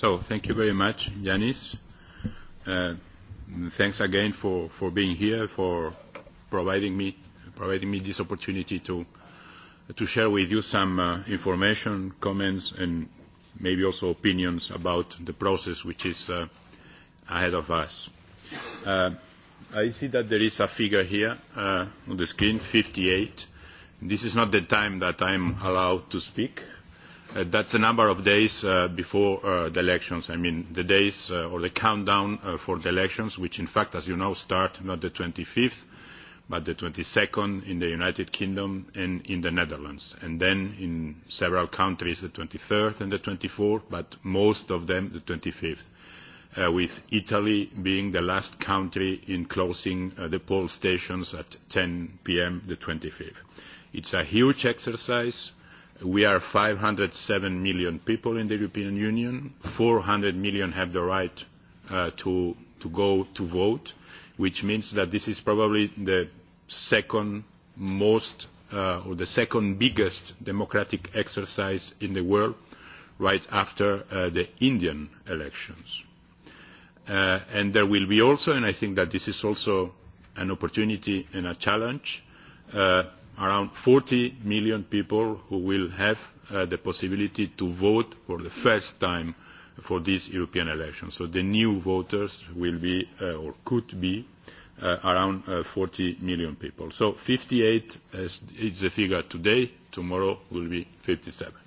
So thank you very much, Yanis. Uh, thanks again for, for being here, for providing me, providing me this opportunity to, to share with you some uh, information, comments, and maybe also opinions about the process which is uh, ahead of us. Uh, I see that there is a figure here uh, on the screen, 58. This is not the time that I'm allowed to speak that's the number of days before the elections. I mean, the days or the countdown for the elections, which in fact, as you know, start not the twenty fifth, but the twenty second in the United Kingdom and in the Netherlands. And then in several countries, the twenty third and the twenty fourth, but most of them the twenty fifth, with Italy being the last country in closing the poll stations at ten p.m. the twenty fifth. It's a huge exercise we are five hundred and seven million people in the European Union. four hundred million have the right to, go to vote, which means that this is probably the second most or the second biggest democratic exercise in the world right after the Indian elections. and there will be also, and I think that this is also an opportunity and a challenge, around forty million people who will have the possibility to vote for the first time for these European elections. So the new voters will be, or could be, around forty million people. So fifty eight is the figure today. Tomorrow will be fifty seven.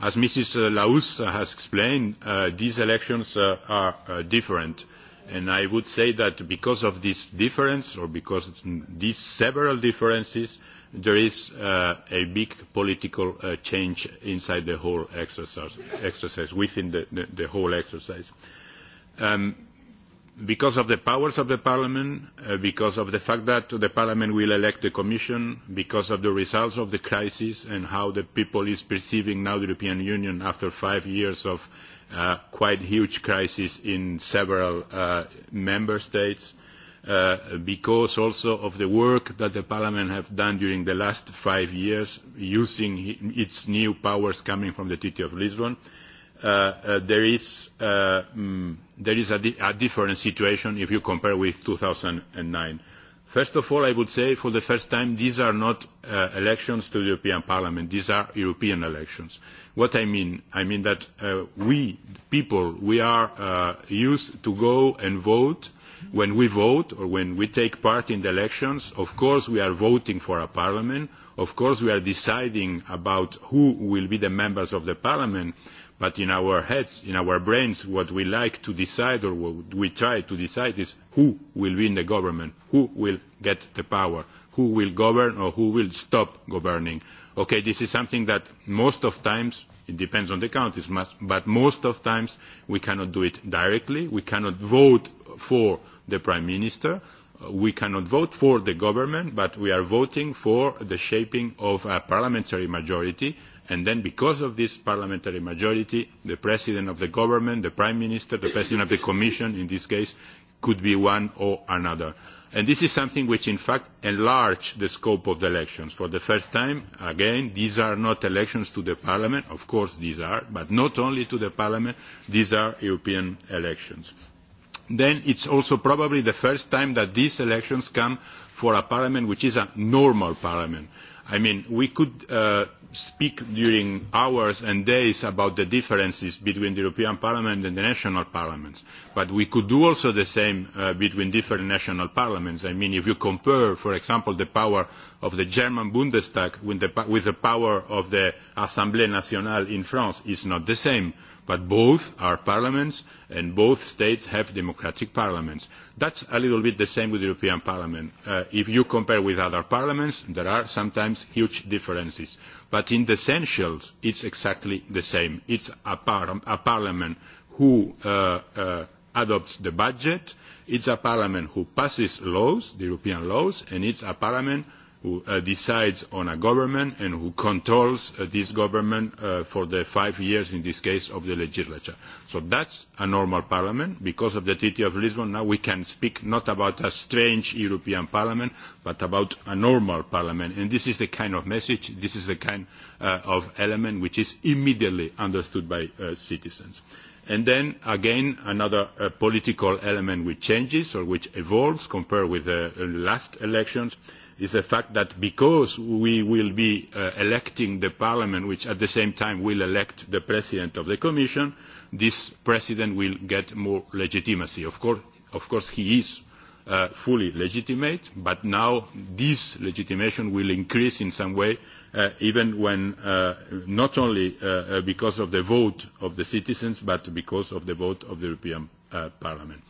As Mrs. Laus has explained, these elections are different and i would say that because of this difference or because of these several differences there is a big political change inside the whole exercise within the whole exercise because of the powers of parliament because of the fact that parliament will elect the commission because of the results of the crisis and how the people are perceiving now the european union after five years of quite huge crisis in several uh, member states uh, because also of the work that the parliament have done during the last five years using its new powers coming from the Treaty of Lisbon. Uh, uh, there is, uh, mm, there is a, di a different situation if you compare with 2009 First of all, I would say for the first time, these are not uh, elections to the European Parliament. These are European elections. What I mean? I mean that uh, we, people, we are uh, used to go and vote. When we vote or when we take part in the elections, of course we are voting for a parliament. Of course we are deciding about who will be the members of the parliament but in our heads, in our brains, what we like to decide or what we try to decide is who will win the government, who will get the power, who will govern or who will stop governing. Okay, this is something that most of times, it depends on the countries, but most of times we cannot do it directly. We cannot vote for the prime minister. We cannot vote for the government, but we are voting for the shaping of a parliamentary majority and then because of this parliamentary majority the president of the government the prime minister the president of the commission in this case could be one or another. this is something which in fact enlarges the scope of the elections. for the first time again these are not elections to the parliament of course these are but not only to the parliament these are european elections. then it is also probably the first time that these elections come for a parliament which is a normal parliament. I mean, we could uh, speak during hours and days about the differences between the European Parliament and the national parliaments, but we could do also the same uh, between different national parliaments. I mean, if you compare, for example, the power of the German Bundestag with the, with the power of the Assemblée Nationale in France, it's not the same but both are parliaments and both states have democratic parliaments. That's a little bit the same with the European Parliament. if you compare with other parliaments, there are sometimes huge differences. But in the essentials, it is exactly the same. It a, par a parliament who adopts the budget, it is a parliament who passes laws, the European laws, and it is a parliament who uh, decides on a government and who controls uh, this government uh, for the five years, in this case, of the legislature. So that's a normal parliament. Because of the Treaty of Lisbon, now we can speak not about a strange European parliament, but about a normal parliament. And this is the kind of message, this is the kind uh, of element which is immediately understood by uh, citizens. And then, again, another uh, political element which changes or which evolves compared with the last elections is the fact that because we will be electing the parliament, which at the same time will elect the president of the commission, this president will get more legitimacy. Of course, of course he is fully legitimate, but now this legitimation will increase in some way, even when not only because of the vote of the citizens, but because of the vote of the European Parliament.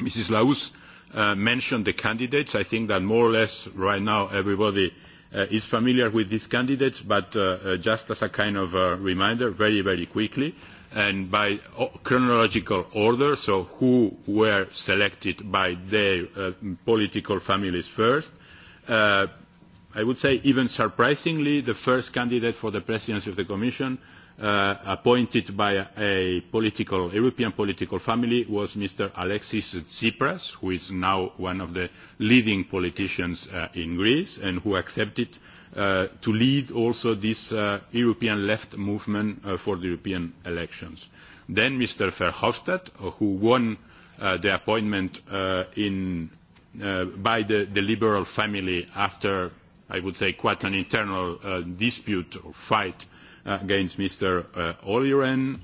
Mrs. Laus mentioned the candidates. I think that more or less right now everybody is familiar with these candidates, but just as a kind of reminder, very, very quickly, and by chronological order, so who were selected by their political families first. I would say even surprisingly, the first candidate for the presidency of the Commission uh, appointed by a political, European political family was Mr. Alexis Tsipras, who is now one of the leading politicians uh, in Greece and who accepted uh, to lead also this uh, European left movement uh, for the European elections. Then Mr. Verhofstadt, who won uh, the appointment uh, in, uh, by the, the Liberal family after, I would say, quite an internal uh, dispute or fight against Mr. Uh, Oliren.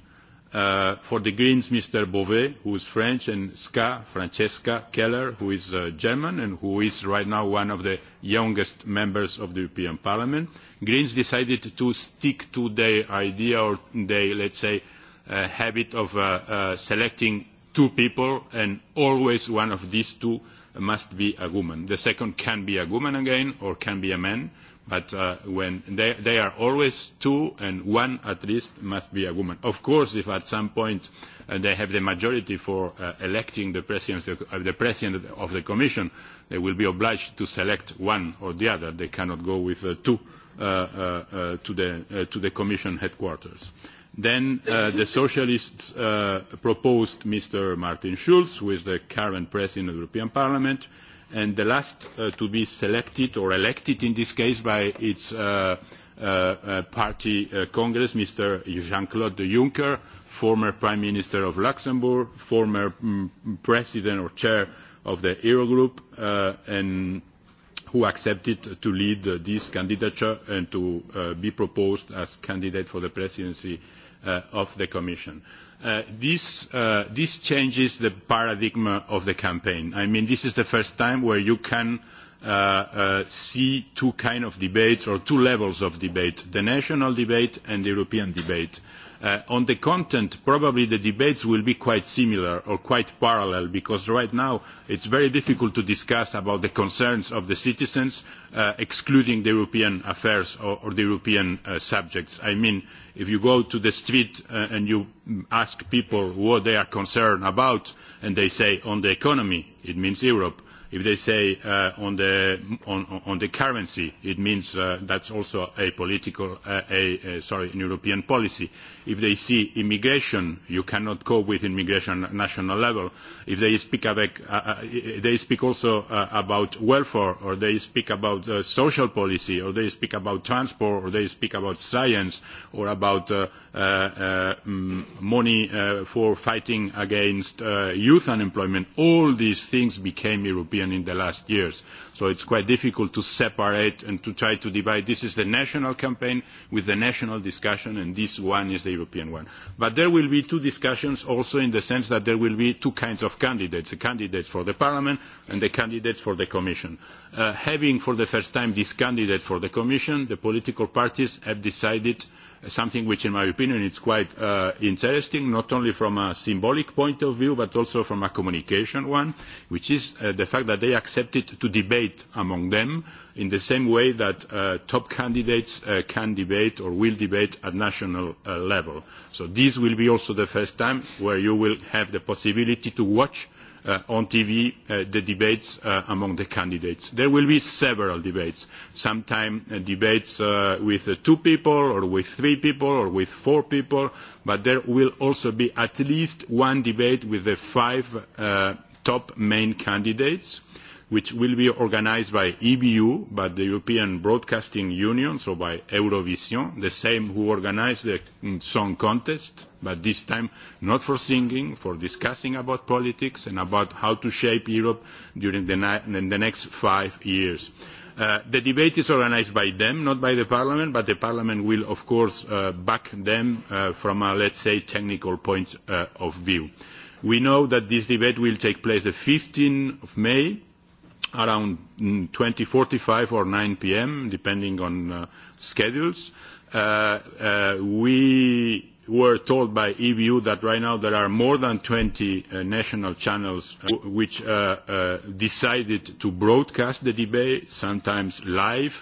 Uh, for the Greens, Mr. Beauvais, who is French, and Ska, Francesca Keller, who is uh, German and who is right now one of the youngest members of the European Parliament. Greens decided to stick to their idea or their, let's say, uh, habit of uh, uh, selecting two people and always one of these two must be a woman. The second can be a woman again or can be a man But uh, when they, they are always two, and one at least must be a woman. Of course, if at some point uh, they have the majority for uh, electing the president, uh, the president of the Commission, they will be obliged to select one or the other. They cannot go with uh, two uh, uh, to, the, uh, to the Commission headquarters. Then uh, the Socialists uh, proposed Mr. Martin Schulz, who is the current president of the European Parliament, uh, and the last to be selected or elected in this case by its party congress, Mr. Jean-Claude Juncker, former Prime Minister of Luxembourg, former President or Chair of the Eurogroup, and who accepted to lead this candidature and to be proposed as candidate for the presidency of the Commission this, this changes the paradigm of the campaign. I mean, this is the first time where you can see two kinds of debates or two levels of debate, the national debate and the European debate on the content probably the debates will be quite similar or quite parallel because right now it is very difficult to discuss the concerns of the citizens excluding the european affairs or the european subjects. i mean if you go to the street and you ask people what they are concerned about and they say on the economy it means europe if they say on the currency it means that is also a political sorry european policy if they see immigration, you cannot cope with immigration at national level. If they speak, about uh, they speak also uh, about welfare, or they speak about uh, social policy, or they speak about transport, or they speak about science, or about uh, uh, uh, money uh, for fighting against uh, youth unemployment, all these things became European in the last years So it is quite difficult to separate and to try to divide. This is the national campaign with the national discussion, and this one is the European one. But there will be two discussions also in the sense that there will be two kinds of candidates, the candidates for the Parliament and the candidates for the Commission. having for the first time this candidate for the Commission, the political parties have decided something which in my opinion is quite interesting not only from a symbolic point of view but also from a communication one which is the fact that they accepted to debate among them in the same way that top candidates can debate or will debate at national level. so this will be also the first time where you will have the possibility to watch on TV the debates among the candidates. There will be several debates, sometimes debates with two people or with three people or with four people, but there will also be at least one debate with the five top main candidates. Uh, which will be organised by EBU, by the European Broadcasting Union, so by Eurovision, the same who organised the song contest, but this time not for singing, for discussing about politics and about how to shape Europe during the, the next five years the debate is organised by them not by the parliament but the parliament will of course back them from a let us say technical point of view. we know that this debate will take place on fifteen may around twenty forty five or nine p.m., depending on uh, schedules. Uh, uh, we were told by EBU that right now there are more than 20 uh, national channels which uh, uh, decided to broadcast the debate, sometimes live,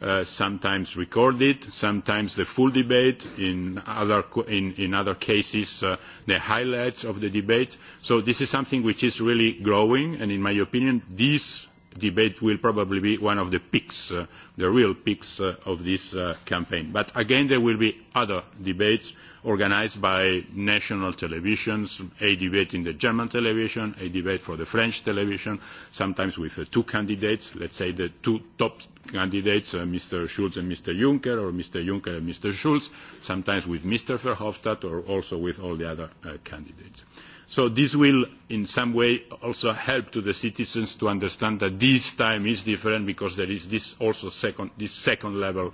uh, sometimes recorded, sometimes the full debate, in other, in, in other cases uh, the highlights of the debate. So this is something which is really growing, and in my opinion, these debate will probably be one of the peaks, uh, the real peaks uh, of this uh, campaign. But again, there will be other debates organized by national televisions, a debate in the German television, a debate for the French television, sometimes with uh, two candidates, let's say the two top candidates, uh, Mr. Schulz and Mr. Juncker, or Mr. Juncker and Mr. Schulz, sometimes with Mr. Verhofstadt, or also with all the other uh, candidates. Uh, So this will in some way also help to the citizens to understand that this time is different because there is this also second, this second level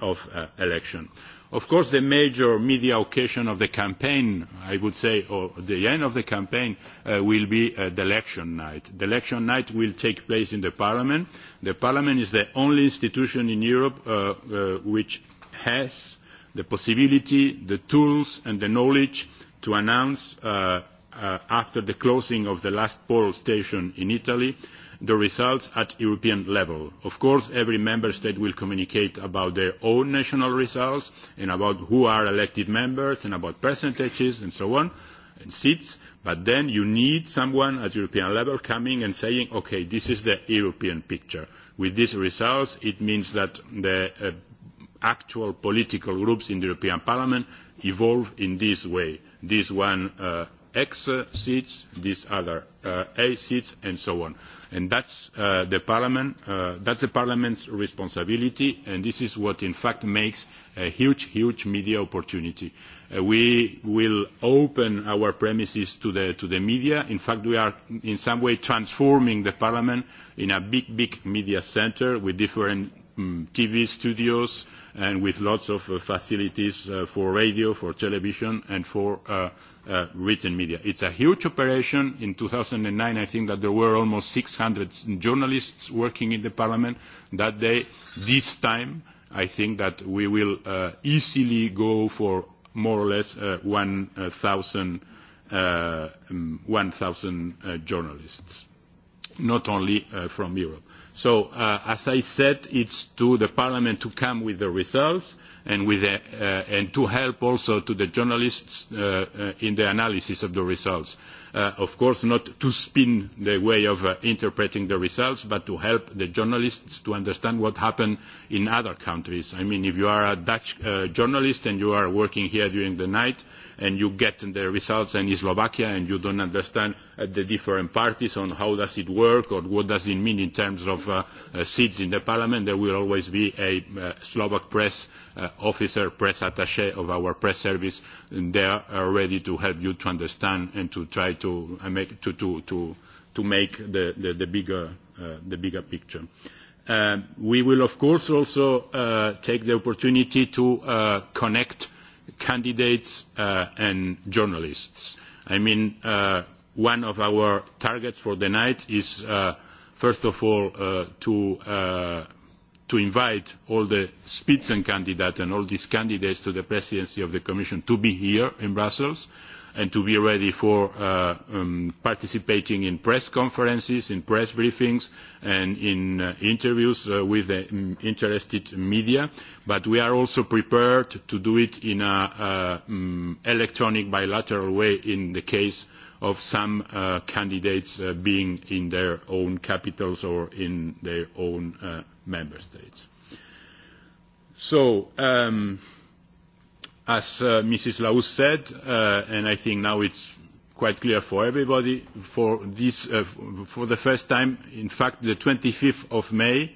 of election. Of course, the major media occasion of the campaign, I would say, or the end of the campaign, will be the election night. The election night will take place in the Parliament. The Parliament is the only institution in Europe which has the possibility, the tools and the knowledge to announce after the closing of the last poll station in Italy, the results at European level. Of course, every member state will communicate about their own national results and about who are elected members and about percentages and so on and seats, but then you need someone at European level coming and saying, okay, this is the European picture. With these results, it means that the uh, actual political groups in the European Parliament evolve in this way. This one uh, X seats, this other uh, A seats, and so on. And that's uh, the parliament. Uh, that's the parliament's responsibility, and this is what, in fact, makes a huge, huge media opportunity. Uh, we will open our premises to the to the media. In fact, we are in some way transforming the parliament in a big, big media center with different um, TV studios and with lots of uh, facilities uh, for radio, for television, and for uh, uh, written media. It's a huge operation. In 2009, I think that there were almost 600 journalists working in the parliament that day. This time, I think that we will uh, easily go for more or less uh, 1,000 uh, 1, uh, journalists, not only uh, from Europe So as I said, it's to the Parliament to come with the results and, with the, and to help also to the journalists in the analysis of the results. of course, not to spin the way of interpreting the results, but to help the journalists to understand what happened in other countries. I mean, if you are a Dutch journalist and you are working here during the night, and you get the results in Slovakia and you don't understand uh, the different parties on how does it work or what does it mean in terms of uh, uh, seats in the parliament. There will always be a uh, Slovak press uh, officer, press attaché of our press service. And they are ready to help you to understand and to try to uh, make, to, to, to, to make the, the, the, bigger, uh, the bigger picture. We will, of course, also take the opportunity to connect candidates uh, and journalists. I mean, uh, one of our targets for the night is, uh, first of all, uh, to, uh, to invite all the and all these candidates to the presidency of the Commission to be here in Brussels and to be ready for participating in press conferences, in press briefings, and in interviews with the interested media. But we are also prepared to do it in an electronic bilateral way in the case of some candidates being in their own capitals or in their own member states. So, As Mrs. Laus said, and I think now it's quite clear for everybody, for, this, for the first time, in fact, the 25th of May,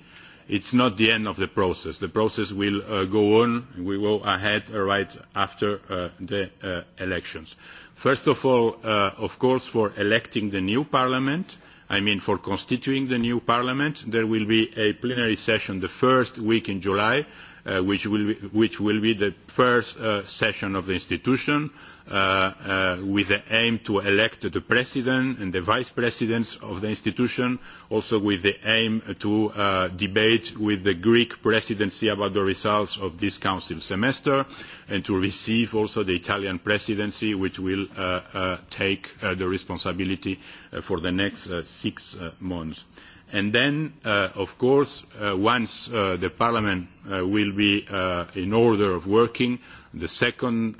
it's not the end of the process. The process will go on, and will go ahead right after the elections. First of all, of course, for electing the new parliament, I mean for constituting the new parliament, there will be a plenary session the first week in July, which will be the first session of the institution with the aim to elect the president and the vice presidents of the institution also with the aim to debate with the greek presidency about the results of this council semester and to receive also the italian presidency which will take the responsibility for the next six months. And then, of course, once the Parliament will be in order of working, the second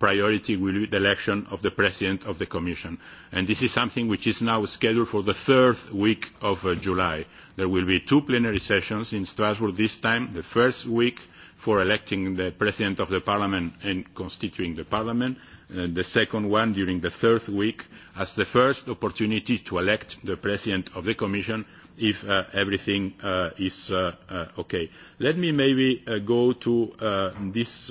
priority will be the election of the President of the Commission. And this is something which is now scheduled for the third week of July. There will be two plenary sessions in Strasbourg this time, the first week for electing the President of the Parliament and constituting the Parliament, the second one during the third week as the first opportunity to elect the President of the Commission if everything is okay. Let me maybe go to this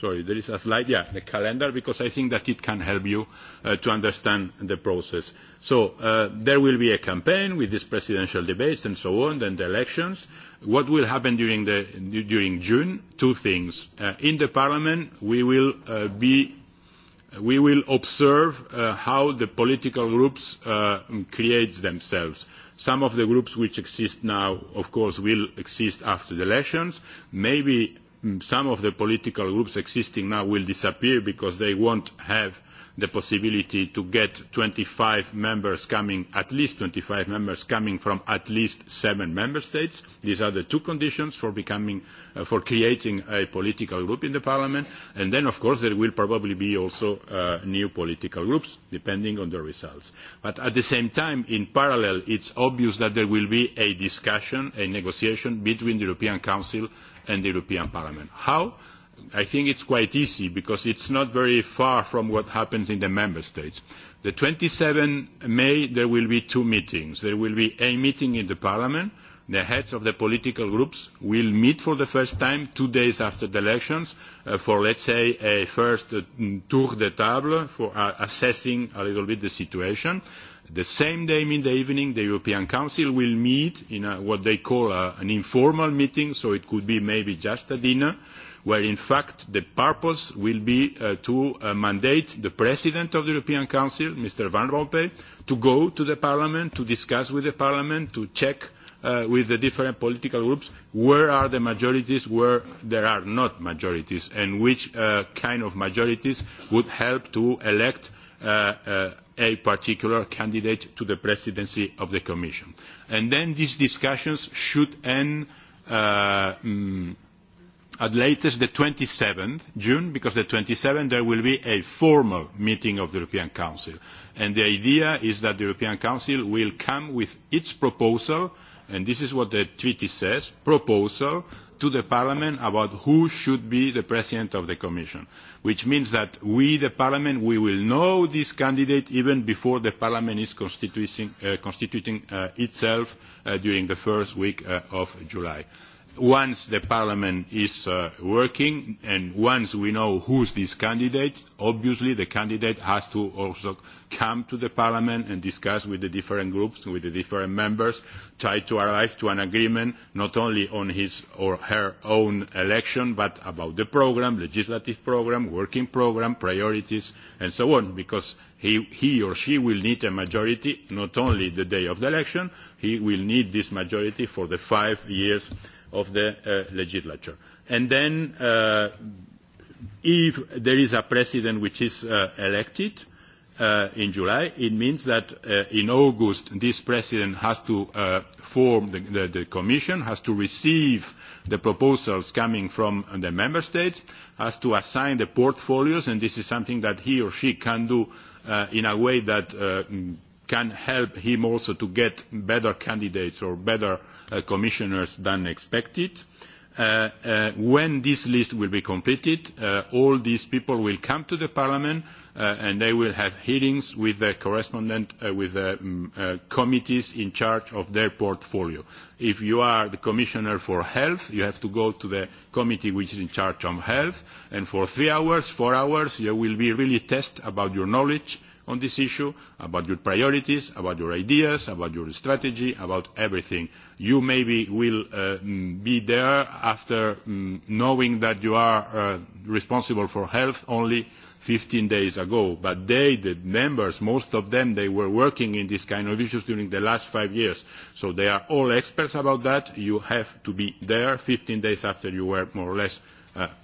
sorry, there is a slide, yeah, the calendar, because I think that it can help you uh, to understand the process. So uh, there will be a campaign with these presidential debates and so on, then the elections. What will happen during, the, during June? Two things. Uh, in the Parliament, we will uh, be we will observe uh, how the political groups uh, create themselves. Some of the groups which exist now, of course, will exist after the elections. Maybe some of the political groups existing now will disappear because they won't have the possibility to get twenty five members coming, at least twenty five members coming from at least seven member states. These are the two conditions for becoming, uh, for creating a political group in the parliament. And then, of course, there will probably be also uh, new political groups, depending on the results. But at the same time, in parallel, it's obvious that there will be a discussion, a negotiation between the European Council and the European Parliament. How? I think it's quite easy because it's not very far from what happens in the member states. The 27 May, there will be two meetings. There will be a meeting in the parliament. The heads of the political groups will meet for the first time two days after the elections uh, for, let's say, a first tour de table for uh, assessing a little bit the situation the same day in the evening the european council will meet in what they call an informal meeting so it could be maybe just a dinner where in fact the purpose will be to mandate the president of the european council mr van rompuy to go to parliament to discuss with parliament to check with the different political groups where are the majorities where there are not majorities and which kind of majorities would help to elect a particular candidate to the presidency of the Commission. And then these discussions should end at latest the 27th June, because the 27th there will be a formal meeting of the European Council. And the idea is that the European Council will come with its proposal, and this is what the treaty says, proposal to the Parliament about who should be the President of the Commission which means that we the parliament will know this candidate even before the parliament is constituting itself during the first week of july once the parliament is working and once we know who is this candidate, obviously the candidate has to also come to the parliament and discuss with the different groups, with the different members, try to arrive at an agreement not only on his or her own election, but about the programme, legislative programme, working programme, priorities, and so on, because he, he or she will need a majority not only the day of the election, he will need this majority for the five years of the uh, legislature. And then uh, if there is a president which is uh, elected uh, in July, it means that uh, in August this president has to uh, form the, the, the commission, has to receive the proposals coming from the member states, has to assign the portfolios, and this is something that he or she can do uh, in a way that uh, can help him also to get better candidates or better commissioners than expected. when this list will be completed, all these people will come to the Parliament and they will have hearings with the correspondent, with the committees in charge of their portfolio. If you are the Commissioner for Health, you have to go to the committee which is in charge of health, and for three hours, four hours, you will be really tested about your knowledge on this issue, about your priorities, about your ideas, about your strategy, about everything. You maybe will uh, be there after um, knowing that you are uh, responsible for health only fifteen days ago but they the members most of them they were working in these kind of issues during the last five years so they are all experts about that. you have to be there fifteen days after you were more or less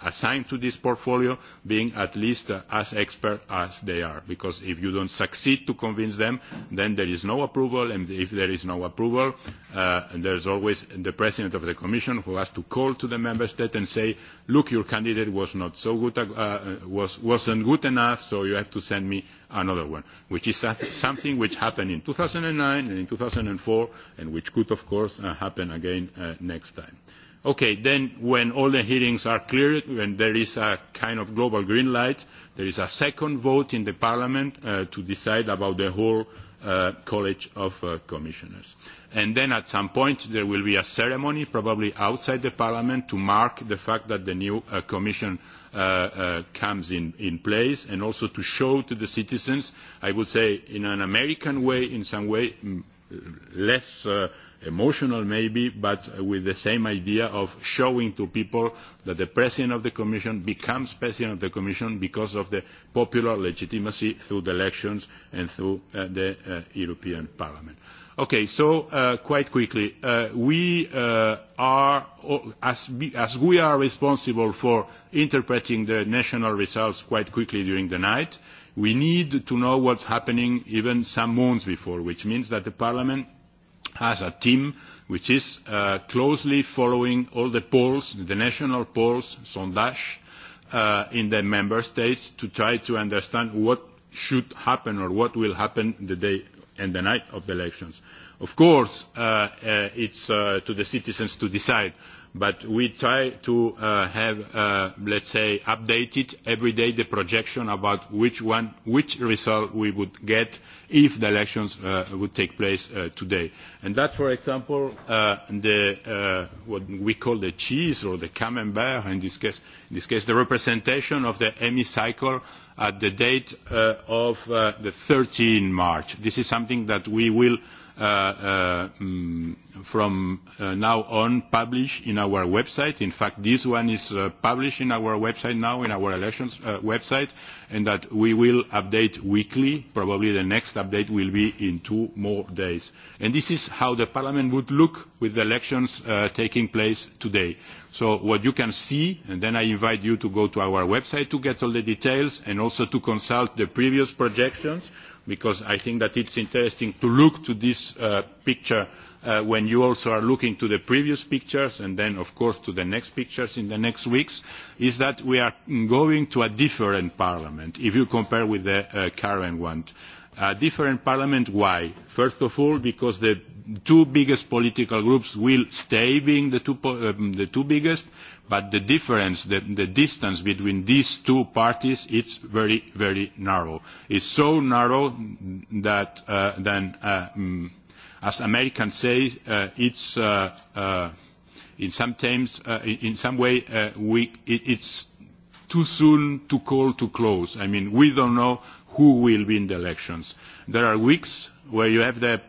assigned to this portfolio being at least as expert as they are. Because if you don't succeed to convince them, then there is no approval, and if there is no approval, uh, there's always the President of the Commission who has to call to the Member State and say, look, your candidate was not so good, uh, was, wasn't good enough, so you have to send me another one, which is something which happened in 2009 and in 2004, and which could, of course, uh, happen again uh, next time. Uh, Okay, then when all the hearings are cleared, when there is a kind of global green light, there is a second vote in the Parliament uh, to decide about the whole uh, College of uh, Commissioners. And then at some point there will be a ceremony, probably outside the Parliament, to mark the fact that the new uh, Commission uh, uh, comes in, in place and also to show to the citizens, I would say in an American way, in some way, less uh, emotional maybe, but with the same idea of showing to people that the President of the Commission becomes President of the Commission because of the popular legitimacy through the elections and through the European Parliament. Okay, so quite quickly, we are, as we are responsible for interpreting the national results quite quickly during the night, we need to know what's happening even some months before, which means that the Parliament has a team which is uh, closely following all the polls, the national polls, sondage, uh, in the member states to try to understand what should happen or what will happen the day and the night of the elections Of course, uh, uh, it's uh, to the citizens to decide, but we try to uh, have, uh, let's say, updated every day the projection about which one, which result we would get if the elections uh, would take place uh, today. And that, for example, uh, the, uh, what we call the cheese or the camembert, in this case, in this case the representation of the hemicycle at the date uh, of uh, the 13 March. This is something that we will from now on publish in our website. In fact, this one is published in our website now, in our elections website, and that we will update weekly. Probably the next update will be in two more days. This is how the parliament would look with the elections taking place today. So What you can see, and then I invite you to go to our website to get all the details and also to consult the previous projections because I think that it is interesting to look to this picture when you also are looking to the previous pictures and then of course to the next pictures in the next weeks, is that we are going to a different parliament if you compare with the current one. A different parliament, why? First of all, because the two biggest political groups will stay being the two biggest, but the difference, the, the distance between these two parties is very, very narrow. It's so narrow that uh, then, uh, as Americans say, uh, it's uh, uh, in some terms, uh, in some way, uh, we, it, it's too soon to call to close. I mean, we don't know who will win the elections. There are weeks where you have the,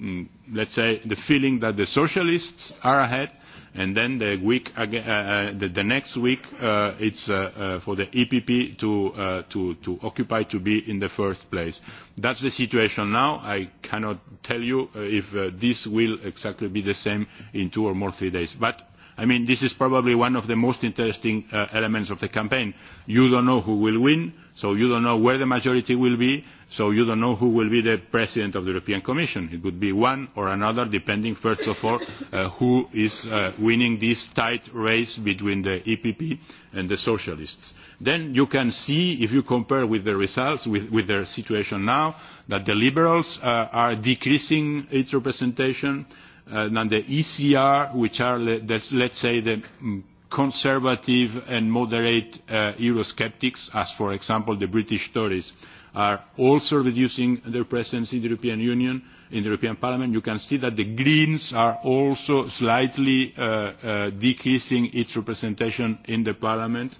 mm, let's say, the feeling that the socialists are ahead, and then the week uh, the, the next week uh, it's uh, uh, for the EPP to, uh, to, to occupy to be in the first place. That's the situation now. I cannot tell you uh, if uh, this will exactly be the same in two or more three days. But I mean, this is probably one of the most interesting uh, elements of the campaign. You don't know who will win, so you don't know where the majority will be, So you don't know who will be the president of the European Commission. It could be one or another, depending, first of all, uh, who is uh, winning this tight race between the EPP and the Socialists. Then you can see, if you compare with the results, with, with the situation now, that the Liberals uh, are decreasing its representation, uh, and the ECR, which are, let's, let's say, the conservative and moderate uh, Eurosceptics, as, for example, the British Tories, are also reducing their presence in the European Union, in the European Parliament. You can see that the Greens are also slightly uh, uh, decreasing its representation in the Parliament.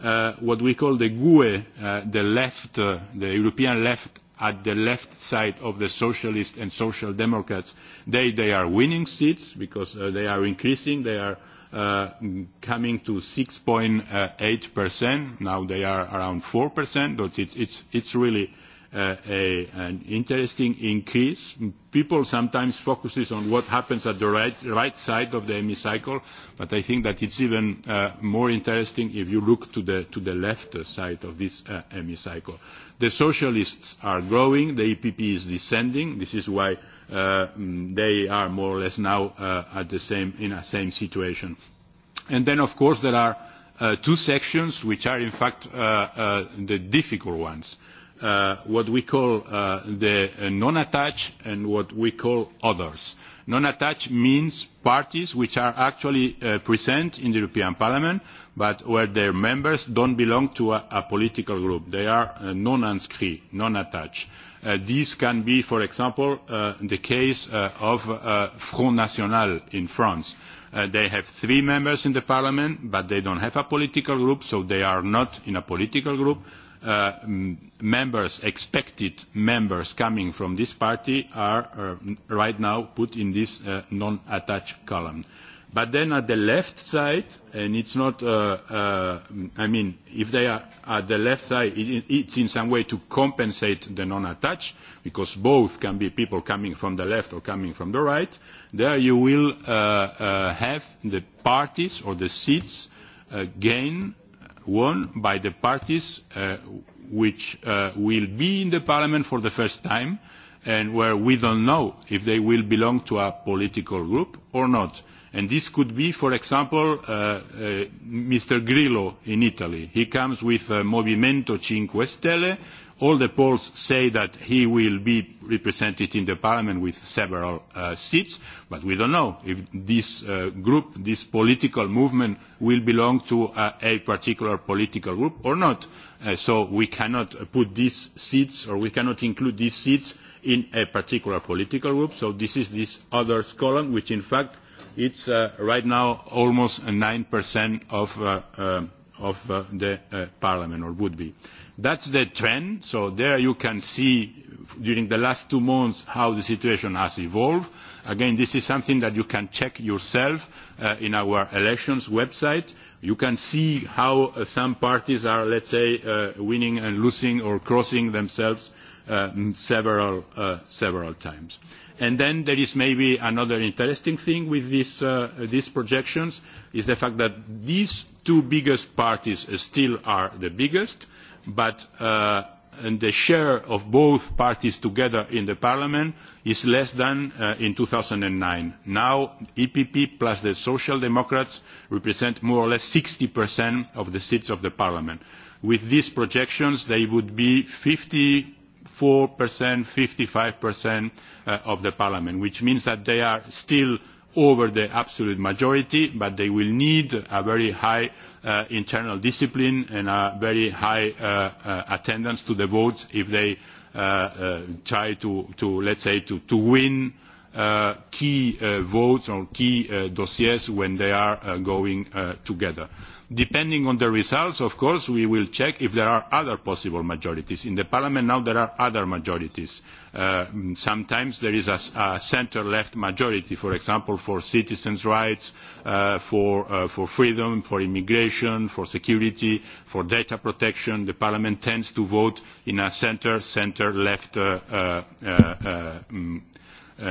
Uh, what we call the GUE, uh, the left, uh, the European left at the left side of the socialists and social democrats, they, they are winning seats because uh, they are increasing, they are coming to 6.8%. Now they are around 4%, but it's it's it's really an interesting increase. People sometimes focus on what happens at the right side of the hemicycle, but I think that it's even more interesting if you look to the left side of this hemicycle. The socialists are growing, the EPP is descending. This is why they are more or less now at the same in the same situation. And then, of course, there are two sections which are, in fact, the difficult ones what we call the non-attached and what we call others. Non-attached means parties which are actually present in the European Parliament, but where their members don't belong to a, political group. They are non-inscrits, non-attached. this can be, for example, the case of Front National in France. they have three members in the parliament, but they don't have a political group, so they are not in a political group members, expected members coming from this party are right now put in this non-attached column. But then at the left side, and it's not, I mean, if they are at the left side, it, it's in some way to compensate the non-attached, because both can be people coming from the left or coming from the right. There you will have the parties or the seats gain won by the parties which will be in the parliament for the first time and where we don't know if they will belong to a political group or not. And this could be, for example, Mr. Grillo in Italy. He comes with Movimento Cinque Stelle, all the polls say that he will be represented in the parliament with several uh, seats, but we don't know if this uh, group, this political movement will belong to uh, a particular political group or not. Uh, so we cannot put these seats or we cannot include these seats in a particular political group. So this is this others column, which in fact it's uh, right now almost 9% of, uh, uh, of uh, the uh, parliament or would be. That's the trend. So there you can see during the last two months how the situation has evolved. Again, this is something that you can check yourself uh, in our elections website. You can see how uh, some parties are, let's say, uh, winning and losing or crossing themselves uh, several, uh, several times. And then there is maybe another interesting thing with this, uh, these projections is the fact that these two biggest parties still are the biggest but the share of both parties together in parliament is less than in two thousand nine now the epp plus the social democrats represent more or less sixty of the seats of parliament. with these projections they would be fifty four fifty five of parliament which means that they are still over the absolute majority but they will need a very high uh, internal discipline and a very high uh, uh, attendance to the votes if they uh, uh, try to, to, let's say, to, to win uh, key uh, votes or key uh, dossiers when they are uh, going uh, together depending on the results of course we will check if there are other possible majorities. in the parliament now there are other majorities. sometimes there is a centre left majority for example for citizens' rights for freedom for immigration for security for data protection. the parliament tends to vote in a centre centre left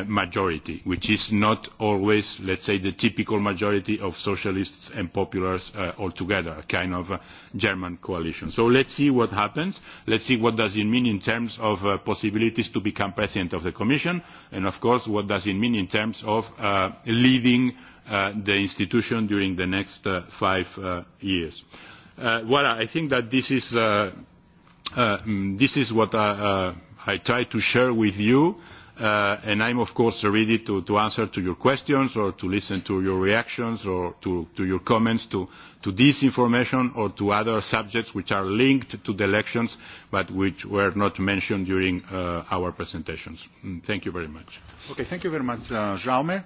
majority, which is not always, let's say, the typical majority of socialists and populars altogether, a kind of German coalition. So let's see what happens. Let's see what does it mean in terms of possibilities to become president of the Commission, and of course, what does it mean in terms of leading the institution during the next five years. well, I think that this is, this is what I, try to share with you and I I'm of course ready to, to answer to your questions or to listen to your reactions or to, to your comments to, this information or to other subjects which are linked to the elections but which were not mentioned during our presentations. Thank you very much. Okay, thank you very much, Jaume.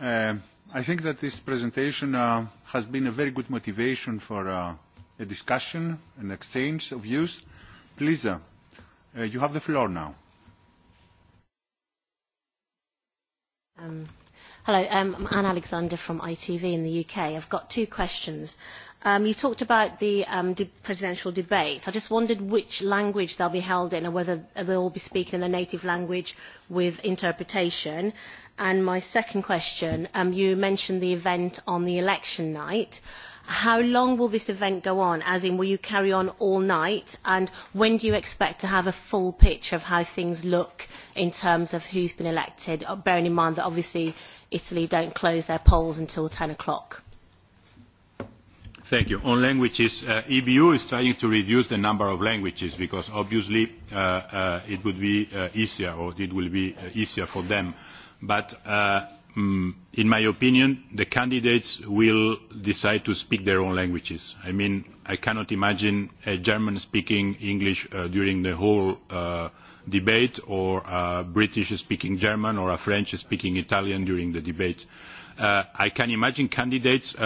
I think that this presentation has been a very good motivation for a discussion, an exchange of views. Please, you have the floor now. Um, hello, um, I'm Anne Alexander from ITV in the UK. I've got two questions. Um, you talked about the um, de- presidential debates. I just wondered which language they'll be held in and whether they'll all be speaking in the native language with interpretation. And my second question, um, you mentioned the event on the election night. How long will this event go on? As in, will you carry on all night? And when do you expect to have a full picture of how things look in terms of who's been elected, bearing in mind that obviously Italy don't close their polls until 10 o'clock? Thank you. On languages, the EBU is trying to reduce the number of languages because obviously it would be easier, or it will be easier for them. But in my opinion, the candidates will decide to speak their own languages. I mean, I cannot imagine a German speaking English during the whole debate, or a British speaking German, or a French speaking Italian during the debate. I can imagine candidates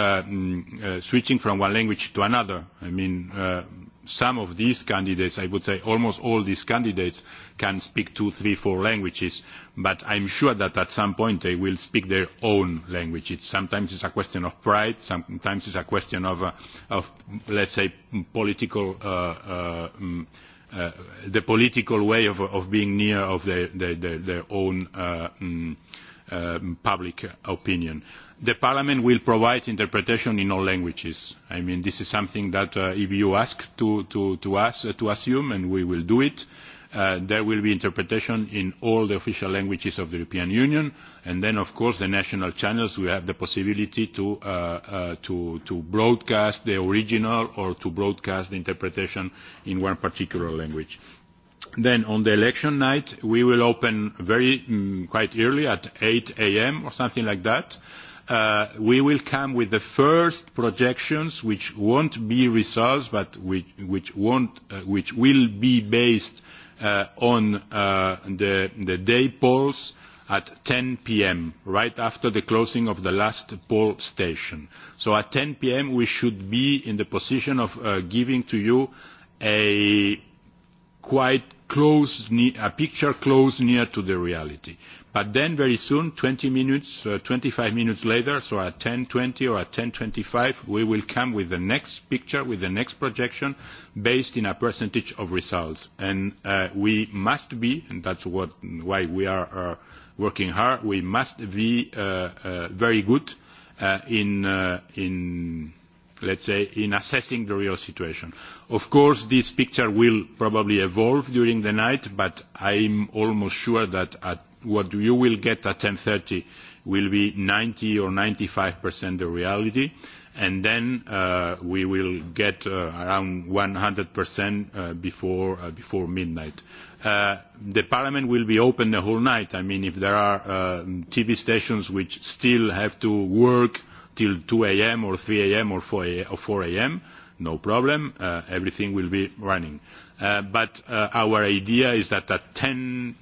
switching from one language to another. I mean, some of these candidates, I would say almost all these candidates, can speak two, three, four languages, but I am sure that at some point they will speak their own language. It's, sometimes it's a question of pride, sometimes it's a question of, uh, of let's say, political, uh, uh, uh, the political way of, of being near of their, their, their, their own uh, um, uh, public opinion the parliament will provide interpretation in all languages. i mean this is something that uh, if you ask to, to, to us uh, to assume and we will do it uh, there will be interpretation in all the official languages of the European Union, and then, of course, the national channels will have the possibility to, uh, uh, to, to broadcast the original or to broadcast the interpretation in one particular language. Then on the election night, we will open very um, quite early at 8 a.m. or something like that we will come with the first projections, which won't be results, but which will be based on the day polls at ten P.M., right after the closing of the last poll station. So At 10 P.M., we should be in the position of giving to you a quite close, a picture close near to the reality. But then very soon, 20 minutes, uh, 25 minutes later, so at 10.20 or at 10.25, we will come with the next picture, with the next projection, based in a percentage of results. And uh, we must be, and that's what, why we are uh, working hard, we must be uh, uh, very good uh, in, uh, in let's say, in assessing the real situation. Of course, this picture will probably evolve during the night, but I'm almost sure that at what you will get at 10.30 will be 90 or 95% the reality, and then uh, we will get uh, around 100% uh, before, uh, before midnight. Uh, the parliament will be open the whole night. I mean, if there are uh, TV stations which still have to work till 2 a.m. or 3 a.m. or 4 a.m., no problem. Uh, everything will be running. Uh, but uh, our idea is that at 10.25,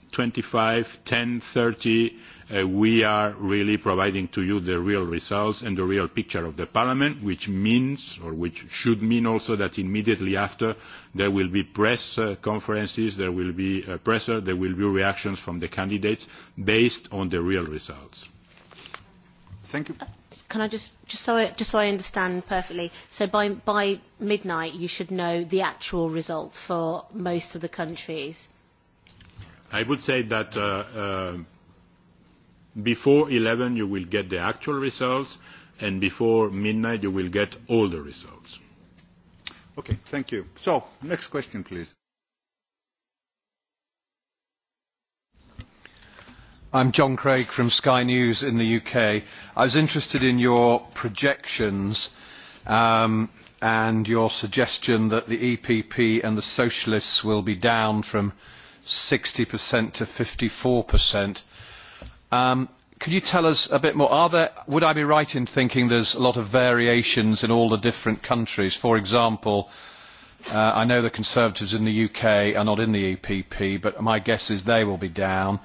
10.30, uh, we are really providing to you the real results and the real picture of the parliament, which means, or which should mean also that immediately after there will be press uh, conferences, there will be a presser, there will be reactions from the candidates based on the real results. Thank you can I just, just, so I, just so I understand perfectly, so by, by midnight you should know the actual results for most of the countries? I would say that uh, uh, before 11 you will get the actual results and before midnight you will get all the results. Okay, thank you. So, next question please. I'm John Craig from Sky News in the UK. I was interested in your projections um, and your suggestion that the EPP and the Socialists will be down from 60% to 54%. Um, could you tell us a bit more? Are there, would I be right in thinking there's a lot of variations in all the different countries? For example, uh, I know the Conservatives in the UK are not in the EPP, but my guess is they will be down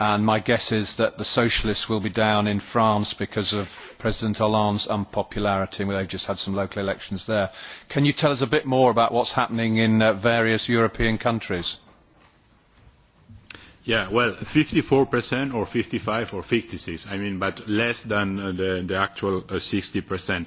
and my guess is that the socialists will be down in France because of President Hollande's unpopularity. and They've just had some local elections there. Can you tell us a bit more about what's happening in uh, various European countries? Yeah, well, 54% or 55 or 56, I mean, but less than uh, the, the actual uh, 60%.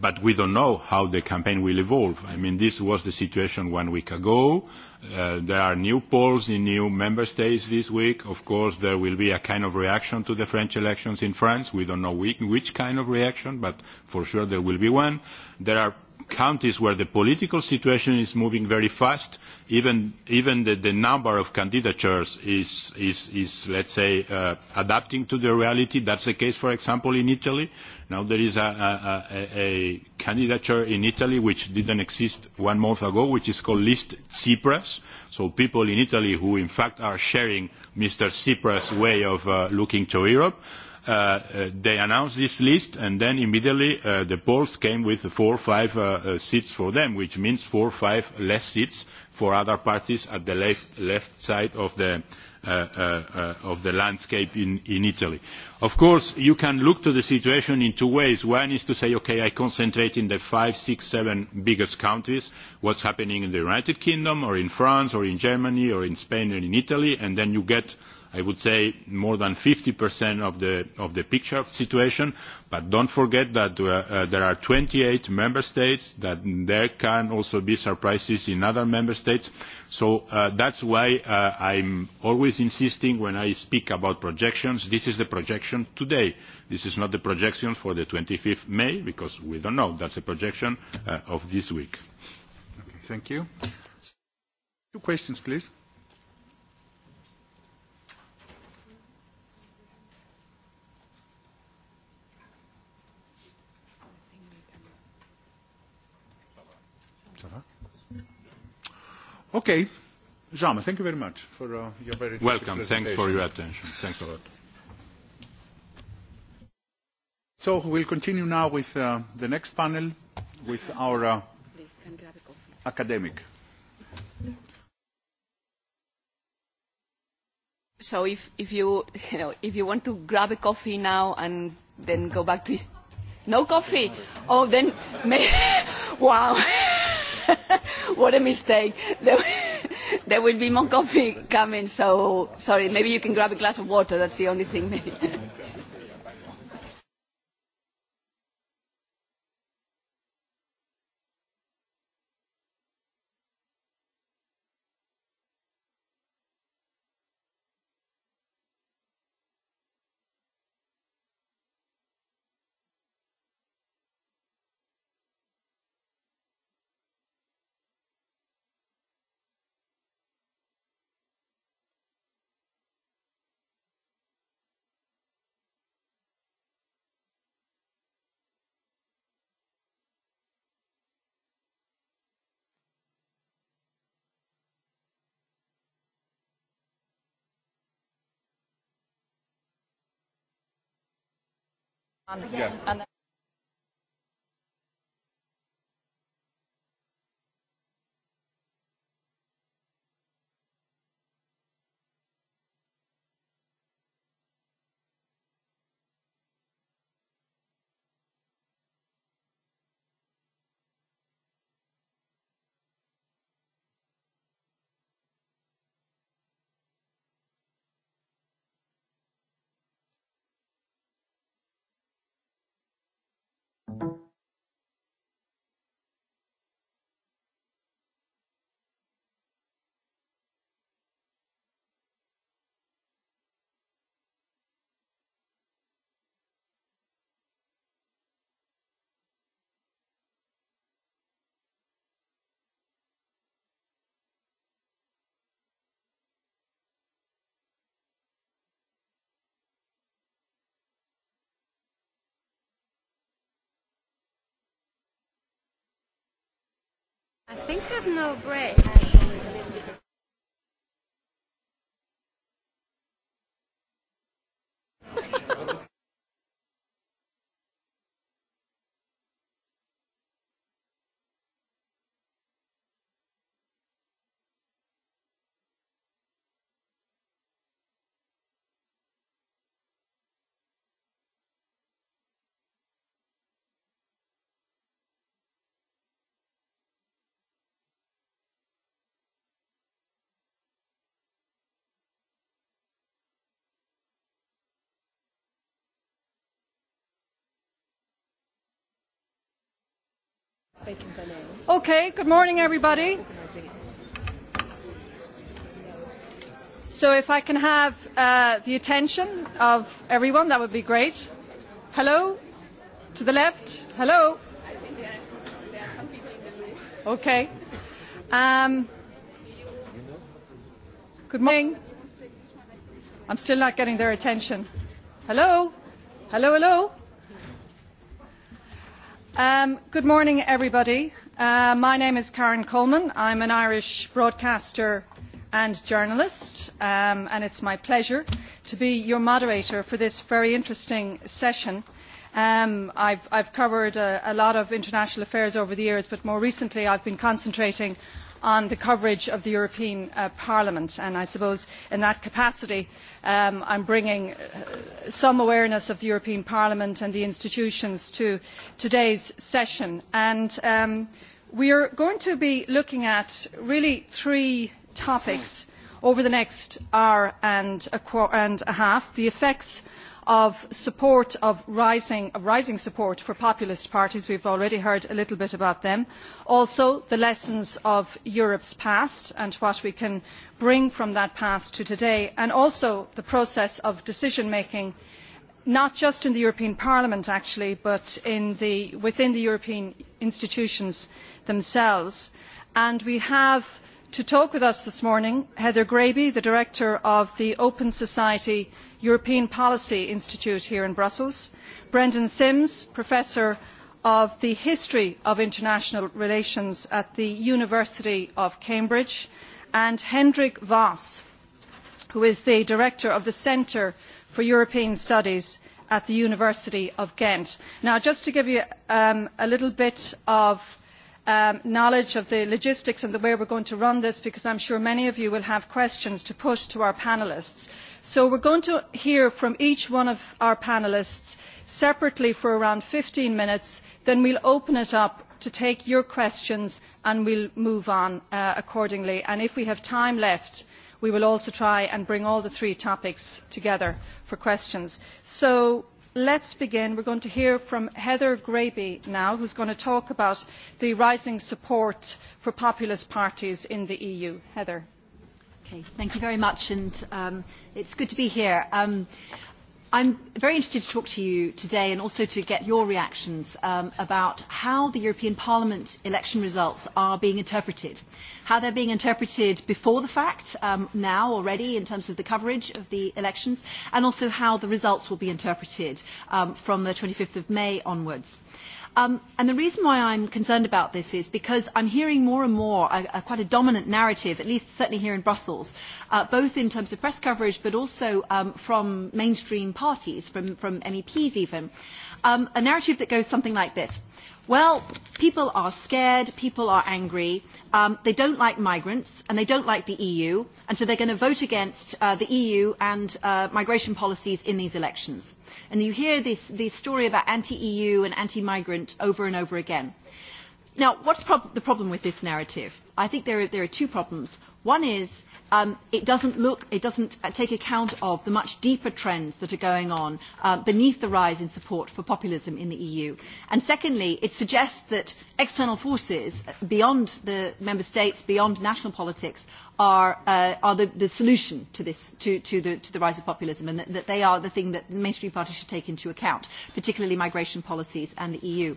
But we don't know how the campaign will evolve. I mean, this was the situation one week ago there are new polls in new member states this week. Of course, there will be a kind of reaction to the French elections in France. We don't know which kind of reaction, but for sure there will be one. There are countries where the political situation is moving very fast. Even, even the, the number of candidatures is, is, is let's say, uh, adapting to the reality. That's the case, for example, in Italy, Now there is a, a, a, a candidature in Italy which didn't exist one month ago, which is called List Tsipras. So people in Italy who in fact are sharing Mr. Tsipras' way of uh, looking to Europe, uh, they announced this list and then immediately uh, the polls came with four or five uh, uh, seats for them, which means four or five less seats for other parties at the left, left side of the, of the landscape in italy. of course you can look at the situation in two ways one is to say ok i concentrate in the five six seven biggest countries what is happening in the united kingdom or in france or in germany or in spain or in italy and then you i would say more than 50% of the of the picture of the situation but don't forget that there are twenty eight member states that there can also be surprises in other member states so that's why I am always insisting when i speak about projections this is the projection today this is not the projection for the 25th may because we don't know that's a projection of this week thank you two questions please Okay. Jaume, thank you very much for uh, your very Welcome. Thanks for your attention. Thanks a lot. So we'll continue now with uh, the next panel with our uh, academic. So if, if you you know if you want to grab a coffee now and then go back to no coffee, oh then may, wow what a mistake. There, will be more coffee coming, so sorry. Maybe you can grab a glass of water. That's the only thing. Maybe. Yeah. thank you I think we no break. Okay, good morning everybody. So if I can have uh, the attention of everyone, that would be great. Hello? To the left? Hello? Okay. Um, good morning. I'm still not getting their attention. Hello? Hello, hello? good morning everybody my name is karen coleman i am an irish broadcaster and journalist and it is my pleasure to be your moderator for this very interesting session. i have covered a lot of international affairs over the years but more recently i have been concentrating on the coverage of the European Parliament. And I suppose in that capacity, I am bringing some awareness of the European Parliament and the institutions to today's session. we are going to be looking at really three topics over the next hour and a half, the effects of support of rising support for populist parties we have already heard a little bit about them also the lessons of europe's past and what we can bring from that past to today and also the process of decision making not just in the european parliament actually but within the european institutions themselves and we have to talk with us this morning heather graby the director of the open society european policy institute here in brussels brendan sims professor of the history of international relations at the university of cambridge and hendrik Voss, who is the director of the centre for european studies at the university of ghent. just to give you a little bit of knowledge of the logistics and the way we are going to run this because i am sure many of you will have questions to put to our panellists. so we are going to hear from each one of our panellists separately for around fifteen minutes then we will open it up to take your questions and we will move on accordingly. if we have time left we will also try and bring all the three topics together for questions. so Let's begin. We're going to hear from Heather Graby now, who's going to talk about the rising support for populist parties in the EU. Heather. Okay, thank you very much, and um, it's good to be here. Um, I'm very interested to talk to you today and also to get your reactions um, about how the European Parliament election results are being interpreted. How they're being interpreted before the fact, um, now already, in terms of the coverage of the elections, and also how the results will be interpreted um, from the 25th of May onwards. Um, and the reason why I'm concerned about this is because I'm hearing more and more a, a quite a dominant narrative, at least certainly here in Brussels, uh, both in terms of press coverage but also um, from mainstream parties, from, from MEPs even, um, a narrative that goes something like this Well, people are scared, people are angry, um, they don't like migrants and they don't like the EU, and so they're going to vote against uh, the EU and uh, migration policies in these elections. And you hear this, this story about anti-EU and anti-migrant over and over again. Now, what's prob- the problem with this narrative? I think there are, there are two problems. One is um, it doesn't look, it doesn't take account of the much deeper trends that are going on uh, beneath the rise in support for populism in the EU. And secondly, it suggests that external forces beyond the member states, beyond national politics, are, uh, are the, the solution to, this, to, to, the, to the rise of populism and that, that they are the thing that the mainstream parties should take into account, particularly migration policies and the EU.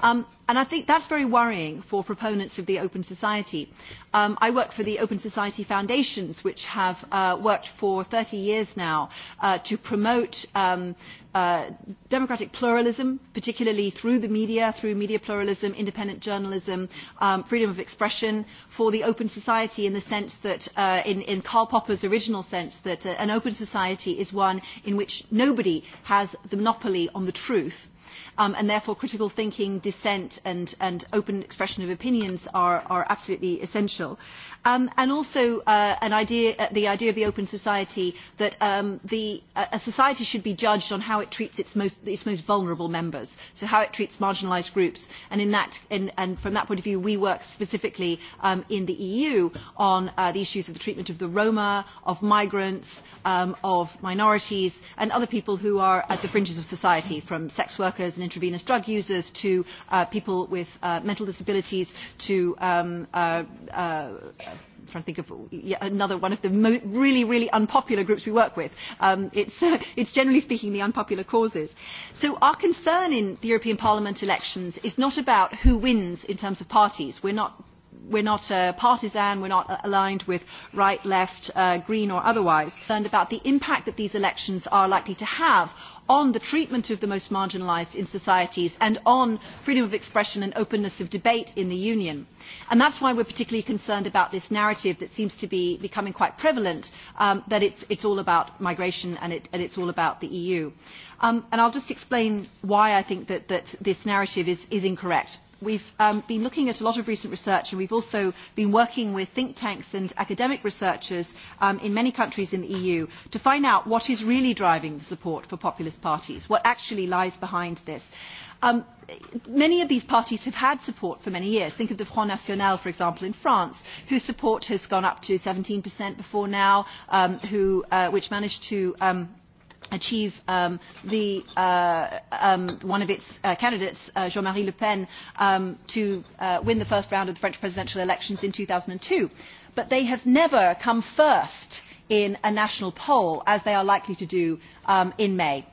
Um, and I think that's very worrying for proponents of the open society. Um, I work for the open open society foundations, which have uh, worked for 30 years now uh, to promote um, uh, democratic pluralism, particularly through the media, through media pluralism, independent journalism, um, freedom of expression, for the open society in the sense that, uh, in, in Karl Popper's original sense, that uh, an open society is one in which nobody has the monopoly on the truth um, and therefore critical thinking, dissent and, and open expression of opinions are, are absolutely essential. Um, and also uh, an idea, the idea of the open society that um, the, a society should be judged on how it treats its most, its most vulnerable members, so how it treats marginalised groups. And, in that, in, and from that point of view, we work specifically um, in the EU on uh, the issues of the treatment of the Roma, of migrants, um, of minorities, and other people who are at the fringes of society, from sex workers workers and intravenous drug users to uh, people with uh, mental disabilities to um, uh, uh, trying to think of yet another one of the mo- really, really unpopular groups we work with. Um, it's, uh, it's generally speaking the unpopular causes. So our concern in the European Parliament elections is not about who wins in terms of parties. We're not we're not uh, partisan, we're not aligned with right, left, uh, green or otherwise, concerned about the impact that these elections are likely to have on the treatment of the most marginalised in societies and on freedom of expression and openness of debate in the Union. That is why we are particularly concerned about this narrative that seems to be becoming quite prevalent that it is all about migration and it is all about the EU. I will just explain why I think that, this narrative is incorrect We've um, been looking at a lot of recent research and we've also been working with think tanks and academic researchers um, in many countries in the EU to find out what is really driving the support for populist parties, what actually lies behind this. Um, many of these parties have had support for many years. Think of the Front National, for example, in France, whose support has gone up to 17% before now, um, who, uh, which managed to um, achieve um, the, uh, um, one of its uh, candidates, uh, Jean-Marie Le Pen, um, to uh, win the first round of the French presidential elections in 2002. But they have never come first in a national poll, as they are likely to do um, in May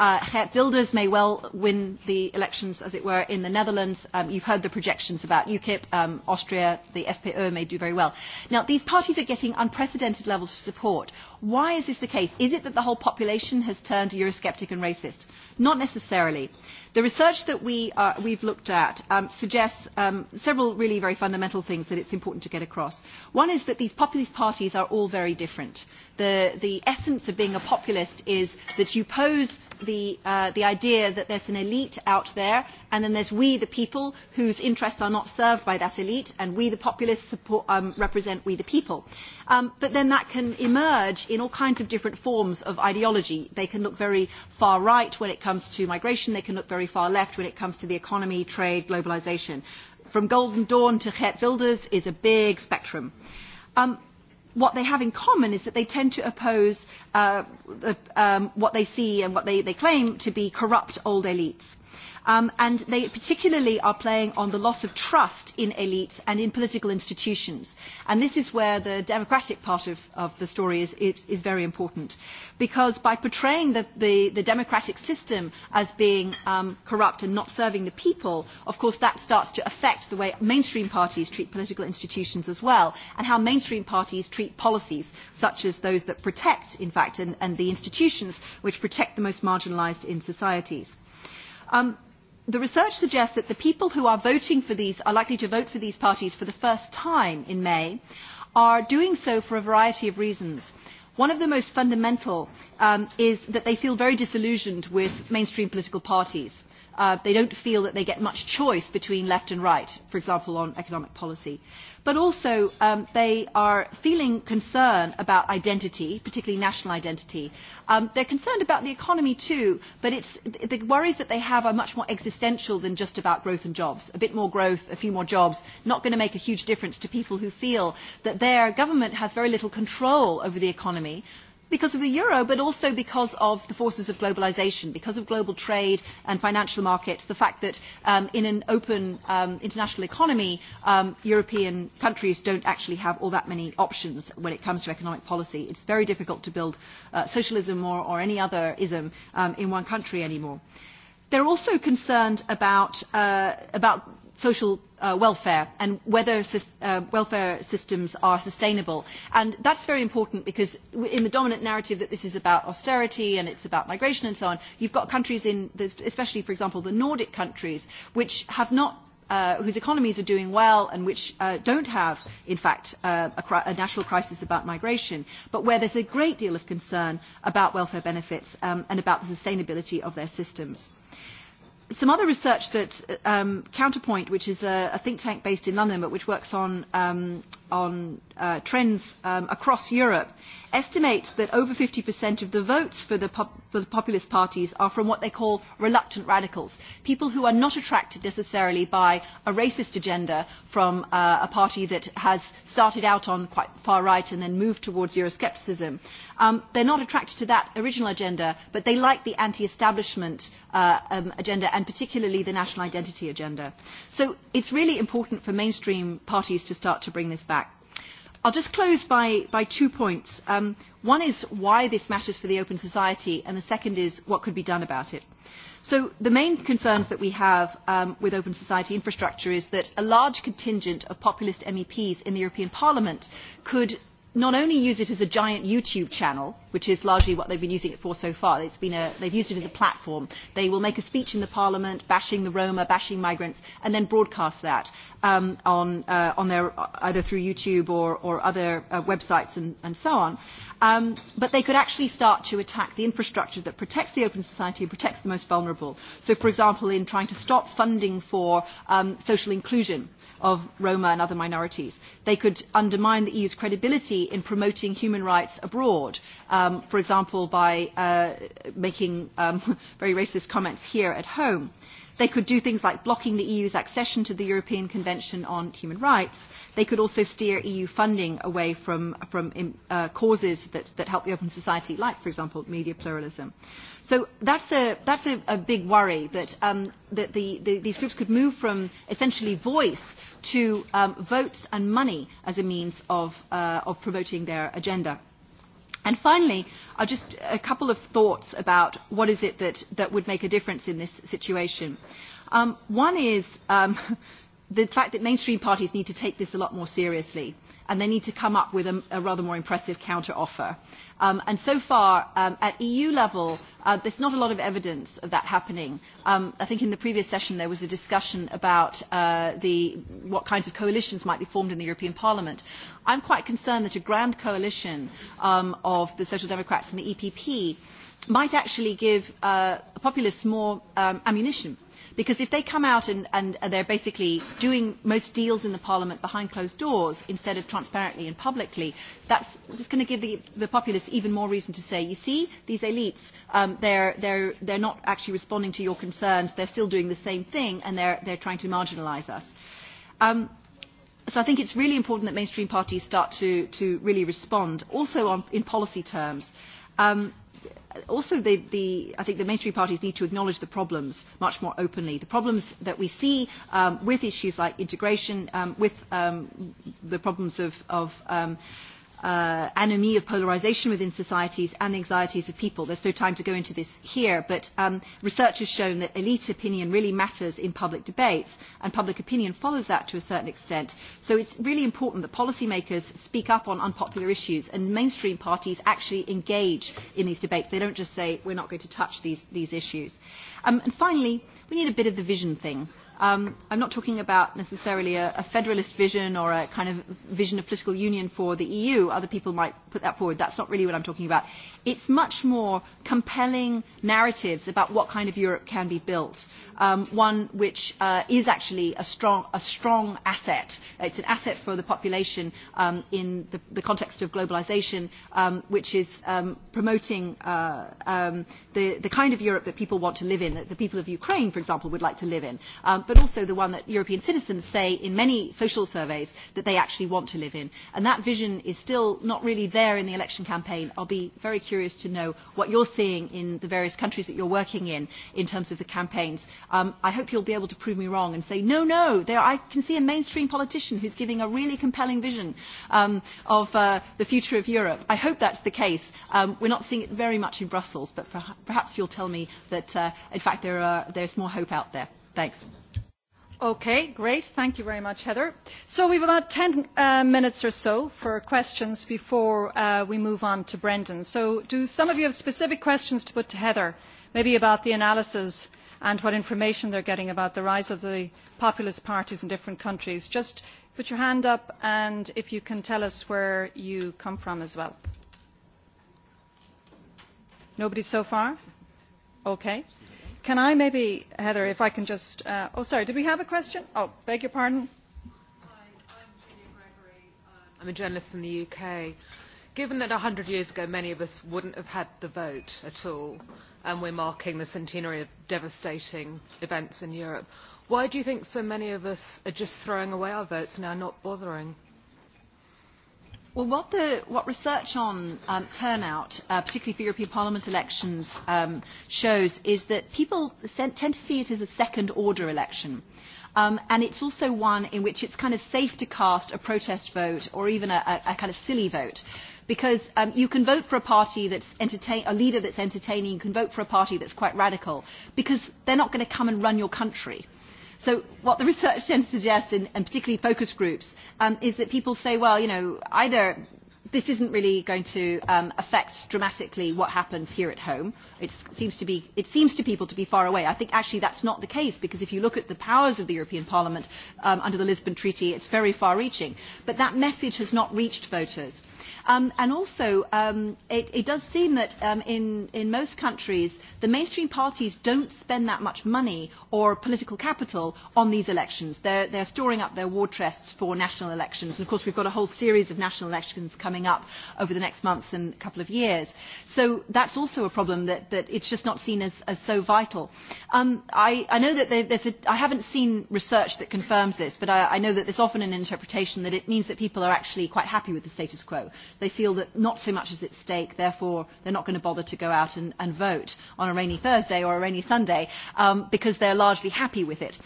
uh, Wilders may well win the elections, as it were, in the Netherlands. Um, you've heard the projections about UKIP, um, Austria, the FPÖ may do very well. Now, these parties are getting unprecedented levels of support. Why is this the case? Is it that the whole population has turned Eurosceptic and racist? Not necessarily. The research that we, uh, we've looked at um, suggests um, several really very fundamental things that it's important to get across. One is that these populist parties are all very different. The, the essence of being a populist is that you pose the, uh, the idea that there's an elite out there and then there are we the people whose interests are not served by that elite and we the populists represent we the people. but then that can emerge in all kinds of different forms of ideology. They can look very far right when it comes to migration, they can look very far left when it comes to the economy, trade, globalisation. From Golden Dawn to Geert Wilders is a big spectrum what they have in common is that they tend to oppose uh, the, um, what they see and what they, they claim to be corrupt old elites Um, and they particularly are playing on the loss of trust in elites and in political institutions. And this is where the democratic part of, of the story is, is, is very important. Because by portraying the, the, the democratic system as being um, corrupt and not serving the people, of course that starts to affect the way mainstream parties treat political institutions as well, and how mainstream parties treat policies, such as those that protect, in fact, and, and the institutions which protect the most marginalised in societies. Um, the research suggests that the people who are voting for these are likely to vote for these parties for the first time in May are doing so for a variety of reasons. One of the most fundamental um, is that they feel very disillusioned with mainstream political parties uh, they don't feel that they get much choice between left and right, for example, on economic policy. But also, um, they are feeling concern about identity, particularly national identity. Um, they're concerned about the economy too, but it's, the worries that they have are much more existential than just about growth and jobs. A bit more growth, a few more jobs, not going to make a huge difference to people who feel that their government has very little control over the economy, because of the euro, but also because of the forces of globalisation, because of global trade and financial markets, the fact that in an open international economy, European countries don't actually have all that many options when it comes to economic policy. It's very difficult to build socialism or, or any other ism um in one country anymore. They're also concerned about, uh, about social uh, welfare and whether uh, welfare systems are sustainable. And that's very important because in the dominant narrative that this is about austerity and it's about migration and so on, you've got countries in, the, especially for example the Nordic countries, which have not uh, whose economies are doing well and which uh, don't have, in fact, uh, a, cri- a national crisis about migration, but where there's a great deal of concern about welfare benefits um, and about the sustainability of their systems some other research that um, Counterpoint, which is a, a think tank based in London but which works on, um, on uh, trends um, across Europe, estimates that over 50% of the votes for the, pop- for the populist parties are from what they call reluctant radicals, people who are not attracted necessarily by a racist agenda from uh, a party that has started out on quite far right and then moved towards Euroscepticism. Um, they're not attracted to that original agenda, but they like the anti-establishment uh, um, agenda and particularly the national identity agenda. So it's really important for mainstream parties to start to bring this back. I'll just close by, by two points. Um, one is why this matters for the open society, and the second is what could be done about it. So the main concerns that we have um, with open society infrastructure is that a large contingent of populist MEPs in the European Parliament could not only use it as a giant YouTube channel, which is largely what they've been using it for so far, it's been a, they've used it as a platform. They will make a speech in the parliament bashing the Roma, bashing migrants, and then broadcast that um, on, uh, on their, either through YouTube or, or other uh, websites and, and so on. Um, but they could actually start to attack the infrastructure that protects the open society and protects the most vulnerable. So, for example, in trying to stop funding for um, social inclusion of Roma and other minorities. They could undermine the EU's credibility in promoting human rights abroad, um, for example, by uh, making um, very racist comments here at home. They could do things like blocking the EU's accession to the European Convention on Human Rights. They could also steer EU funding away from, from uh, causes that, that help the open society, like, for example, media pluralism. So that's a, that's a, a big worry that, um, that the, the, these groups could move from essentially voice to um, votes and money as a means of, uh, of promoting their agenda. And finally, uh, just a couple of thoughts about what is it that, that would make a difference in this situation. Um, one is um, the fact that mainstream parties need to take this a lot more seriously and they need to come up with a, a rather more impressive counter-offer. Um, and so far, um, at EU level, uh, there's not a lot of evidence of that happening. Um, I think in the previous session there was a discussion about uh, the, what kinds of coalitions might be formed in the European Parliament. I'm quite concerned that a grand coalition um, of the Social Democrats and the EPP might actually give uh, populists more um, ammunition Because if they come out and, and they're basically doing most deals in the Parliament behind closed doors instead of transparently and publicly, that's, just going to give the, the populace even more reason to say, you see, these elites, um, they're, they're, they're not actually responding to your concerns, they're still doing the same thing, and they're, they're trying to marginalise us. Um, so I think it's really important that mainstream parties start to, to really respond, also on, in policy terms. Um, also the, the, I think the mainstream parties need to acknowledge the problems much more openly. The problems that we see um, with issues like integration, um, with um, the problems of, of um, uh, anomie of polarization within societies and the anxieties of people. There's no time to go into this here, but um, research has shown that elite opinion really matters in public debates, and public opinion follows that to a certain extent. So it's really important that policymakers speak up on unpopular issues, and mainstream parties actually engage in these debates. They don't just say, we're not going to touch these, these issues. Um, and finally, we need a bit of the vision thing Um, I'm not talking about necessarily a, a federalist vision or a kind of vision of political union for the EU. Other people might put that forward. That's not really what I'm talking about. It's much more compelling narratives about what kind of Europe can be built. Um, one which uh, is actually a strong, a strong asset. It's an asset for the population um, in the, the context of globalization, um, which is um, promoting uh, um, the, the kind of Europe that people want to live in, that the people of Ukraine, for example, would like to live in. Um, but also the one that European citizens say in many social surveys that they actually want to live in. And that vision is still not really there in the election campaign. I'll be very curious to know what you're seeing in the various countries that you're working in, in terms of the campaigns. Um, I hope you'll be able to prove me wrong and say, no, no, there, I can see a mainstream politician who's giving a really compelling vision um, of uh, the future of Europe. I hope that's the case. Um, we're not seeing it very much in Brussels, but perhaps you'll tell me that, uh, in fact, there are, there's more hope out there. Thanks. Okay, great. Thank you very much, Heather. So we have about 10 uh, minutes or so for questions before uh, we move on to Brendan. So do some of you have specific questions to put to Heather, maybe about the analysis and what information they're getting about the rise of the populist parties in different countries? Just put your hand up and if you can tell us where you come from as well. Nobody so far? Okay. Can I maybe, Heather, if I can just, uh, oh, sorry, did we have a question? Oh, beg your pardon. I'm a journalist in the UK. Given that 100 years ago many of us wouldn't have had the vote at all, and we're marking the centenary of devastating events in Europe, why do you think so many of us are just throwing away our votes now not bothering? Well, what, the, what research on um, turnout, uh, particularly for European Parliament elections, um, shows is that people tend to see it as a second order election. Um, and it's also one in which it's kind of safe to cast a protest vote or even a, a, a kind of silly vote. Because um, you can vote for a party that's entertain, a leader that's entertaining, you can vote for a party that's quite radical, because they're not going to come and run your country So what the research tends to suggest, and, and particularly focus groups, um, is that people say, well, you know, either this isn't really going to um, affect dramatically what happens here at home. It seems, to be, it seems to people to be far away. I think actually that's not the case because if you look at the powers of the European Parliament um, under the Lisbon Treaty, it's very far reaching. But that message has not reached voters Um, and also, um, it, it does seem that um, in, in most countries, the mainstream parties don't spend that much money or political capital on these elections. They're, they're storing up their war chests for national elections. And of course, we've got a whole series of national elections coming up over the next months and couple of years. So that's also a problem that, that it's just not seen as, as so vital. Um, I, I know that there, there's a, I haven't seen research that confirms this, but I, I know that there's often an interpretation that it means that people are actually quite happy with the status quo They feel that not so much is at stake, therefore they're not going to bother to go out and, and vote on a rainy Thursday or a rainy Sunday um, because they're largely happy with it.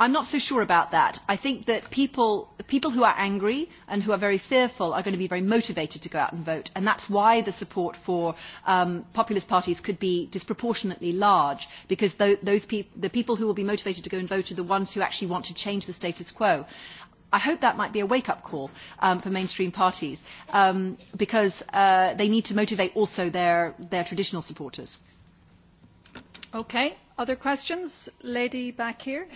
I'm not so sure about that. I think that people, people who are angry and who are very fearful are going to be very motivated to go out and vote. And that's why the support for um, populist parties could be disproportionately large, because th- those pe- the people who will be motivated to go and vote are the ones who actually want to change the status quo. I hope that might be a wake-up call um, for mainstream parties um, because uh, they need to motivate also their, their traditional supporters. Okay. Other questions? Lady back here.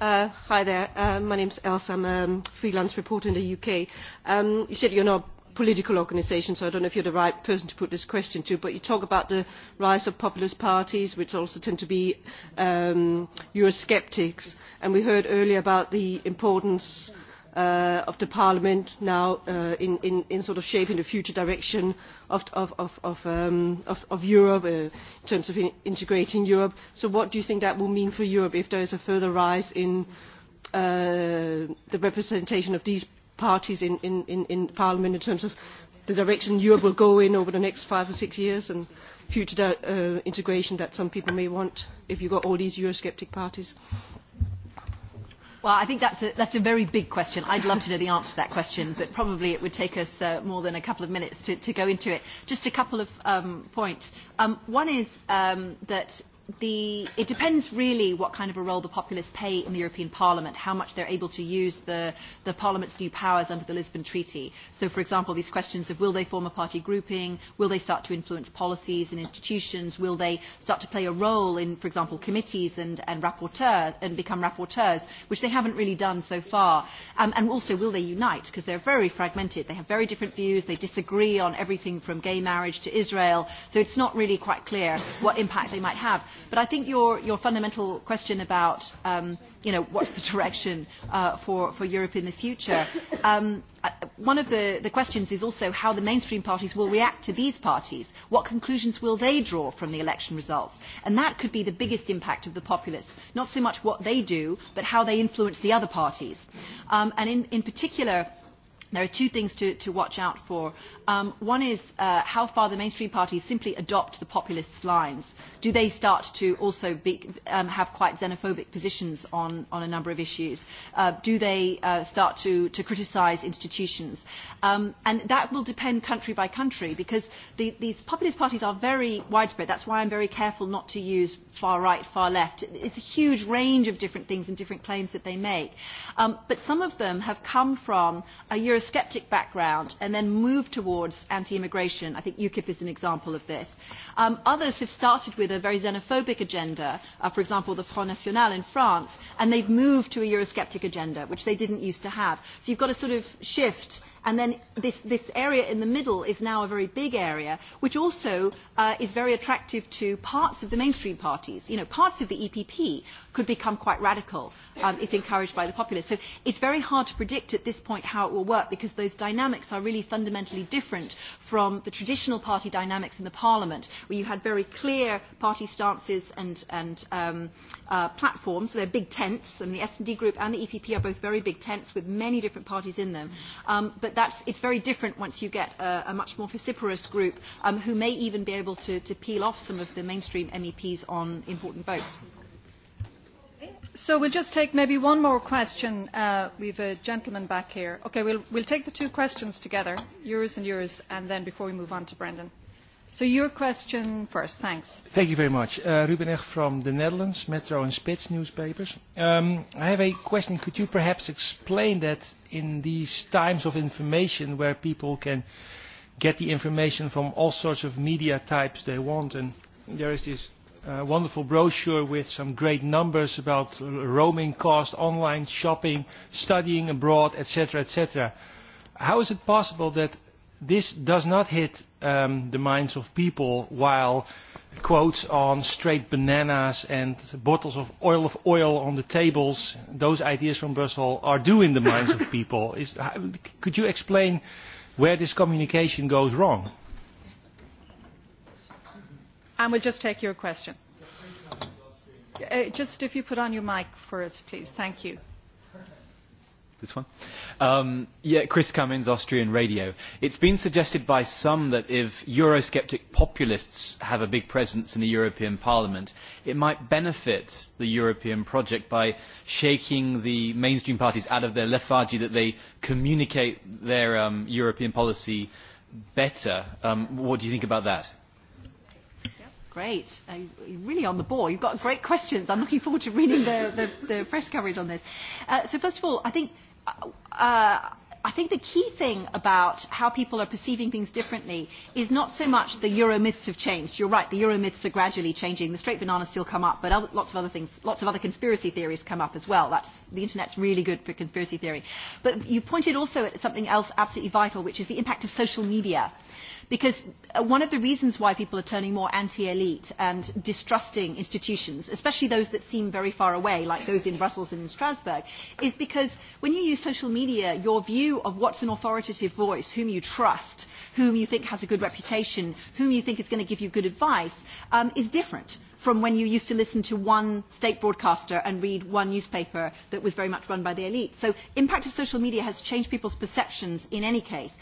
Uh, hi there. Uh, my name's Elsa. I'm a freelance reporter in the UK. Um, you said you're not political organisation, so I don't know if you're the right person to put this question to, but you talk about the rise of populist parties, which also tend to be um, Eurosceptics, and we heard earlier about the importance uh, of the parliament now uh, in, in, in sort of shaping the future direction of, of, of, of, um, of, of Europe uh, in terms of in integrating Europe. So what do you think that will mean for Europe if there is a further rise in uh, the representation of these parties in, in, in, in Parliament in terms of the direction Europe will go in over the next five or six years and future uh, integration that some people may want if you've got all these Eurosceptic parties? Well, I think that's a, that's a very big question. I'd love to know the answer to that question, but probably it would take us uh, more than a couple of minutes to, to go into it. Just a couple of um, points. Um, one is um, that the, it depends really what kind of a role the populists pay in the European Parliament, how much they're able to use the, the Parliament's new powers under the Lisbon Treaty. So, for example, these questions of will they form a party grouping, will they start to influence policies and institutions, will they start to play a role in, for example, committees and, and, rapporteur, and become rapporteurs, which they haven't really done so far. Um, and also, will they unite, because they're very fragmented. They have very different views. They disagree on everything from gay marriage to Israel. So it's not really quite clear what impact they might have But I think your, your fundamental question about, um, you know, what's the direction uh, for, for Europe in the future, um, one of the, the questions is also how the mainstream parties will react to these parties. What conclusions will they draw from the election results? And that could be the biggest impact of the populists, not so much what they do, but how they influence the other parties. Um, and in, in particular, There are two things to, to watch out for. Um, one is uh, how far the mainstream parties simply adopt the populist lines. Do they start to also be, um, have quite xenophobic positions on, on a number of issues? Uh, do they uh, start to, to criticise institutions? Um, and that will depend country by country because the, these populist parties are very widespread. That's why I'm very careful not to use far right, far left. It's a huge range of different things and different claims that they make. Um, but some of them have come from a Euro Eurosceptic background and then moved towards anti-immigration. I think UKIP is an example of this. Um, others have started with a very xenophobic agenda, uh, for example, the Front National in France, and they've moved to a Eurosceptic agenda, which they didn't used to have. So you've got a sort of shift And then this, this area in the middle is now a very big area, which also uh, is very attractive to parts of the mainstream parties. You know, parts of the EPP could become quite radical um, if encouraged by the populace. So it's very hard to predict at this point how it will work because those dynamics are really fundamentally different from the traditional party dynamics in the parliament, where you had very clear party stances and, and um, uh, platforms. So they're big tents, and the S&D group and the EPP are both very big tents with many different parties in them. Um, but but that's, it's very different once you get a, a much more vociferous group um, who may even be able to, to peel off some of the mainstream MEPs on important votes. So we'll just take maybe one more question. Uh, we have a gentleman back here. Okay, we'll, we'll take the two questions together, yours and yours, and then before we move on to Brendan. So your question first, thanks. Thank you very much. Uh, Ruben Ech from the Netherlands, Metro and Spitz newspapers. Um, I have a question. Could you perhaps explain that in these times of information where people can get the information from all sorts of media types they want, and there is this uh, wonderful brochure with some great numbers about roaming cost, online shopping, studying abroad, etc., etc. How is it possible that this does not hit um, the minds of people while quotes on straight bananas and bottles of oil of oil on the tables, those ideas from Brussels are doing the minds of people. Is, could you explain where this communication goes wrong? And we'll just take your question. Uh, just if you put on your mic for us, please. Thank you this one. Um, yeah, Chris Cummins, Austrian Radio. It's been suggested by some that if Eurosceptic populists have a big presence in the European Parliament, it might benefit the European project by shaking the mainstream parties out of their lethargy that they communicate their um, European policy better. Um, what do you think about that? Great. Uh, you're really on the ball. You've got great questions. I'm looking forward to reading the, the, the press coverage on this. Uh, so first of all, I think uh, I think the key thing about how people are perceiving things differently is not so much the Euro myths have changed. You're right, the Euro myths are gradually changing. The straight bananas still come up, but other, lots of other things, lots of other conspiracy theories come up as well. That's, the internet's really good for conspiracy theory. But you pointed also at something else absolutely vital, which is the impact of social media Because one of the reasons why people are turning more anti-elite and distrusting institutions, especially those that seem very far away, like those in Brussels and in Strasbourg, is because when you use social media, your view of what's an authoritative voice, whom you trust, whom you think has a good reputation, whom you think is going to give you good advice, um, is different from when you used to listen to one state broadcaster and read one newspaper that was very much run by the elite. So impact of social media has changed people's perceptions in any case.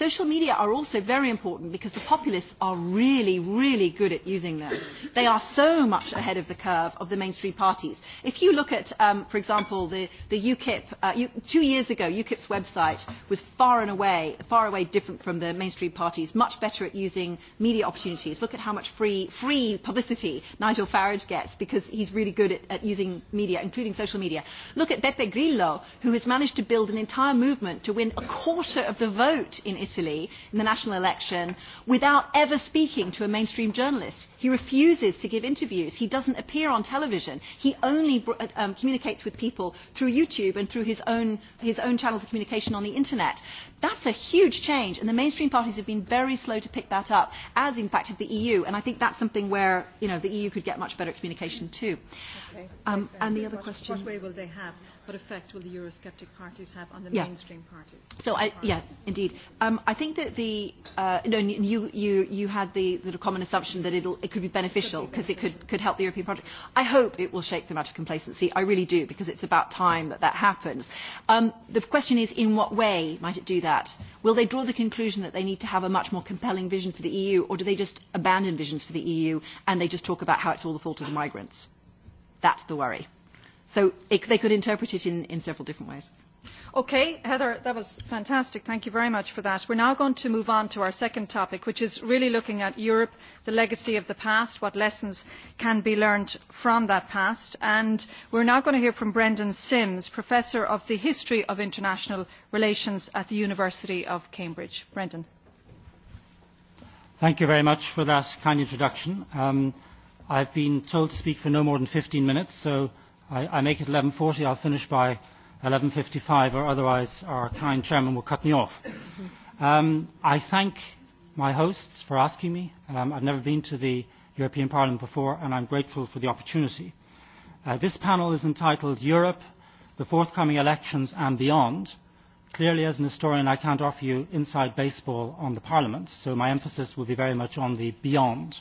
Social media are also very important because the populists are really, really good at using them. They are so much ahead of the curve of the mainstream parties. If you look at, um, for example, the, the UKIP, uh, you, two years ago, UKIP's website was far and away, far away different from the mainstream parties, much better at using media opportunities. Look at how much free, free publicity Nigel Farage gets because he's really good at, at using media, including social media. Look at Beppe Grillo, who has managed to build an entire movement to win a quarter of the vote in Italy in the national election without ever speaking to a mainstream journalist. He refuses to give interviews. He doesn't appear on television. He only um, communicates with people through YouTube and through his own, his own channels of communication on the internet. That's a huge change, and the mainstream parties have been very slow to pick that up, as in fact have the EU. And I think that's something where you know, the EU could get much better communication too. Okay. Um, and the other question. What way will they have? what effect will the Eurosceptic parties have on the yeah. mainstream parties? So, I, yeah, indeed. Um, I think that the uh, no, you you you had the, the common assumption that it'll, it could be beneficial because it could could help the European project. I hope it will shake them out of complacency. I really do because it's about time that that happens. Um, the question is, in what way might it do that? Will they draw the conclusion that they need to have a much more compelling vision for the EU, or do they just abandon visions for the EU and they just talk about how it's all the fault of the migrants? That's the worry. So it, they could interpret it in, in several different ways. Okay, Heather, that was fantastic. Thank you very much for that. We're now going to move on to our second topic, which is really looking at Europe, the legacy of the past, what lessons can be learned from that past. And we're now going to hear from Brendan Sims, Professor of the History of International Relations at the University of Cambridge. Brendan. Thank you very much for that kind introduction. Um, I've been told to speak for no more than 15 minutes, so I, I make it 11.40. I'll finish by 11.55, or otherwise our kind chairman will cut me off. Um, I thank my hosts for asking me. Um, I've never been to the European Parliament before, and I'm grateful for the opportunity. Uh, this panel is entitled Europe, the forthcoming elections and beyond. Clearly, as an historian, I can't offer you inside baseball on the Parliament, so my emphasis will be very much on the beyond.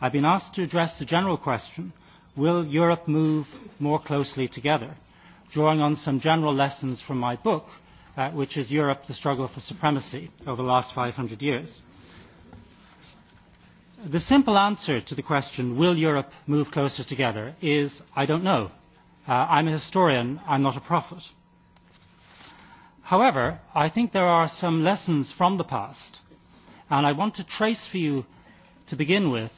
I've been asked to address the general question – Will Europe move more closely together? Drawing on some general lessons from my book, uh, which is Europe, the Struggle for Supremacy over the last 500 years. The simple answer to the question, will Europe move closer together, is I don't know. Uh, I'm a historian, I'm not a prophet. However, I think there are some lessons from the past, and I want to trace for you, to begin with,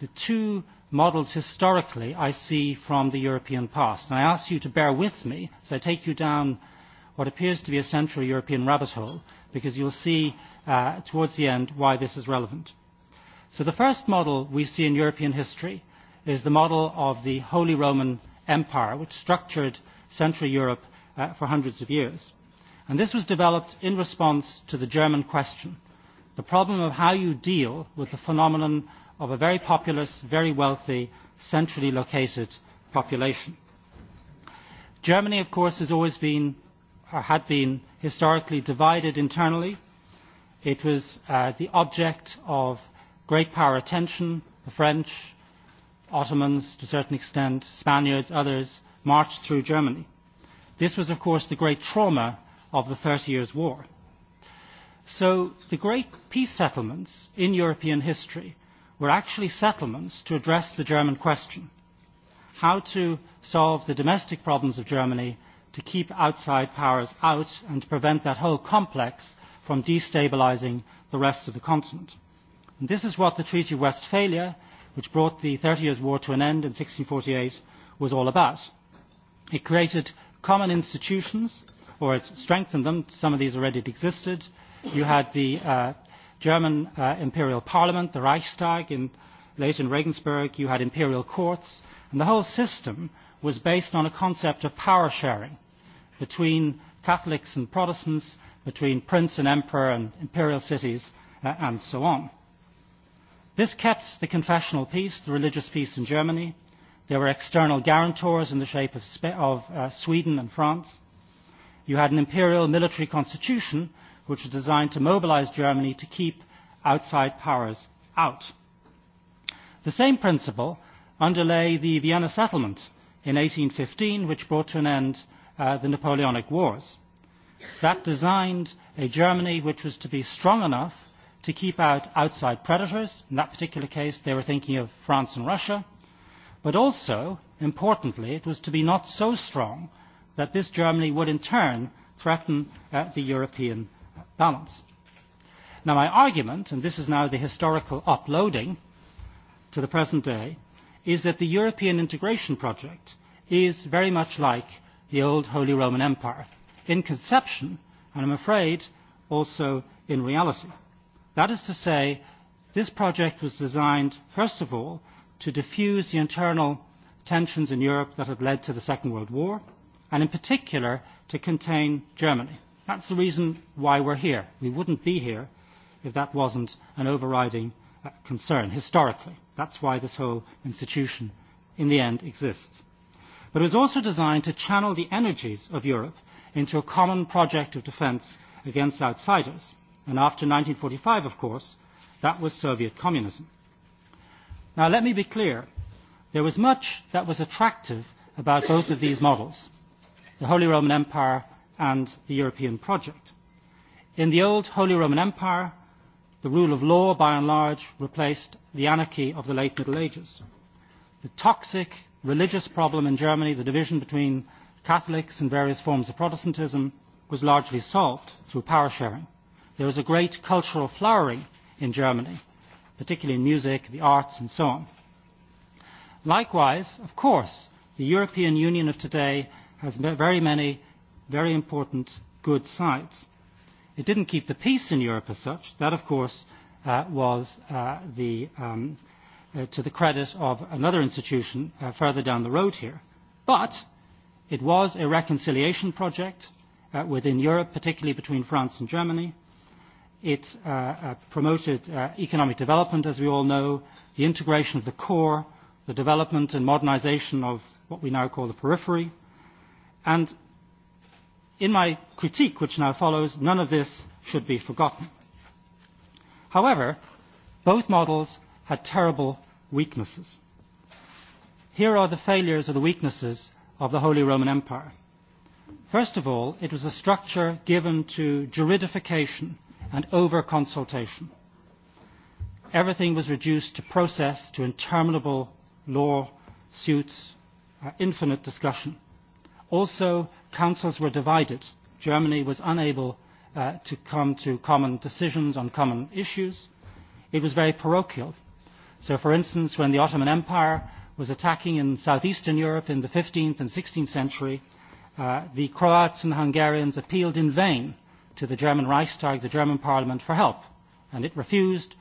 the two models historically I see from the European past. And I ask you to bear with me as I take you down what appears to be a central European rabbit hole, because you'll see uh, towards the end why this is relevant. So the first model we see in European history is the model of the Holy Roman Empire, which structured Central Europe uh, for hundreds of years. And this was developed in response to the German question, the problem of how you deal with the phenomenon of a very populous, very wealthy, centrally located population. Germany, of course, has always been, or had been, historically divided internally. It was uh, the object of great power attention. The French, Ottomans to a certain extent, Spaniards, others marched through Germany. This was, of course, the great trauma of the Thirty Years' War. So the great peace settlements in European history were actually settlements to address the German question how to solve the domestic problems of Germany to keep outside powers out and to prevent that whole complex from destabilising the rest of the continent. And this is what the Treaty of Westphalia, which brought the Thirty Years' War to an end in 1648, was all about. It created common institutions, or it strengthened them. Some of these already existed. You had the German uh, imperial parliament, the Reichstag, in, later in Regensburg, you had imperial courts, and the whole system was based on a concept of power sharing between Catholics and Protestants, between prince and emperor and imperial cities, uh, and so on. This kept the confessional peace, the religious peace in Germany. There were external guarantors in the shape of, Spe- of uh, Sweden and France. You had an imperial military constitution which were designed to mobilise Germany to keep outside powers out. The same principle underlay the Vienna settlement in fifteen, which brought to an end the Napoleonic Wars. That designed a Germany which was to be strong enough to keep out outside predators. In that particular case, they were thinking of France and Russia. But also, importantly, it was to be not so strong that this Germany would in turn threaten the European balance. Now my argument, and this is now the historical uploading to the present day, is that the European integration project is very much like the old Holy Roman Empire in conception and I'm afraid also in reality. That is to say, this project was designed, first of all, to diffuse the internal tensions in Europe that had led to the Second World War, and in particular to contain Germany. That's the reason why we're here. We wouldn't be here if that wasn't an overriding concern historically. That's why this whole institution in the end exists. But it was also designed to channel the energies of Europe into a common project of defence against outsiders. And after forty five, of course, that was Soviet communism. Now, let me be clear. There was much that was attractive about both of these models. The Holy Roman Empire and the European project. In the old Holy Roman Empire, the rule of law, by and large, replaced the anarchy of the late Middle Ages. The toxic religious problem in Germany, the division between Catholics and various forms of Protestantism, was largely solved through power sharing. There was a great cultural flowering in Germany, particularly in music, the arts, and so on. Likewise, of course, the European Union of today has very many very important good sites. It didn't keep the peace in Europe as such. That, of course, uh, was uh, the, um, uh, to the credit of another institution uh, further down the road here. But it was a reconciliation project uh, within Europe, particularly between France and Germany. It uh, uh, promoted uh, economic development, as we all know, the integration of the core, the development and modernisation of what we now call the periphery. And in my critique which now follows none of this should be forgotten. however both models had terrible weaknesses. here are the failures or the weaknesses of the holy roman empire. first of all it was a structure given to juridification and over consultation. everything was reduced to process to interminable law suits uh, infinite discussion Also, councils were divided. Germany was unable uh, to come to common decisions on common issues. It was very parochial. So, for instance, when the Ottoman Empire was attacking in southeastern Europe in the 15th and 16th century, uh, the Croats and Hungarians appealed in vain to the German Reichstag, the German parliament, for help. And it refused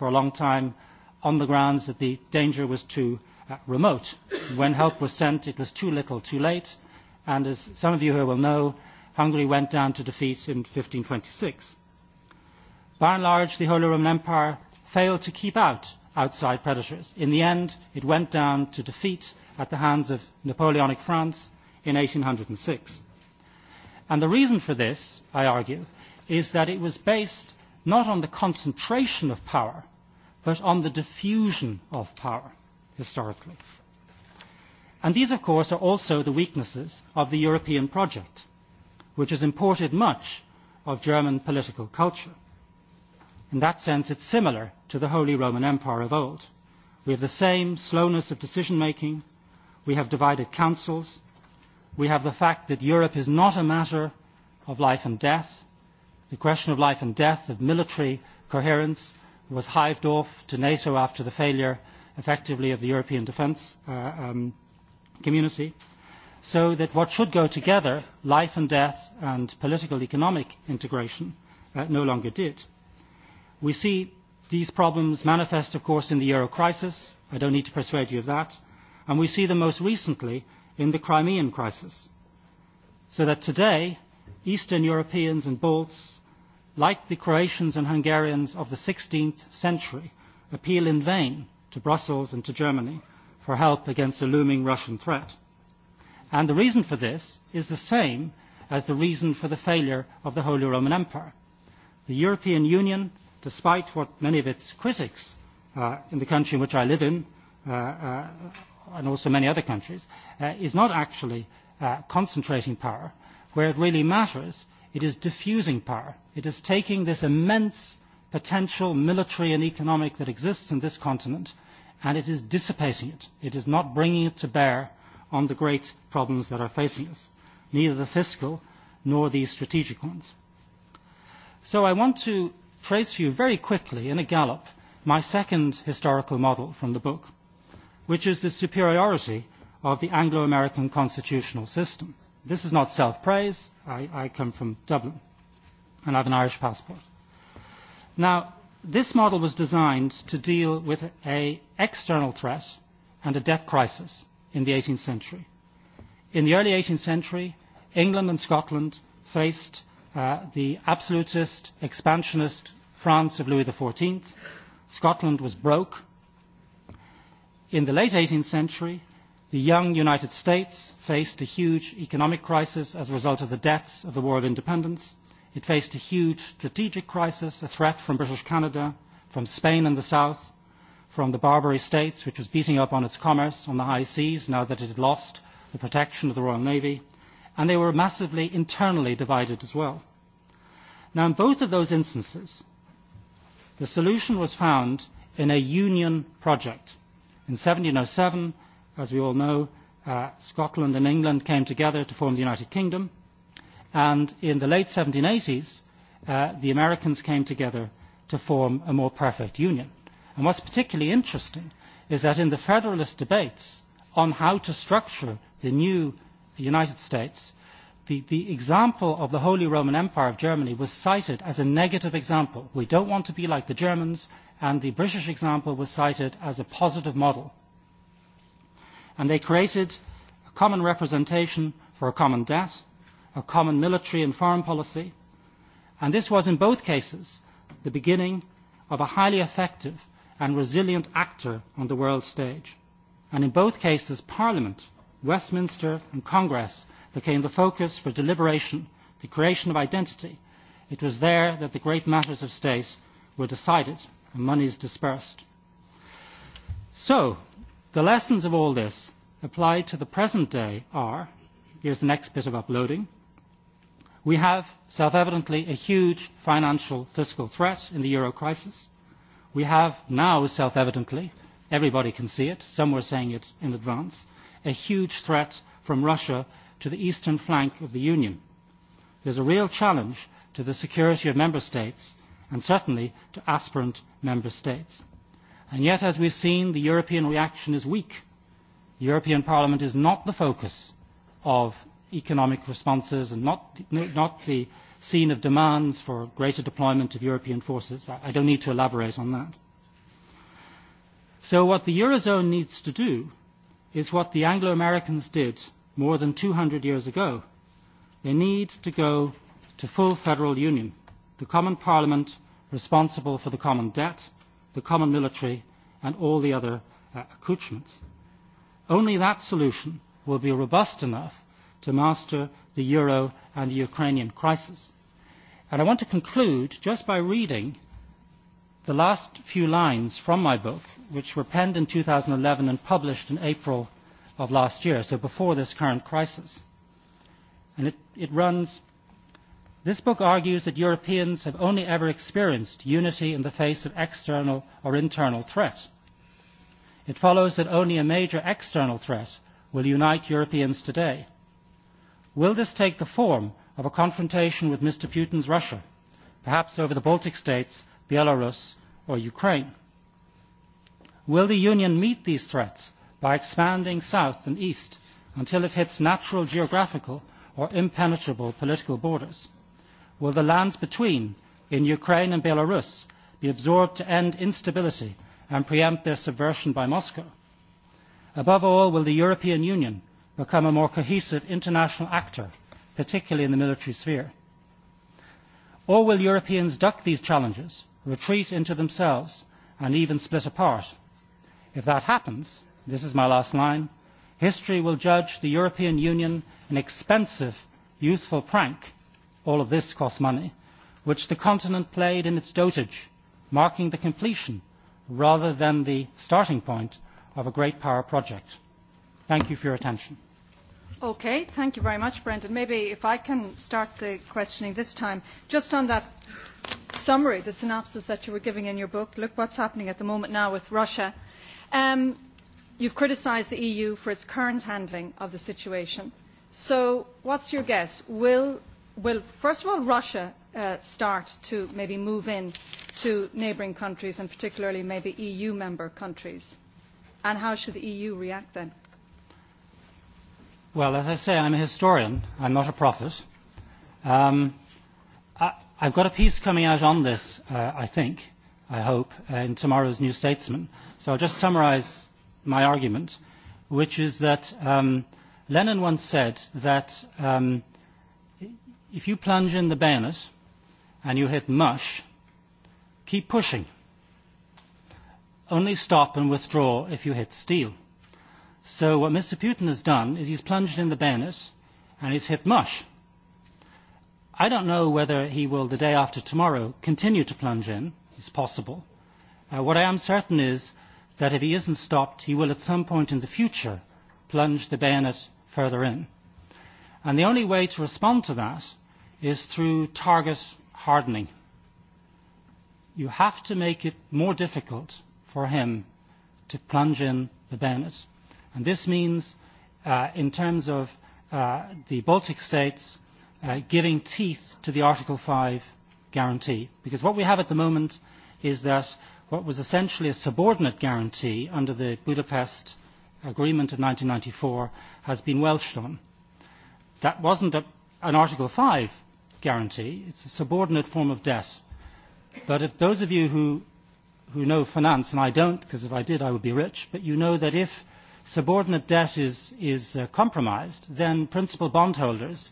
for a long time on the grounds that the danger was too uh, remote. When help was sent, it was too little too late And as some of you here will know, Hungary went down to defeat in twenty six. By and large, the Holy Roman Empire failed to keep out outside predators. In the end, it went down to defeat at the hands of Napoleonic France in hundred and six. And the reason for this, I argue, is that it was based not on the concentration of power, but on the diffusion of power, historically. And these, of course, are also the weaknesses of the European project, which has imported much of German political culture. In that sense, it is similar to the Holy Roman Empire of old. We have the same slowness of decision making, we have divided councils, we have the fact that Europe is not a matter of life and death. The question of life and death, of military coherence, was hived off to NATO after the failure, effectively, of the European defence. Uh, um, community, so that what should go together, life and death and political economic integration, uh, no longer did. We see these problems manifest, of course, in the euro crisis. I don't need to persuade you of that. And we see them most recently in the Crimean crisis. So that today, Eastern Europeans and Balts, like the Croatians and Hungarians of the 16th century, appeal in vain to Brussels and to Germany for help against the looming Russian threat. And the reason for this is the same as the reason for the failure of the Holy Roman Empire. The European Union, despite what many of its critics uh, in the country in which I live in, uh, uh, and also many other countries, uh, is not actually uh, concentrating power. Where it really matters, it is diffusing power. It is taking this immense potential military and economic that exists in this continent and it is dissipating it. It is not bringing it to bear on the great problems that are facing us, neither the fiscal nor the strategic ones. So I want to trace for you very quickly in a gallop my second historical model from the book, which is the superiority of the Anglo-American constitutional system. This is not self-praise. I, I come from Dublin, and I have an Irish passport. Now, this model was designed to deal with an external threat and a debt crisis in the 18th century. In the early 18th century, England and Scotland faced uh, the absolutist, expansionist France of Louis XIV. Scotland was broke. In the late 18th century, the young United States faced a huge economic crisis as a result of the debts of the War of Independence It faced a huge strategic crisis, a threat from British Canada, from Spain and the south, from the Barbary States, which was beating up on its commerce on the high seas now that it had lost the protection of the Royal Navy, and they were massively internally divided as well. Now, in both of those instances, the solution was found in a union project. In 1707, as we all know, uh, Scotland and England came together to form the United Kingdom And in the late 1780s, uh, the Americans came together to form a more perfect union. And what's particularly interesting is that in the Federalist debates on how to structure the new United States, the, the example of the Holy Roman Empire of Germany was cited as a negative example. We don't want to be like the Germans, and the British example was cited as a positive model. And they created a common representation for a common debt, a common military and foreign policy, and this was in both cases the beginning of a highly effective and resilient actor on the world stage. And in both cases, Parliament, Westminster and Congress became the focus for deliberation, the creation of identity. It was there that the great matters of state were decided and monies dispersed. So, the lessons of all this applied to the present day are, here's the next bit of uploading, We have, self-evidently, a huge financial fiscal threat in the euro crisis. We have now, self-evidently, everybody can see it, some were saying it in advance, a huge threat from Russia to the eastern flank of the Union. There's a real challenge to the security of member states and certainly to aspirant member states. And yet, as we've seen, the European reaction is weak. The European Parliament is not the focus of economic responses and not, not the scene of demands for greater deployment of European forces. I, I don't need to elaborate on that. So what the Eurozone needs to do is what the Anglo-Americans did more than 200 years ago. They need to go to full federal union, the common parliament responsible for the common debt, the common military and all the other uh, accoutrements. Only that solution will be robust enough to master the euro and the Ukrainian crisis. And I want to conclude just by reading the last few lines from my book, which were penned in 2011 and published in April of last year, so before this current crisis. And it, it runs, this book argues that Europeans have only ever experienced unity in the face of external or internal threat. It follows that only a major external threat will unite Europeans today Will this take the form of a confrontation with Mr. Putin's Russia, perhaps over the Baltic states, Belarus, or Ukraine? Will the Union meet these threats by expanding south and east until it hits natural geographical or impenetrable political borders? Will the lands between, in Ukraine and Belarus, be absorbed to end instability and preempt their subversion by Moscow? Above all, will the European Union become a more cohesive international actor, particularly in the military sphere? Or will Europeans duck these challenges, retreat into themselves, and even split apart? If that happens, this is my last line, history will judge the European Union an expensive, youthful prank, all of this costs money, which the continent played in its dotage, marking the completion rather than the starting point of a great power project. Thank you for your attention. Okay, thank you very much, Brendan. Maybe if I can start the questioning this time, just on that summary, the synopsis that you were giving in your book, look what's happening at the moment now with Russia. Um, you've criticised the EU for its current handling of the situation. So what's your guess? Will, will first of all, Russia uh, start to maybe move in to neighbouring countries and particularly maybe EU member countries? And how should the EU react then? Well, as I say, I'm a historian. I'm not a prophet. Um, I, I've got a piece coming out on this, uh, I think, I hope, uh, in tomorrow's New Statesman. So I'll just summarize my argument, which is that um, Lenin once said that um, if you plunge in the bayonet and you hit mush, keep pushing. Only stop and withdraw if you hit steel So what Mr Putin has done is he's plunged in the bayonet and he's hit mush. I don't know whether he will, the day after tomorrow, continue to plunge in. It's possible. Uh, what I am certain is that if he isn't stopped, he will at some point in the future plunge the bayonet further in. And the only way to respond to that is through target hardening. You have to make it more difficult for him to plunge in the bayonet. And this means, uh, in terms of uh, the Baltic states, uh, giving teeth to the Article 5 guarantee. Because what we have at the moment is that what was essentially a subordinate guarantee under the Budapest Agreement of 1994 has been welched on. That wasn't a, an Article 5 guarantee, it's a subordinate form of debt. But if those of you who, who know finance, and I don't, because if I did I would be rich, but you know that if subordinate debt is, is uh, compromised, then principal bondholders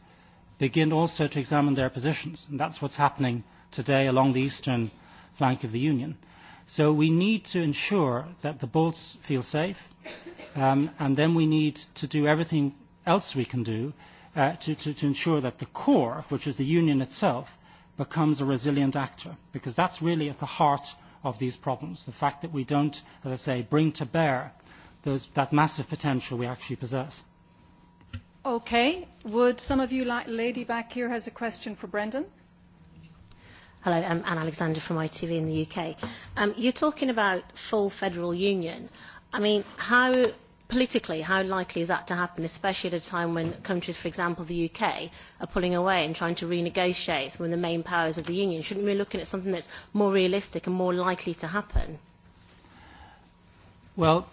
begin also to examine their positions. And that's what's happening today along the eastern flank of the Union. So we need to ensure that the Bolts feel safe, um, and then we need to do everything else we can do uh, to, to, to ensure that the core, which is the Union itself, becomes a resilient actor, because that's really at the heart of these problems, the fact that we don't, as I say, bring to bear uh, those, that massive potential we actually possess. Okay. Would some of you, like lady back here, has a question for Brendan? Hello, I'm Anne Alexander from ITV in the UK. Um, you're talking about full federal union. I mean, how politically, how likely is that to happen, especially at a time when countries, for example, the UK, are pulling away and trying to renegotiate some of the main powers of the union? Shouldn't we be looking at something that's more realistic and more likely to happen? Well,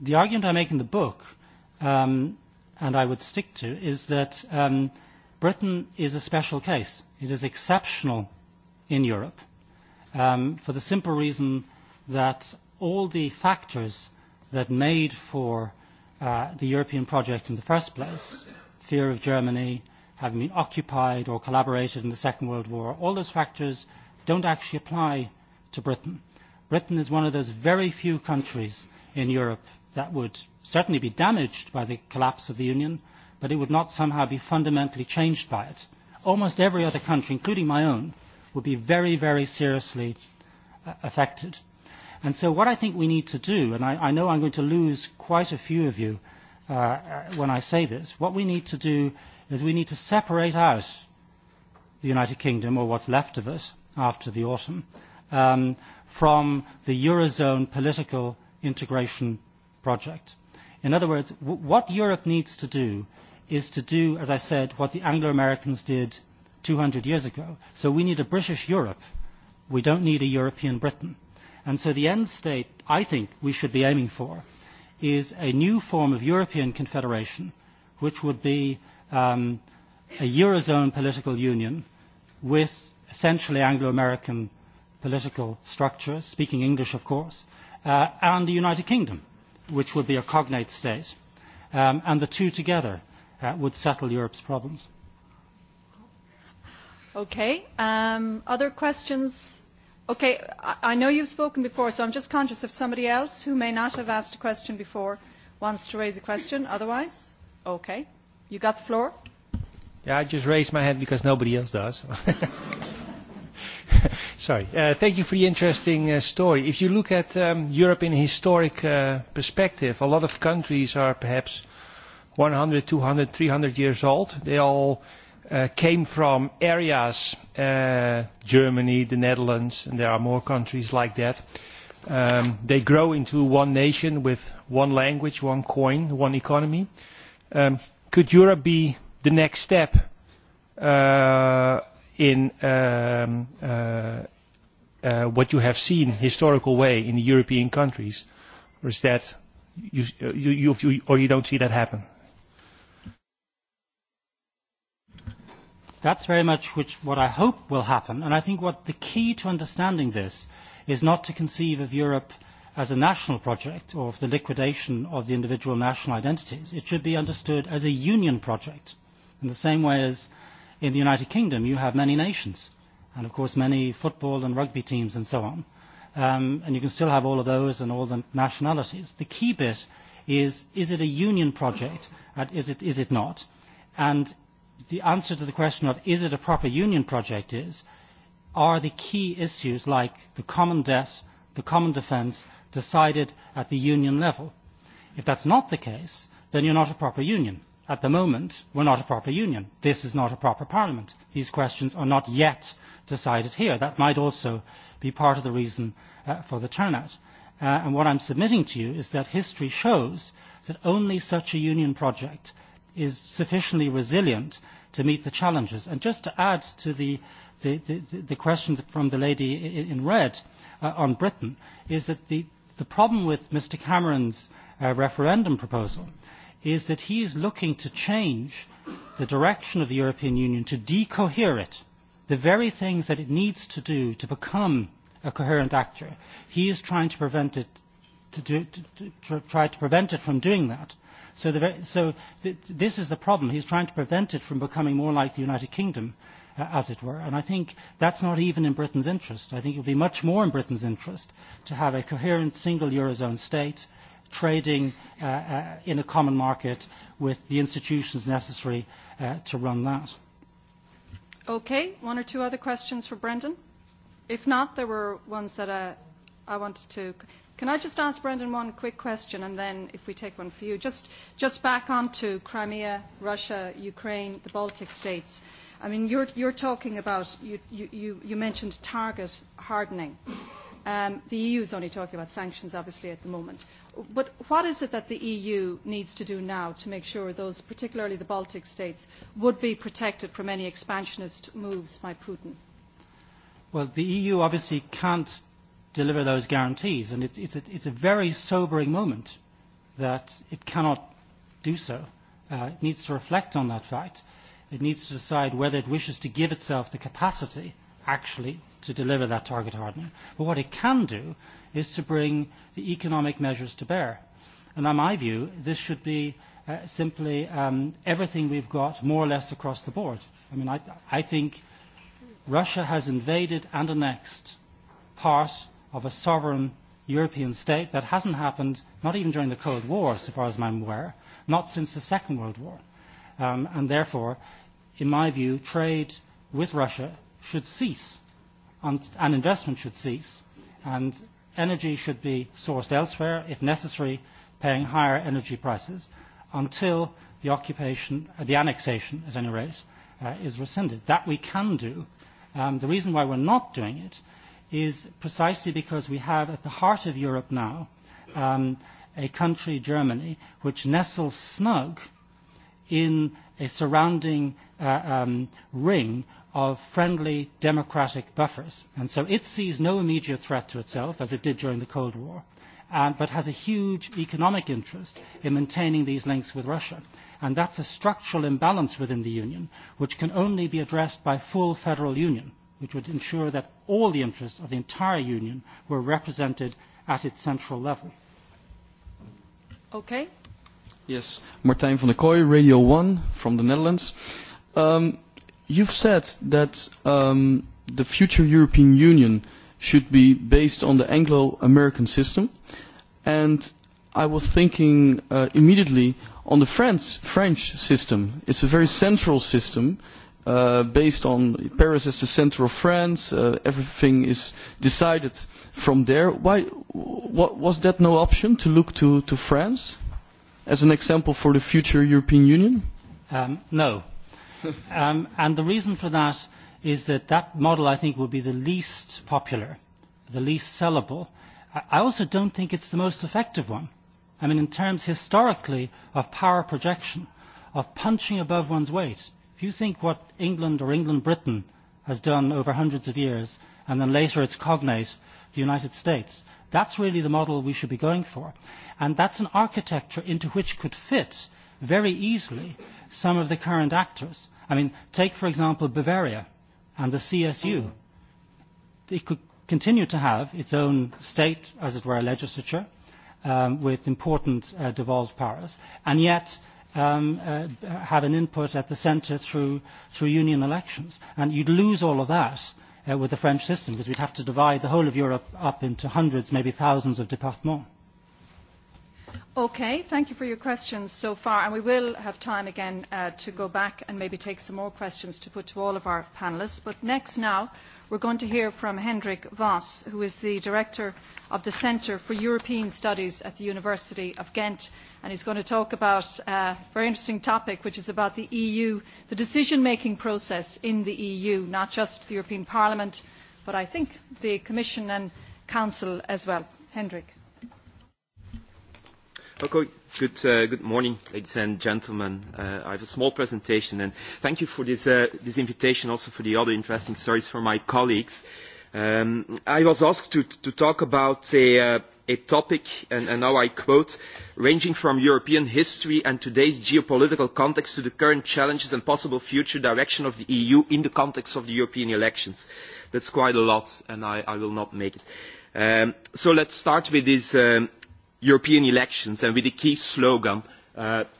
the argument I make in the book, um, and I would stick to, is that um, Britain is a special case. It is exceptional in Europe um, for the simple reason that all the factors that made for uh, the European project in the first place, fear of Germany, having been occupied or collaborated in the Second World War, all those factors don't actually apply to Britain. Britain is one of those very few countries in Europe that would certainly be damaged by the collapse of the Union, but it would not somehow be fundamentally changed by it. Almost every other country, including my own, would be very, very seriously affected. And so what I think we need to do, and I, I know I'm going to lose quite a few of you uh, when I say this, what we need to do is we need to separate out the United Kingdom, or what's left of it after the autumn, um, from the Eurozone political integration project. In other words, w- what Europe needs to do is to do, as I said, what the Anglo-Americans did 200 years ago. So we need a British Europe. We don't need a European Britain. And so the end state I think we should be aiming for is a new form of European confederation, which would be um, a Eurozone political union with essentially Anglo-American political structures, speaking English, of course, uh, and the United Kingdom which would be a cognate state. Um, and the two together uh, would settle Europe's problems. Okay. Um, other questions? Okay, I, I know you've spoken before, so I'm just conscious if somebody else who may not have asked a question before wants to raise a question. Otherwise, okay. You got the floor? Yeah, I just raised my hand because nobody else does. Sorry. Uh, thank you for the interesting uh, story. If you look at um, Europe in a historic uh, perspective, a lot of countries are perhaps 100, 200, 300 years old. They all uh, came from areas, uh, Germany, the Netherlands, and there are more countries like that. Um, they grow into one nation with one language, one coin, one economy. Um, could Europe be the next step uh, in um, uh, uh, what you have seen historical way in the European countries, or is that you, you, you, or you don't see that happen? That's very much which, what I hope will happen, and I think what the key to understanding this is not to conceive of Europe as a national project or of the liquidation of the individual national identities. It should be understood as a union project in the same way as in the United Kingdom, you have many nations, and of course many football and rugby teams and so on. Um, and you can still have all of those and all the nationalities. The key bit is, is it a union project? And is, it, is it not? And the answer to the question of is it a proper union project is, are the key issues like the common debt, the common defence, decided at the union level? If that's not the case, then you're not a proper union At the moment, we are not a proper union. This is not a proper parliament. These questions are not yet decided here. That might also be part of the reason for the turnout. and what I am submitting to you is that history shows that only such a union project is sufficiently resilient to meet the challenges. And just to add to the, the, the, the question from the lady in red uh, on Britain, is that the, the problem with Mr Cameron's uh, referendum proposal is that he is looking to change the direction of the European Union, to decohere it, the very things that it needs to do to become a coherent actor. He is trying to prevent it, to do, to, to, try to prevent it from doing that. So, the, so th- this is the problem. He's trying to prevent it from becoming more like the United Kingdom, uh, as it were. And I think that's not even in Britain's interest. I think it would be much more in Britain's interest to have a coherent single Eurozone state trading in a common market with the institutions necessary to run that. Okay, one or two other questions for Brendan? If not, there were ones that I, I wanted to. Can I just ask Brendan one quick question and then if we take one for you? Just, just back onto Crimea, Russia, Ukraine, the Baltic states. I mean, you're, you're talking about, you, you, you mentioned target hardening. Um, the EU is only talking about sanctions, obviously, at the moment. But what is it that the EU needs to do now to make sure those, particularly the Baltic states, would be protected from any expansionist moves by Putin? Well, the EU obviously can't deliver those guarantees, and it's, it's, a, it's a very sobering moment that it cannot do so. Uh, it needs to reflect on that fact. It needs to decide whether it wishes to give itself the capacity uh, actually to deliver that target hardening. But what it can do is to bring the economic measures to bear. And in my view, this should be uh, simply um, everything we've got more or less across the board. I mean, I, I think Russia has invaded and annexed part of a sovereign European state that hasn't happened, not even during the Cold War, so far as I'm aware, not since the Second World War. Um, and therefore, in my view, trade with Russia should cease and, and investment should cease and energy should be sourced elsewhere, if necessary, paying higher energy prices until the occupation, uh, the annexation at any rate, uh, is rescinded. That we can do. Um, the reason why we're not doing it is precisely because we have at the heart of Europe now um, a country, Germany, which nestles snug in a surrounding uh, um, ring of friendly democratic buffers. And so it sees no immediate threat to itself, as it did during the Cold War, and, but has a huge economic interest in maintaining these links with Russia. And that's a structural imbalance within the Union, which can only be addressed by full federal union, which would ensure that all the interests of the entire Union were represented at its central level. Okay. Yes, Martijn van der Kooi, Radio 1 from the Netherlands. Um, You've said that um, the future European Union should be based on the Anglo-American system, and I was thinking uh, immediately on the French, French system. It's a very central system uh, based on Paris as the center of France. Uh, everything is decided from there. Why w was that no option to look to, to France as an example for the future European Union? Um, no, Um, and the reason for that is that that model, I think, would be the least popular, the least sellable. I also don't think it's the most effective one. I mean, in terms historically of power projection, of punching above one's weight. If you think what England or England Britain has done over hundreds of years, and then later its cognate, the United States, that's really the model we should be going for. And that's an architecture into which could fit very easily some of the current actors. I mean, take, for example, Bavaria and the CSU. It could continue to have its own state, as it were, legislature um, with important uh, devolved powers, and yet um, uh, have an input at the centre through, through union elections. And you'd lose all of that uh, with the French system because we'd have to divide the whole of Europe up into hundreds, maybe thousands of départements Okay, thank you for your questions so far, and we will have time again to go back and maybe take some more questions to put to all of our panellists. But next now, we're going to hear from Hendrik Voss, who is the Director of the Centre for European Studies at the University of Ghent, and he's going to talk about a very interesting topic, which is about the EU, the decision-making process in the EU, not just the European Parliament, but I think the Commission and Council as well. Hendrik. Okay. Good, uh, good morning, ladies and gentlemen. Uh, I have a small presentation, and thank you for this, uh, this invitation, also for the other interesting stories from my colleagues. Um, I was asked to, to talk about a, uh, a topic, and, and now I quote, ranging from European history and today's geopolitical context to the current challenges and possible future direction of the EU in the context of the European elections. That's quite a lot, and I, I will not make it. Um, so let's start with this, um, European elections and with the key slogan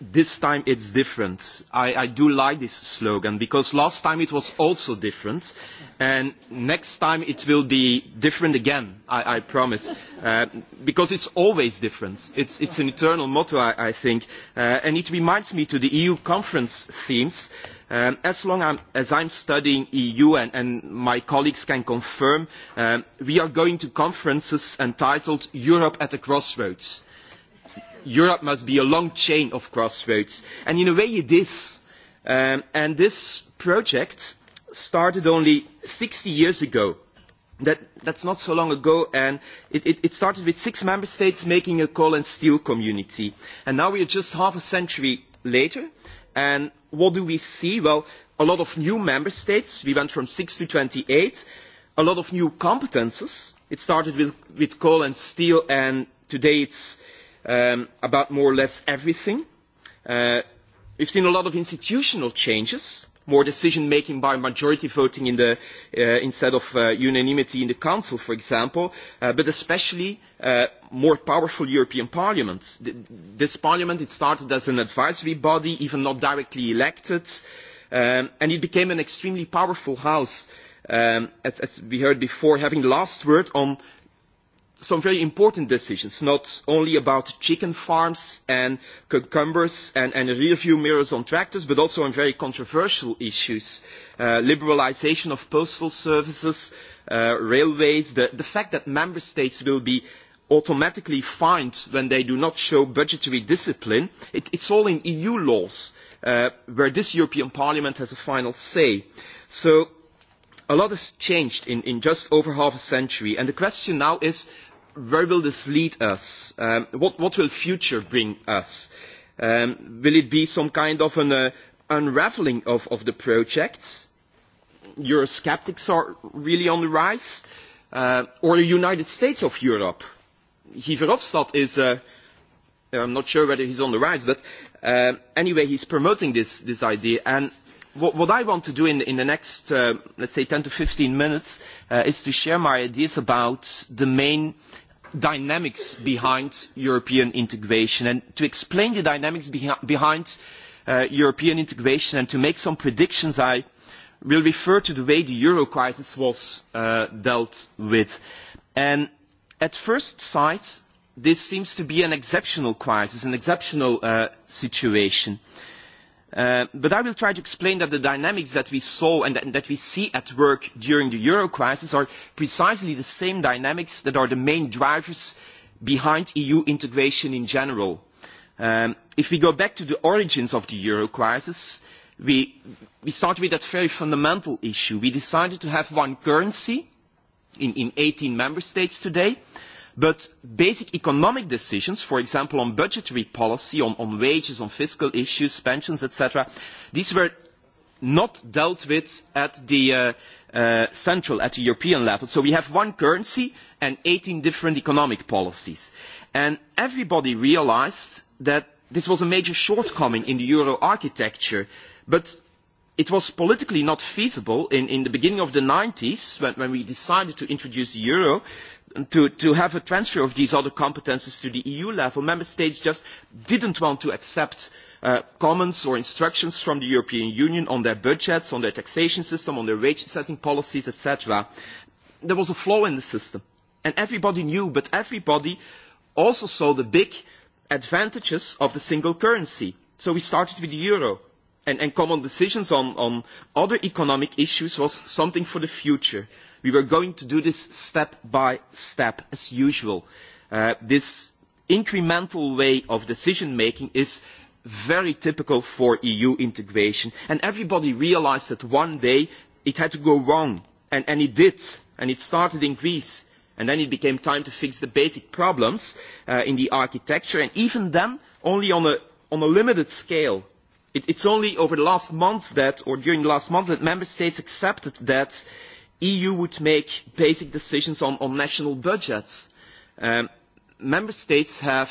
this time it's different. I, I do like this slogan because last time it was also different and next time it will be different again, I, I promise. Uh, because it's always different. It's, it's an eternal motto, I, I think. Uh, and it reminds me to the EU conference themes. Um, as long I'm, as I'm studying EU and, and my colleagues can confirm, um, we are going to conferences entitled Europe at the Crossroads Europe must be a long chain of crossroads. And in a way it is. and this project started only sixty years ago. That, is not so long ago, and it, started with six member states making a coal and steel community. And now we are just half a century later, and what do we see? Well, a lot of new member states. We went from six to twenty eight, A lot of new competences. It started with, with coal and steel, and today it is about more or less everything. Uh, we've seen a lot of institutional changes, more decision making by majority voting in the, uh, instead of uh, unanimity in the Council, for example, uh, but especially uh, more powerful European Parliaments. This Parliament, it started as an advisory body, even not directly elected, um, and it became an extremely powerful house, um, as, as we heard before, having the last word on some very important decisions, not only about chicken farms and cucumbers and, and view mirrors on tractors, but also on very controversial issues, uh, liberalisation of postal services, uh, railways, the, the fact that member states will be automatically fined when they do not show budgetary discipline. It, it's all in EU laws, uh, where this European Parliament has a final say. So a lot has changed in, in just over half a century, and the question now is, where will this lead us? Um, what, what will future bring us? Um, will it be some kind of an uh, unraveling of, of the project? Eurosceptics are really on the rise. Uh, or the United States of Europe? Guy Verhofstadt is, uh, I'm not sure whether he's on the rise, but uh, anyway, he's promoting this, this idea. And what, what I want to do in, in the next, uh, let's say, 10 to 15 minutes uh, is to share my ideas about the main dynamics behind European integration. And to explain the dynamics behind European integration and to make some predictions, I will refer to the way the euro crisis was dealt with. at first sight, this seems to be an exceptional crisis, an exceptional situation but i will try to explain that the dynamics that we saw and that we see at work during the euro crisis are precisely the same dynamics that are the main drivers behind eu integration in general. if we go back to the origins of the euro crisis we start with that very fundamental issue we decided to have one currency in eighteen member states today and But basic economic decisions, for example on budgetary policy, on, on wages, on fiscal issues, pensions, etc., these were not dealt with at the uh, uh, central, at the European level. So we have one currency and 18 different economic policies. And everybody realized that this was a major shortcoming in the euro architecture. But it was politically not feasible in, in the beginning of the 90s when, when we decided to introduce the euro to, have a transfer of these other competences to the EU level. Member States just did not want to accept comments or instructions from the European Union on their budgets, on their taxation system, on their wage setting policies, etc. There was a flaw in the system. And everybody knew, but everybody also saw the big advantages of the single currency. So we started with the euro and, and common decisions on, on other economic issues was something for the future. We were going to do this step by step, as usual. Uh, this incremental way of decision making is very typical for EU integration. And everybody realised that one day it had to go wrong. And, and it did. And it started in Greece. And then it became time to fix the basic problems uh, in the architecture. And even then, only on a, on a limited scale It, is only over the last month that, or during the last month, that member states accepted that the EU would make basic decisions on, national budgets. member states have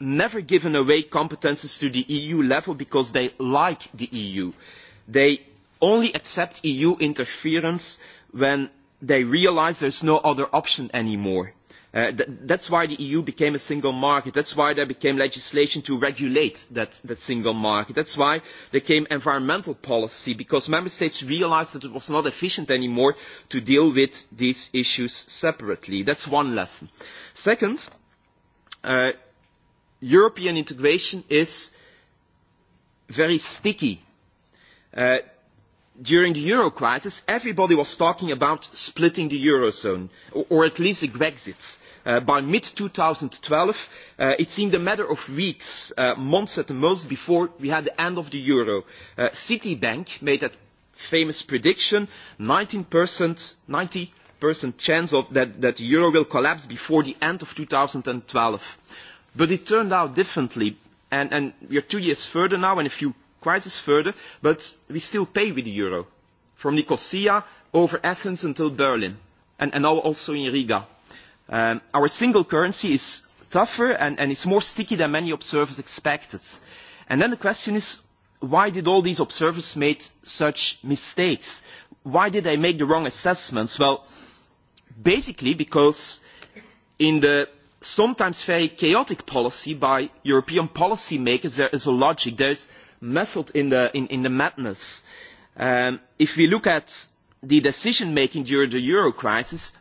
never given away competences to the EU level because they like the EU. They only accept EU interference when they realise there is no other option more that is why the eu became a single market that is why there became legislation to regulate that single market that is why there came environmental policy because member states realised that it was not efficient any more to deal with these issues separately. that is one lesson. second european integration is very sticky during the euro crisis, everybody was talking about splitting the eurozone, or at least a Brexit. Uh, by mid-2012, uh, it seemed a matter of weeks, uh, months at the most, before we had the end of the euro. Uh, Citibank made that famous prediction, 19%, 90 percent chance of that, that the euro will collapse before the end of 2012. But it turned out differently, and, and we are two years further now, and if you crisis further, but we still pay with the euro, from Nicosia over Athens until Berlin, and, and now also in Riga. Um, our single currency is tougher and, and it's more sticky than many observers expected. And then the question is, why did all these observers make such mistakes? Why did they make the wrong assessments? Well, basically because in the sometimes very chaotic policy by European policymakers, there is a logic. is method in the, in, in the madness. Um, if we look at the decision making during the euro crisis,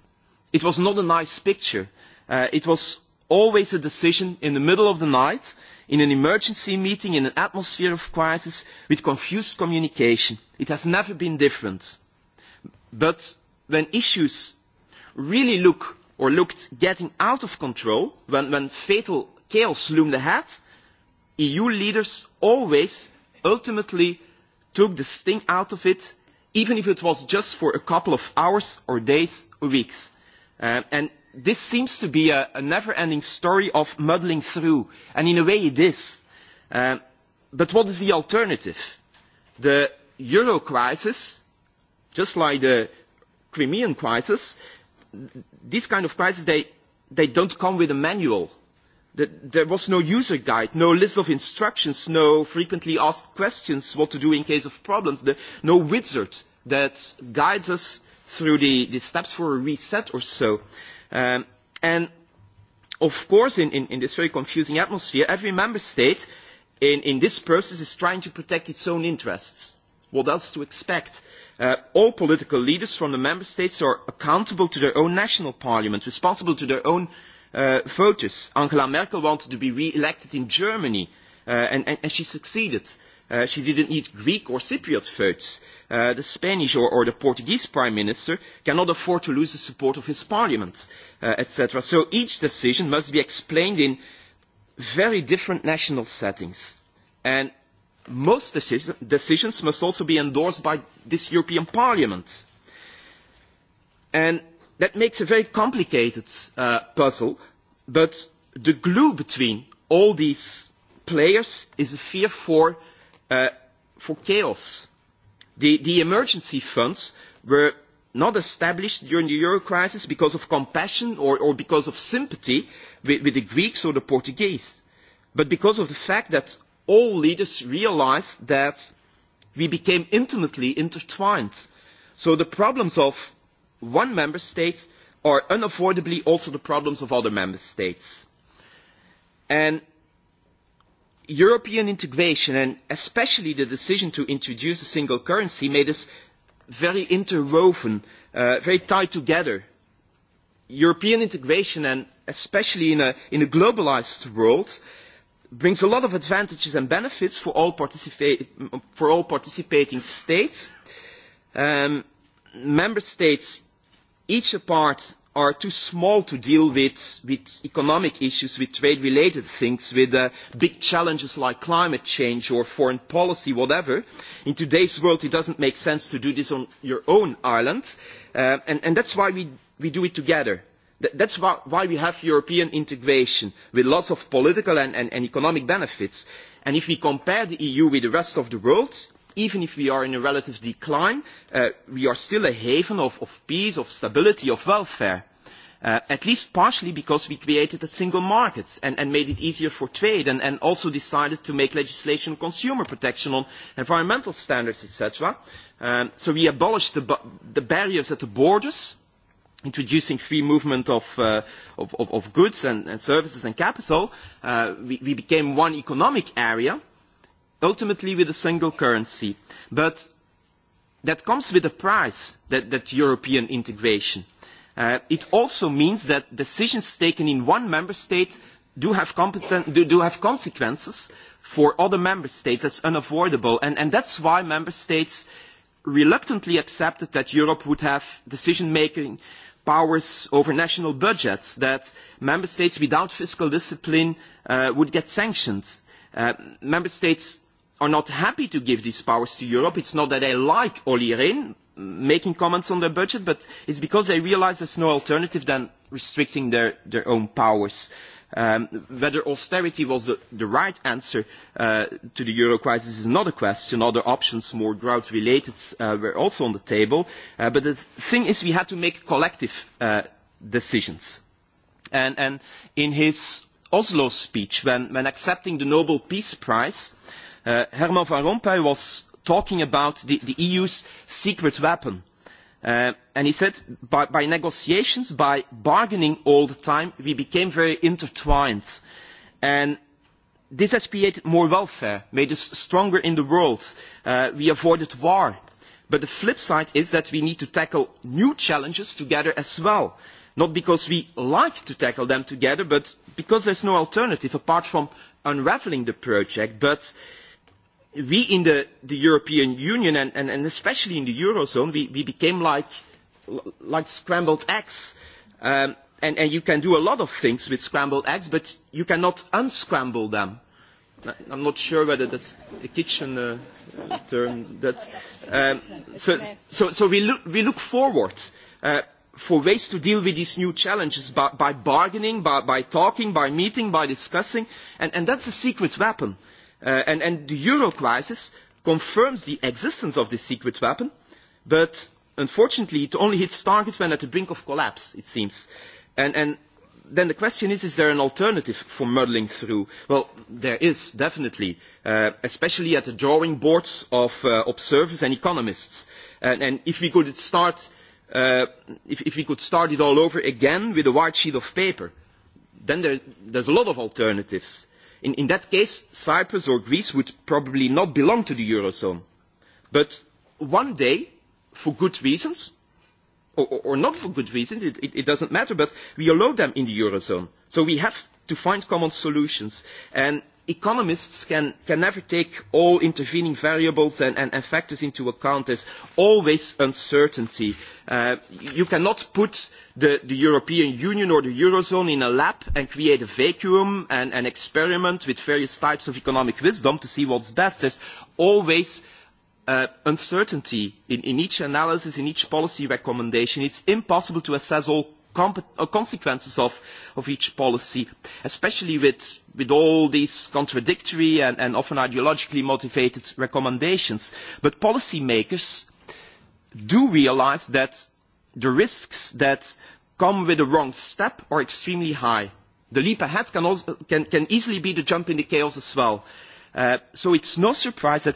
it was not a nice picture. Uh, it was always a decision in the middle of the night, in an emergency meeting, in an atmosphere of crisis, with confused communication. It has never been different. But when issues really look or looked getting out of control, when, when fatal chaos loomed ahead, eu leaders always ultimately took the sting out of it even if it was just for a couple of hours or days or weeks. and this seems to be a, never ending story of muddling through and in a way it is. but what is the alternative? the euro crisis just like the crimean crisis these kind of crises they, they don't come with a manual that there was no user guide, no list of instructions, no frequently asked questions, what to do in case of problems, the, no wizard that guides us through the, the steps for a reset or so. Um, and of course, in, in, in this very confusing atmosphere, every member state in, in this process is trying to protect its own interests. What else to expect? Uh, all political leaders from the member states are accountable to their own national parliament, responsible to their own uh, voters. Angela Merkel wanted to be re-elected in Germany, and, and, and she succeeded. Uh, she didn't need Greek or Cypriot votes. Uh, the Spanish or, or the Portuguese prime minister cannot afford to lose the support of his parliament, uh, etc. So each decision must be explained in very different national settings. And most decision, decisions must also be endorsed by this European Parliament. And that makes a very complicated uh, puzzle, but the glue between all these players is a fear for, uh, for chaos. The, the emergency funds were not established during the euro crisis because of compassion or, or because of sympathy with, with the Greeks or the Portuguese, but because of the fact that all leaders realized that we became intimately intertwined. So the problems of one member state are unavoidably also the problems of other member states. And European integration, and especially the decision to introduce a single currency, made us very interwoven, uh, very tied together. European integration, and especially in a, in a globalized world, brings a lot of advantages and benefits for all, participa- for all participating states. Um, member states each apart are too small to deal with, with economic issues, with trade-related things, with uh, big challenges like climate change or foreign policy, whatever. In today's world, it doesn't make sense to do this on your own island, uh, and, and that's why we, we do it together. That is why we have European integration, with lots of political and, and, and economic benefits. And if we compare the EU with the rest of the world, even if we are in a relative decline, uh, we are still a haven of, of peace, of stability, of welfare. Uh, at least partially because we created a single market and, and made it easier for trade and, and also decided to make legislation on consumer protection, on environmental standards, etc. Um, so we abolished the, the barriers at the borders, introducing free movement of, uh, of, of, of goods and, and services and capital. Uh, we, we became one economic area ultimately with a single currency. But that comes with a price, that, that European integration. Uh, it also means that decisions taken in one member state do have, competent, do, do have consequences for other member states. That's unavoidable. And, and that's why member states reluctantly accepted that Europe would have decision-making powers over national budgets, that member states without fiscal discipline uh, would get sanctioned. Uh, member states are not happy to give these powers to Europe. It's not that they like Olli Rehn making comments on their budget, but it's because they realise there's no alternative than restricting their, their own powers. Um, whether austerity was the, the right answer uh, to the euro crisis is another question. Other options, more drought-related, uh, were also on the table. Uh, but the thing is, we had to make collective uh, decisions. And, and in his Oslo speech, when, when accepting the Nobel Peace Prize, uh, herman van rompuy was talking about the, the eu's secret weapon uh, and he said by, by negotiations by bargaining all the time we became very intertwined and this has created more welfare made us stronger in the world uh, we avoided war but the flip side is that we need to tackle new challenges together as well not because we like to tackle them together but because there is no alternative apart from unravelling the project but uh, we in the, the European Union and, and, and especially in the Eurozone, we, we became like, like scrambled eggs. Um, and, and you can do a lot of things with scrambled eggs, but you cannot unscramble them. I'm not sure whether that's a kitchen uh, term. That, um, so, so, so we look, we look forward uh, for ways to deal with these new challenges by, by bargaining, by, by talking, by meeting, by discussing, and, and that's a secret weapon. Uh, and, the euro crisis confirms the existence of this secret weapon, but unfortunately it only hits targets when at the brink of collapse, it seems. And, then the question is, is there an alternative for muddling through? Well, there is, definitely, especially at the drawing boards of observers and economists. And, if we could start if, we could start it all over again with a white sheet of paper, then there, there's a lot of alternatives In, that case, Cyprus or Greece would probably not belong to the Eurozone. But one day, for good reasons, or, or not for good reasons, it, it, it doesn't matter, but we allow them in the Eurozone. So we have to find common solutions. And economists can, can never take all intervening variables and, and, and factors into account. There's always uncertainty. Uh, you cannot put the, the European Union or the Eurozone in a lab and create a vacuum and, and experiment with various types of economic wisdom to see what's best. There's always uh, uncertainty in, in each analysis, in each policy recommendation. It's impossible to assess all consequences of, of each policy, especially with, with all these contradictory and, and often ideologically motivated recommendations. But policymakers do realise that the risks that come with a wrong step are extremely high. The leap ahead can, also, can, can easily be the jump in the chaos as well. Uh, so it's no surprise that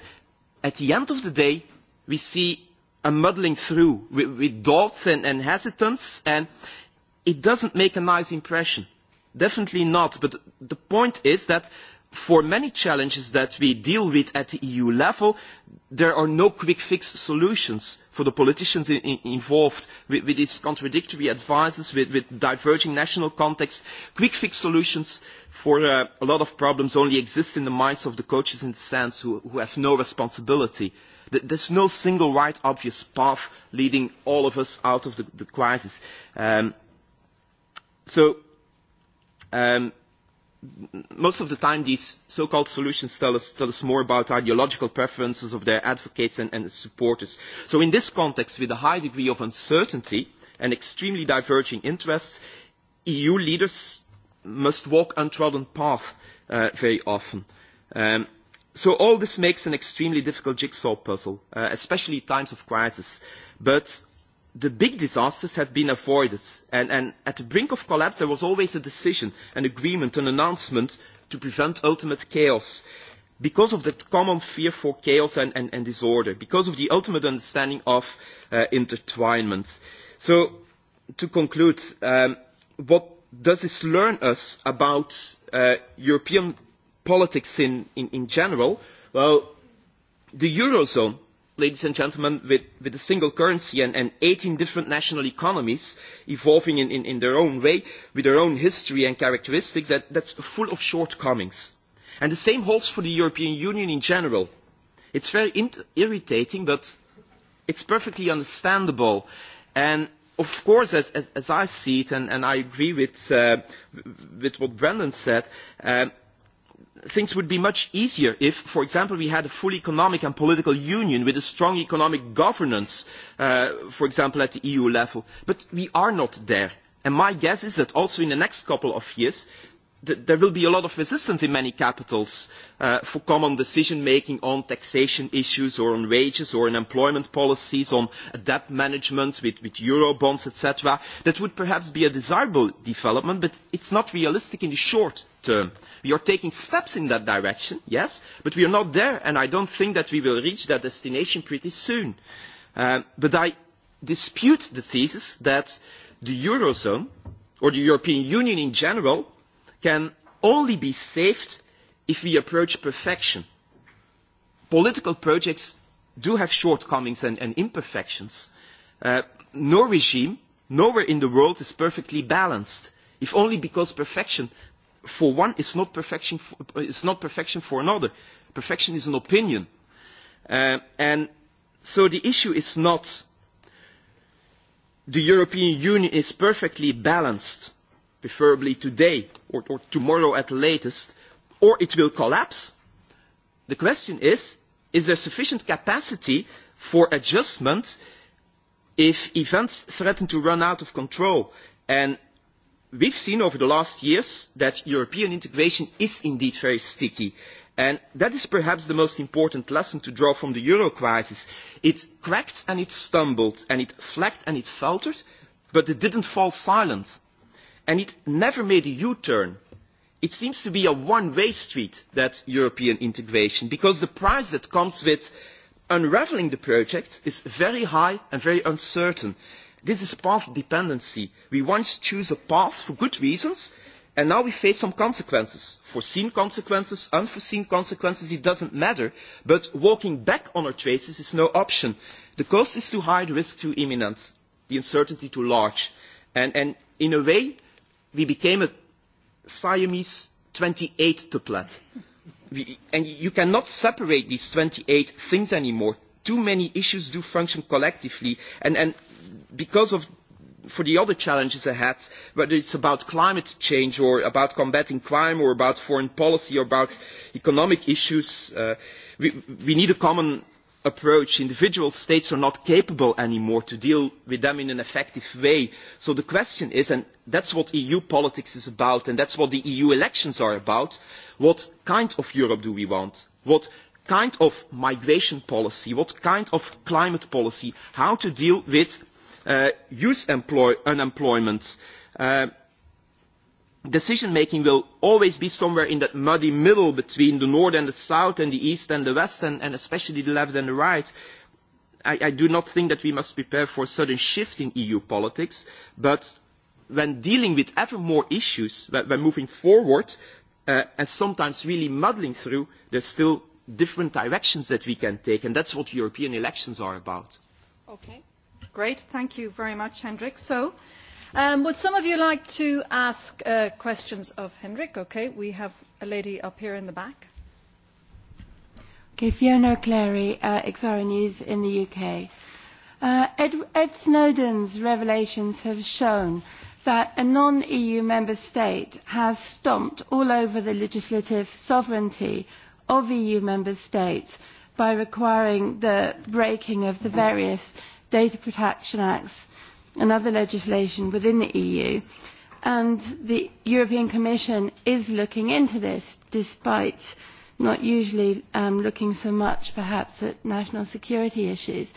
at the end of the day, we see a muddling through with, with doubts and, and hesitance and it doesn't make a nice impression. Definitely not. But the point is that for many challenges that we deal with at the EU level, there are no quick fix solutions for the politicians involved with, with these contradictory advices, with, with diverging national contexts. Quick fix solutions for uh, a lot of problems only exist in the minds of the coaches in the sense who, who have no responsibility. There's no single right obvious path leading all of us out of the, the crisis. Um, So um, most of the time these so-called solutions tell us, tell us more about ideological preferences of their advocates and, and supporters. So in this context, with a high degree of uncertainty and extremely diverging interests, EU leaders must walk untrodden paths uh, very often. Um, so all this makes an extremely difficult jigsaw puzzle, uh, especially in times of crisis. But the big disasters have been avoided and, and at the brink of collapse there was always a decision, an agreement, an announcement to prevent ultimate chaos. Because of the common fear for chaos and, and, and disorder, because of the ultimate understanding of uh, intertwinement. So, to conclude, um, what does this learn us about uh, European politics in, in, in general? Well, the Eurozone ladies and gentlemen, with, with a single currency and, and 18 different national economies evolving in, in, in their own way, with their own history and characteristics, that, that's full of shortcomings. And the same holds for the European Union in general. It's very irritating, but it's perfectly understandable. And of course, as, as, as I see it, and, and I agree with, uh, with what Brendan said, uh, things would be much easier if, for example, we had a full economic and political union with a strong economic governance, for example, at the EU level. But we are not there. And my guess is that also in the next couple of years, there will be a lot of resistance in many capitals for common decision making on taxation issues or on wages or on employment policies on debt management with, with eurobonds etc. that would perhaps be a desirable development but it is not realistic in the short term. we are taking steps in that direction yes but we are not there and i do not think that we will reach that destination pretty soon. but i dispute the thesis that the eurozone or the european union in general can only be saved if we approach perfection. Political projects do have shortcomings and, and imperfections. Uh, no regime, nowhere in the world is perfectly balanced, if only because perfection for one is not perfection for, is not perfection for another. Perfection is an opinion. Uh, and so the issue is not the European Union is perfectly balanced preferably today or, or tomorrow at the latest, or it will collapse. The question is, is there sufficient capacity for adjustment if events threaten to run out of control? And we've seen over the last years that European integration is indeed very sticky. And that is perhaps the most important lesson to draw from the euro crisis. It cracked and it stumbled and it flagged and it faltered, but it didn't fall silent and it never made a U turn. It seems to be a one-way street, that European integration, because the price that comes with unravelling the project is very high and very uncertain. This is path dependency. We once chose a path for good reasons, and now we face some consequences. Foreseen consequences, unforeseen consequences, it doesn't matter. But walking back on our traces is no option. The cost is too high, the risk too imminent, the uncertainty too large. And, and in a way, we became a Siamese 28 tuplet. We, and you cannot separate these 28 things anymore. Too many issues do function collectively. And, and because of for the other challenges ahead, whether it's about climate change or about combating crime or about foreign policy or about economic issues, uh, we, we need a common approach individual states are not capable anymore to deal with them in an effective way. so the question is and that is what eu politics is about and that is what the eu elections are about what kind of europe do we want? what kind of migration policy? what kind of climate policy? how to deal with youth unemployment? decision making will always be somewhere in that muddy middle between the north and the south and the east and the west and, and especially the left and the right. I, I do not think that we must prepare for a sudden shift in EU politics, but when dealing with ever more issues, when, when moving forward uh, and sometimes really muddling through, there's still different directions that we can take, and that's what European elections are about. Okay, great. Thank you very much, Hendrik. So, would some of you like to ask questions of Henrik? Okay, we have a lady up here in the back. Okay, Fiona Clary, uh, Exara News in the UK. Uh, Ed, Ed Snowden's revelations have shown that a non-EU member state has stomped all over the legislative sovereignty of EU member states by requiring the breaking of the various data protection acts and other legislation within the EU. And the European Commission is looking into this, despite not usually um, looking so much perhaps at national security issues.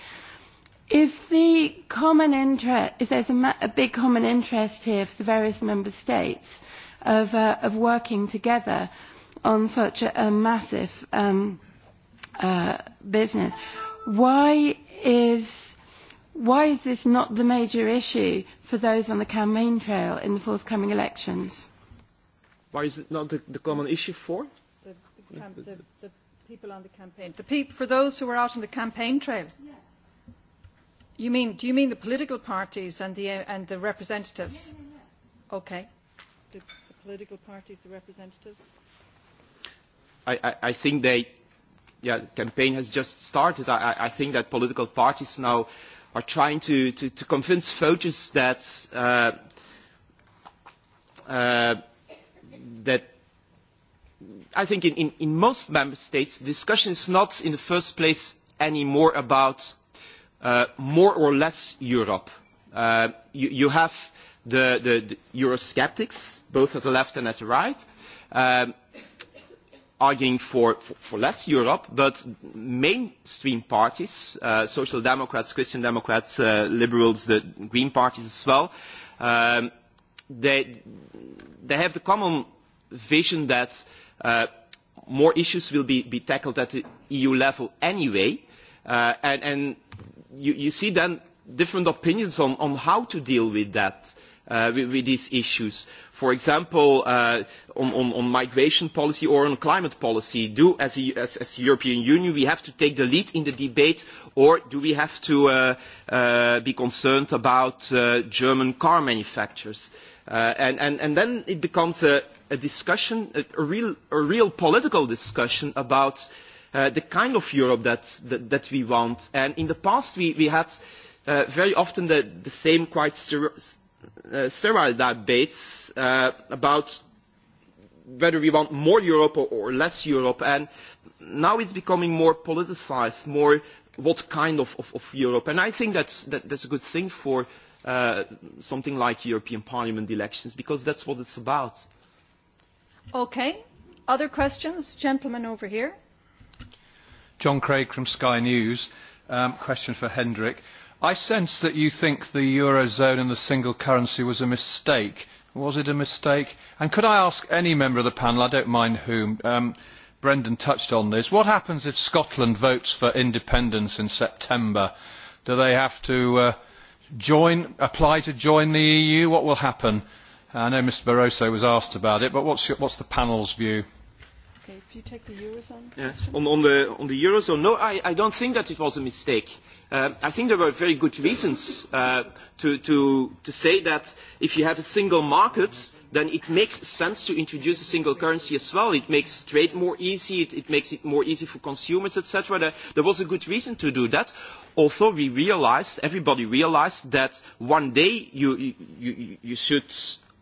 If the common interest, if there's a, ma- a big common interest here for the various member states of, uh, of working together on such a, a massive um, uh, business, why is Why is this not the major issue for those on the campaign trail in the forthcoming elections? Why is it not the, the common issue for? The, the, camp, the, the people on the campaign. The peop for those who are out on the campaign trail? Yeah. You mean, do you mean the political parties and the, and the representatives? Yeah, yeah, yeah. Okay. The, the political parties, the representatives? I, I, I think they, yeah, the campaign has just started. I, I think that political parties now are trying to, to, to convince voters that uh, uh, that I think in, in, in most member states, the discussion is not in the first place anymore about uh, more or less Europe. Uh, you, you have the, the, the Eurosceptics, both at the left and at the right, um, arguing for, for less Europe, but mainstream parties, uh, social democrats, Christian democrats, uh, liberals, the green parties as well, um, they, they have the common vision that uh, more issues will be, be tackled at the EU level anyway, uh, and, and you, you see then different opinions on, on how to deal with that with, with these issues. For example, uh, on, on, on migration policy or on climate policy, do as a as, as European Union we have to take the lead in the debate, or do we have to uh, uh, be concerned about uh, German car manufacturers? Uh, and, and, and then it becomes a, a discussion, a, a, real, a real political discussion about uh, the kind of Europe that, that, that we want. And in the past we, we had uh, very often the, the same quite uh, sterile debates uh, about whether we want more Europe or, or less Europe. And now it's becoming more politicized, more what kind of, of, of Europe. And I think that's, that, that's a good thing for uh, something like European Parliament elections, because that's what it's about. Okay. Other questions? Gentlemen over here. John Craig from Sky News. Um, question for Hendrik I sense that you think the Eurozone and the single currency was a mistake. Was it a mistake? And could I ask any member of the panel, I don't mind whom, um, Brendan touched on this, what happens if Scotland votes for independence in September? Do they have to uh, join, apply to join the EU? What will happen? I know Mr Barroso was asked about it, but what's, your, what's the panel's view? Okay, if you take the Eurozone Yeah. On, on, the, on the Eurozone, no, I, I don't think that it was a mistake I think there were very good reasons to, say that if you have a single market, then it makes sense to introduce a single currency as well. It makes trade more easy, it, it makes it more easy for consumers, etc. There, there was a good reason to do that. Also, we realized, everybody realized that one day you, you, you should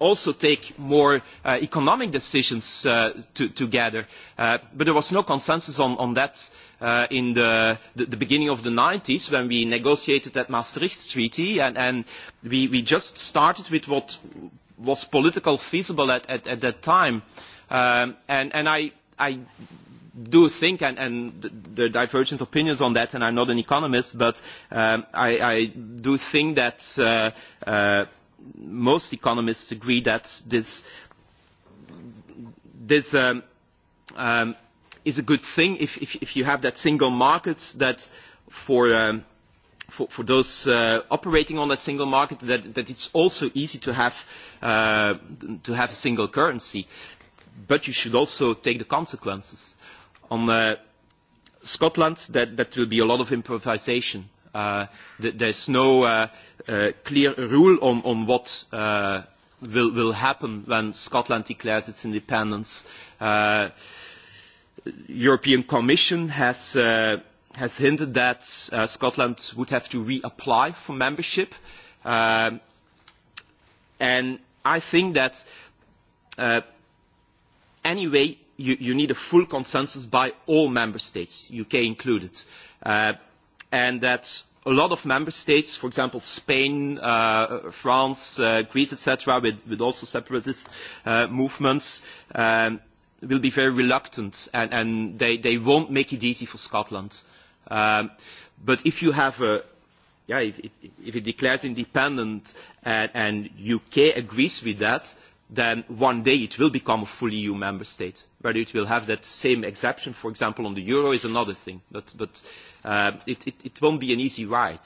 also take more uh, economic decisions uh, to, together. Uh, but there was no consensus on, on that uh, in the, the, the beginning of the 90s when we negotiated that Maastricht Treaty and, and we, we just started with what was politically feasible at, at, at that time. Um, and and I, I do think, and, and there are divergent opinions on that, and I'm not an economist, but um, I, I do think that uh, uh, most economists agree that this, this um, um, is a good thing if, if, if you have that single market that for, um, for, for those uh, operating on that single market that, that it's also easy to have, uh, to have a single currency. But you should also take the consequences. On uh, Scotland, that, that will be a lot of improvisation. Uh, th is no uh, uh, clear rule on, on what uh, will, will happen when Scotland declares its independence. Uh, European Commission has, uh, has hinted that uh, Scotland would have to reapply for membership. Uh, and I think that uh, anyway, you, you need a full consensus by all member states, UK included. Uh, and that a lot of member states, for example, Spain, uh, France, uh, Greece, etc., with, with also separatist uh, movements, um, will be very reluctant and, and they, they won't make it easy for Scotland. Um, but if you have a, yeah, if, if it declares independent and, and UK agrees with that, then one day it will become a full EU member state. Whether it will have that same exception, for example, on the euro is another thing, but, but uh, it, it, it won't be an easy ride.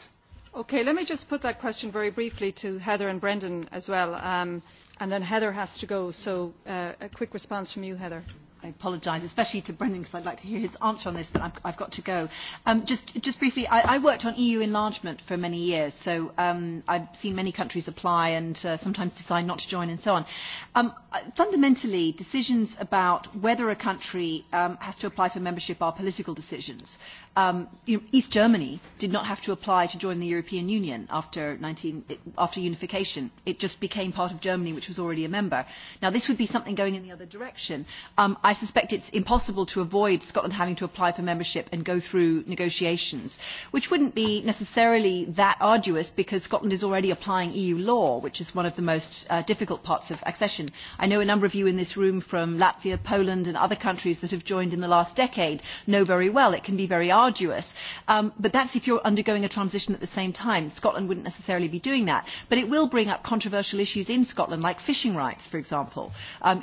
Okay, let me just put that question very briefly to Heather and Brendan as well, um, and then Heather has to go, so uh, a quick response from you, Heather. I apologise, especially to Brendan, because I'd like to hear his answer on this, but I've, I've got to go. Um, just, just briefly, I, I worked on EU enlargement for many years, so um, I've seen many countries apply and uh, sometimes decide not to join and so on. Um, fundamentally, decisions about whether a country um, has to apply for membership are political decisions. Um, you know, East Germany did not have to apply to join the European Union after, 19, after unification. It just became part of Germany, which was already a member. Now, this would be something going in the other direction. Um, I suspect it is impossible to avoid Scotland having to apply for membership and go through negotiations, which would not be necessarily that arduous because Scotland is already applying EU law, which is one of the most difficult parts of accession. I know a number of you in this room from Latvia, Poland and other countries that have joined in the last decade know very well it can be very arduous. but that is if you are undergoing a transition at the same time. Scotland would not necessarily be doing that. But it will bring up controversial issues in Scotland, like fishing rights, for example,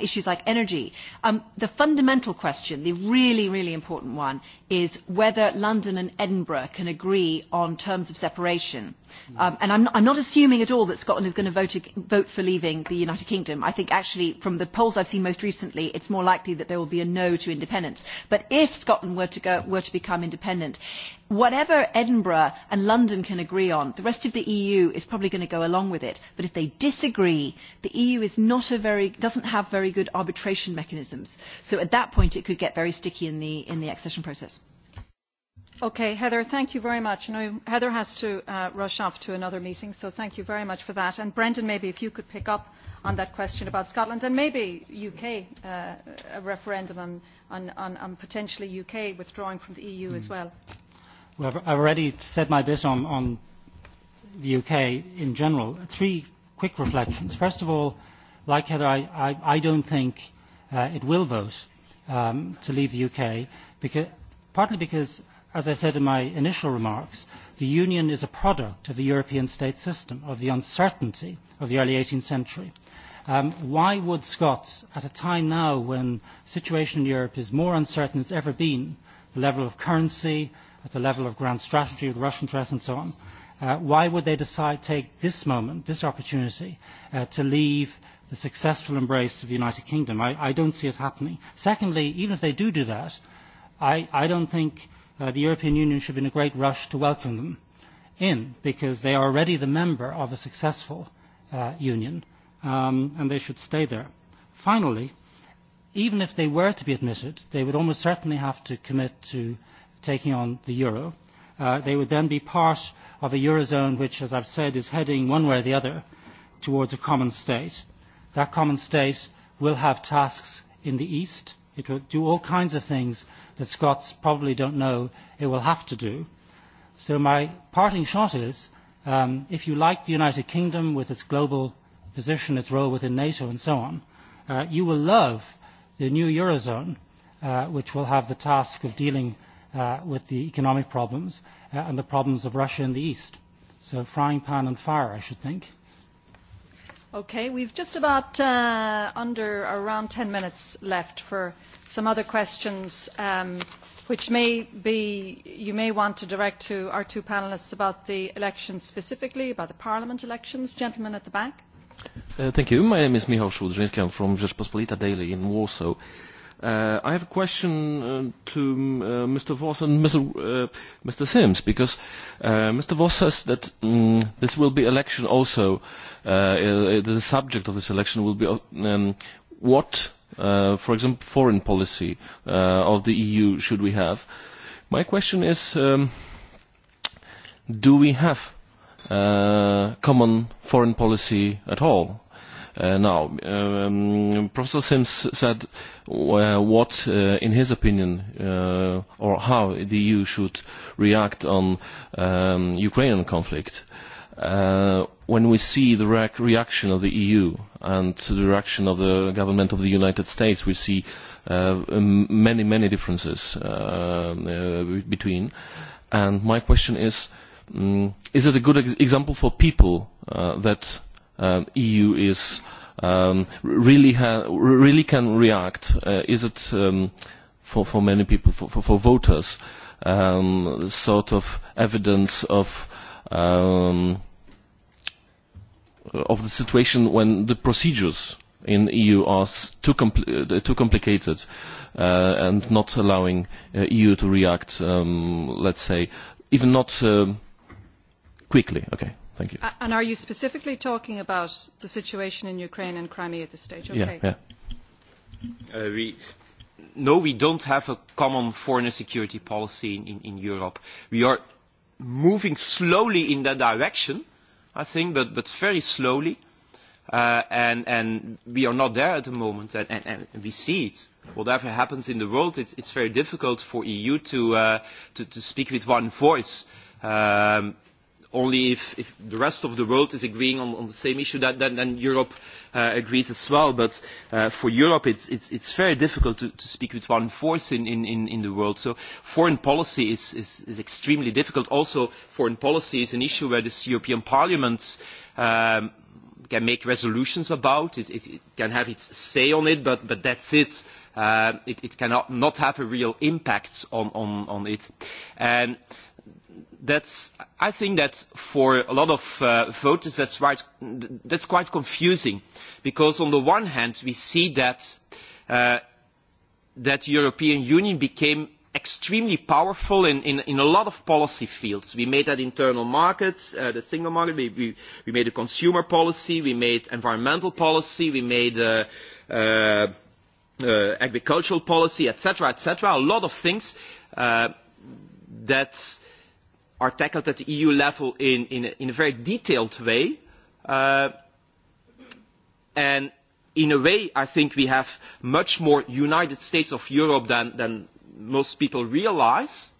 issues like energy. the fundamental question, the really, really important one, is whether London and Edinburgh can agree on terms of separation. Um, and I'm, I'm not assuming at all that Scotland is going to vote, vote for leaving the United Kingdom. I think actually, from the polls I've seen most recently, it's more likely that there will be a no to independence. But if Scotland were to, go, were to become independent, whatever Edinburgh and London can agree on, the rest of the EU is probably going to go along with it. But if they disagree, the EU is not a very, doesn't have very good arbitration mechanisms. So at that point, it could get very sticky in the, in the accession process. Okay, Heather, thank you very much. Now, Heather has to uh, rush off to another meeting, so thank you very much for that. And Brendan, maybe if you could pick up on that question about Scotland and maybe UK, uh, a referendum on, on, on, on potentially UK withdrawing from the EU as well. Well, I've already said my bit on, on the UK in general. Three quick reflections. First of all, like Heather, I, I, I don't think uh, it will vote um, to leave the UK, because, partly because, as I said in my initial remarks, the Union is a product of the European state system, of the uncertainty of the early 18th century. Um, why would Scots, at a time now when the situation in Europe is more uncertain than it's ever been, the level of currency, at the level of grand strategy with Russian threat and so on, uh, why would they decide to take this moment, this opportunity, uh, to leave the successful embrace of the United Kingdom? I, I don't see it happening. Secondly, even if they do do that, I, I don't think uh, the European Union should be in a great rush to welcome them in, because they are already the member of a successful uh, union, um, and they should stay there. Finally, even if they were to be admitted, they would almost certainly have to commit to uh, taking on the euro. Uh, they would then be part of a eurozone which, as I've said, is heading one way or the other towards a common state. That common state will have tasks in the east. It will do all kinds of things that Scots probably don't know it will have to do. So my parting shot is, um, if you like the United Kingdom with its global position, its role within NATO and so on, uh, you will love the new Eurozone, uh, which will have the task of dealing uh, with the economic problems uh, and the problems of Russia in the East. So frying pan and fire, I should think. Okay, we've just about uh, under around 10 minutes left for some other questions, um, which may be you may want to direct to our two panelists about the elections specifically, about the parliament elections. Gentlemen at the back. Uh, thank you. My name is Michal Szudrzyński. I'm from Rzeczpospolita Daily in Warsaw. Uh, I have a question uh, to uh, Mr. Voss and Mr. Uh, Mr. Sims, because uh, Mr. Voss says that um, this will be election also, uh, uh, the subject of this election will be um, what, uh, for example, foreign policy uh, of the EU should we have. My question is, um, do we have uh, common foreign policy at all? Uh, now, um, Professor Sims said uh, what, uh, in his opinion, uh, or how the EU should react on um, Ukrainian conflict. Uh, when we see the re reaction of the EU and the reaction of the government of the United States, we see uh, many, many differences uh, uh, between. And my question is, um, is it a good ex example for people uh, that um, EU is um, really, ha really can react uh, is it um, for, for many people, for, for, for voters, um, sort of evidence of um, of the situation when the procedures in EU are too, compl too complicated uh, and not allowing uh, EU to react, um, let's say, even not um, quickly. Okay. Thank you. And are you specifically talking about the situation in Ukraine and Crimea at this stage? Okay. Yeah, yeah. Uh, we, no, we don't have a common foreign and security policy in, in, in Europe. We are moving slowly in that direction, I think, but, but very slowly. Uh, and, and we are not there at the moment, and, and, and we see it. Whatever happens in the world, it's, it's very difficult for EU to, uh, to, to speak with one voice. Um, only if, if the rest of the world is agreeing on, on the same issue that then, then Europe uh, agrees as well. But uh, for Europe, it's, it's, it's very difficult to, to speak with one voice in, in, in, in the world. So foreign policy is, is, is extremely difficult. Also, foreign policy is an issue where this European Parliament um, can make resolutions about. It, it, it can have its say on it, but, but that's it. Uh, it, it cannot not have a real impact on, on, on it. And I think that for a lot of uh, voters that's, right, that's quite confusing because on the one hand we see that uh, that the European Union became extremely powerful in, in, in a lot of policy fields. We made that internal markets, uh, the single market, we, we, we made a consumer policy, we made environmental policy, we made uh, uh, uh, agricultural policy, etc., etc., a lot of things uh, that's are tackled at the EU level in, in, a, in a very detailed way. Uh, and in a way, I think we have much more United States of Europe than, than most people realize.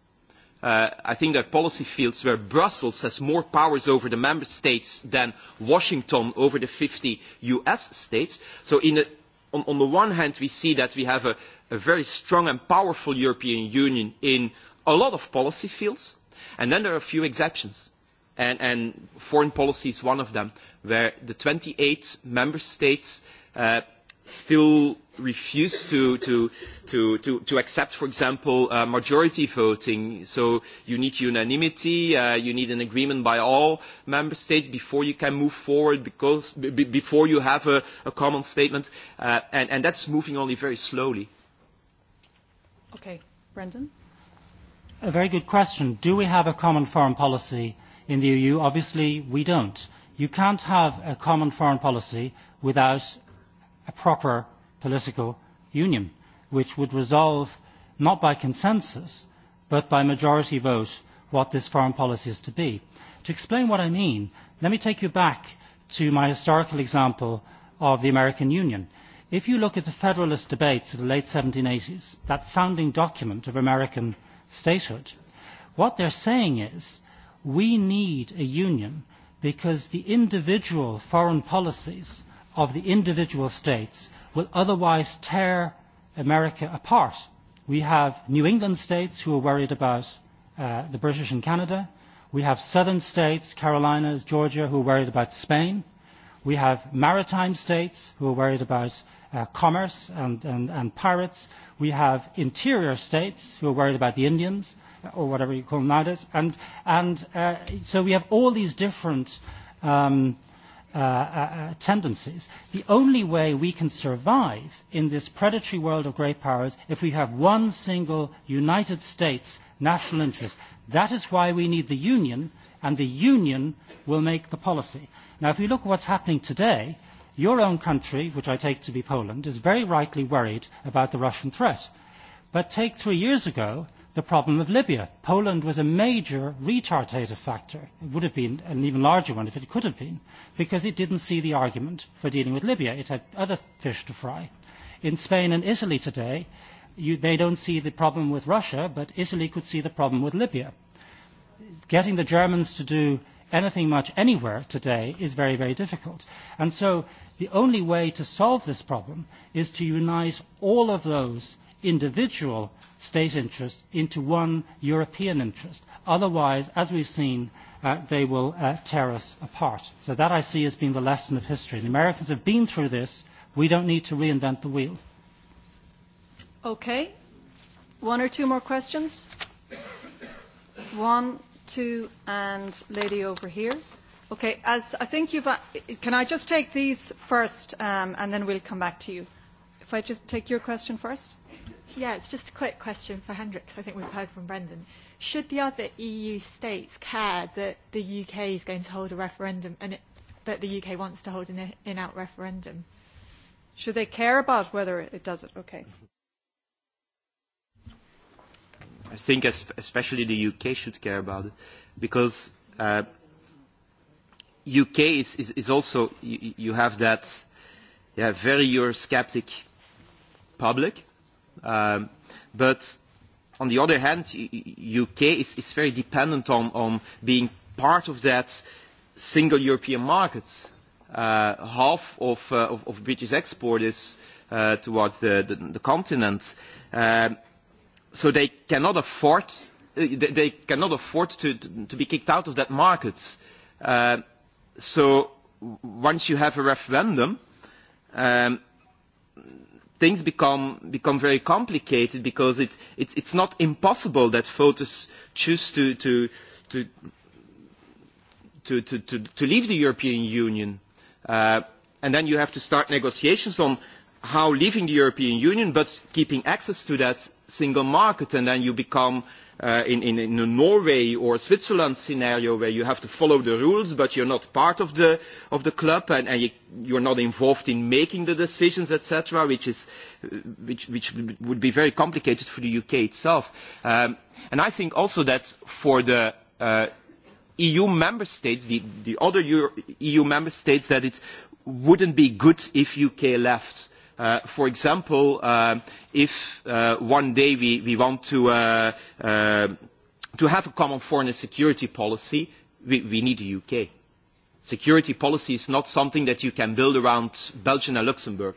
Uh, I think there are policy fields where Brussels has more powers over the member states than Washington over the 50 US states. So in a, on, on the one hand, we see that we have a, a very strong and powerful European Union in a lot of policy fields, And then there are a few exceptions. And, and foreign policy is one of them, where the 28 member states uh, still refuse to, to, to, to, to accept, for example, uh, majority voting. So you need unanimity, uh, you need an agreement by all member states before you can move forward, because, b before you have a, a common statement. Uh, and, and that's moving only very slowly. Okay, Brendan? a very good question. Do we have a common foreign policy in the EU? Obviously, we don't. You can't have a common foreign policy without a proper political union, which would resolve, not by consensus, but by majority vote, what this foreign policy is to be. To explain what I mean, let me take you back to my historical example of the American Union. If you look at the Federalist debates of the late 1780s, that founding document of American statehood. What they're saying is we need a union because the individual foreign policies of the individual states will otherwise tear America apart. We have New England states who are worried about uh, the British and Canada. We have southern states, Carolinas, Georgia, who are worried about Spain. We have maritime states who are worried about commerce and, and, and pirates. We have interior states who are worried about the Indians, or whatever you call them nowadays. And, and uh, so we have all these different um, uh, uh, tendencies. The only way we can survive in this predatory world of great powers if we have one single United States national interest. That is why we need the Union, and the Union will make the policy. Now, if we look at what's happening today, Your own country, which I take to be Poland, is very rightly worried about the Russian threat. But take three years ago, the problem of Libya. Poland was a major retardative factor. It would have been an even larger one if it could have been, because it didn't see the argument for dealing with Libya. It had other fish to fry. In Spain and Italy today, you, they don't see the problem with Russia, but Italy could see the problem with Libya. Getting the Germans to do anything much anywhere today is very, very difficult. And so The only way to solve this problem is to unite all of those individual state interests into one European interest. Otherwise, as we've seen, uh, they will uh, tear us apart. So that I see as being the lesson of history. The Americans have been through this. We don't need to reinvent the wheel. Okay. One or two more questions? One, two, and lady over here. Okay, as I think you've, can I just take these first um, and then we'll come back to you? If I just take your question first? Yeah, it's just a quick question for Hendrik, because I think we've heard from Brendan. Should the other EU states care that the UK is going to hold a referendum and it, that the UK wants to hold an in-out referendum? Should they care about whether it does it? Okay. I think especially the UK should care about it, because uh, UK is, is, is also, you, you have that yeah, very Eurosceptic public. Um, but on the other hand, UK is, is very dependent on, on being part of that single European market. Uh, half of, uh, of, of British export is uh, towards the, the, the continent. Um, so they cannot afford, uh, they cannot afford to, to, to be kicked out of that market. Uh, so once you have a referendum, um, things become, become very complicated because it, it, it's not impossible that voters choose to, to, to, to, to, to, to leave the European Union. Uh, and then you have to start negotiations on how leaving the European Union but keeping access to that single market and then you become uh, in, in, in a Norway or Switzerland scenario where you have to follow the rules but you're not part of the, of the club and, and you, you're not involved in making the decisions, etc., which, is, which, which would be very complicated for the UK itself. Um, and I think also that for the uh, EU member states, the, the other Euro EU member states, that it wouldn't be good if UK left for example, if one day we, we want to, to have a common foreign and security policy, we, we need the UK. Security policy is not something that you can build around Belgium and Luxembourg.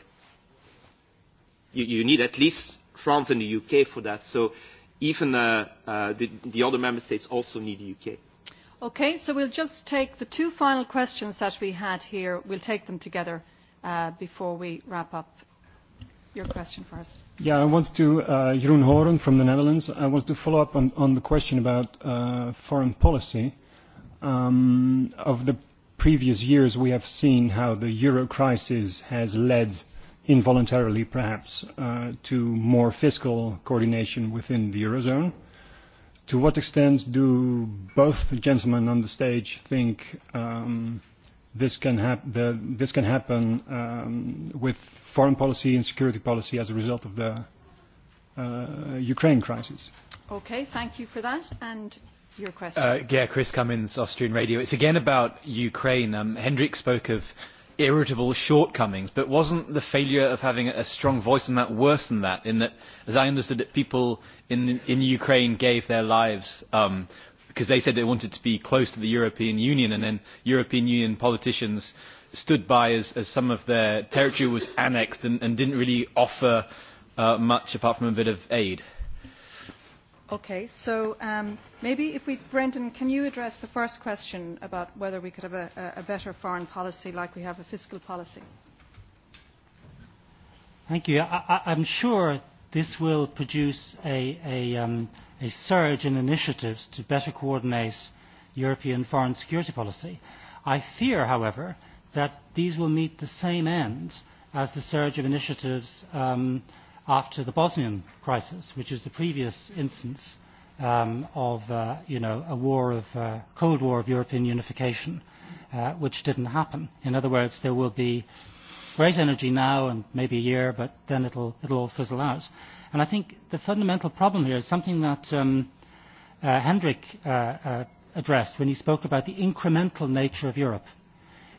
You, you need at least France and the UK for that. So even uh, uh, the, the other member states also need the UK. Okay, so we'll just take the two final questions that we had here. We'll take them together uh, before we wrap up your question first. Yeah, I want to, uh, Jeroen Horen from the Netherlands. I want to follow up on, on the question about uh, foreign policy. Um, of the previous years, we have seen how the euro crisis has led, involuntarily perhaps, uh, to more fiscal coordination within the eurozone. To what extent do both gentlemen on the stage think um, – This can, hap the, this can happen um, with foreign policy and security policy as a result of the uh, Ukraine crisis. Okay, thank you for that. And your question. Uh, yeah, Chris Cummins, Austrian Radio. It's again about Ukraine. Um, Hendrik spoke of irritable shortcomings, but wasn't the failure of having a strong voice in that worse than that? In that, as I understood it, people in, in Ukraine gave their lives um, because they said they wanted to be close to the European Union, and then European Union politicians stood by as, as some of their territory was annexed and, and didn't really offer uh, much apart from a bit of aid. Okay, so um, maybe if we, Brendan, can you address the first question about whether we could have a, a better foreign policy like we have a fiscal policy? Thank you. I, I, I'm sure this will produce a, a um, a surge in initiatives to better coordinate European foreign security policy. I fear, however, that these will meet the same end as the surge of initiatives um, after the Bosnian crisis, which is the previous instance um, of uh, you know, a war of, uh, Cold War of European unification, uh, which didn't happen. In other words, there will be great energy now and maybe a year, but then it'll, it'll all fizzle out. And I think the fundamental problem here is something that um, uh, Hendrik uh, uh, addressed when he spoke about the incremental nature of Europe.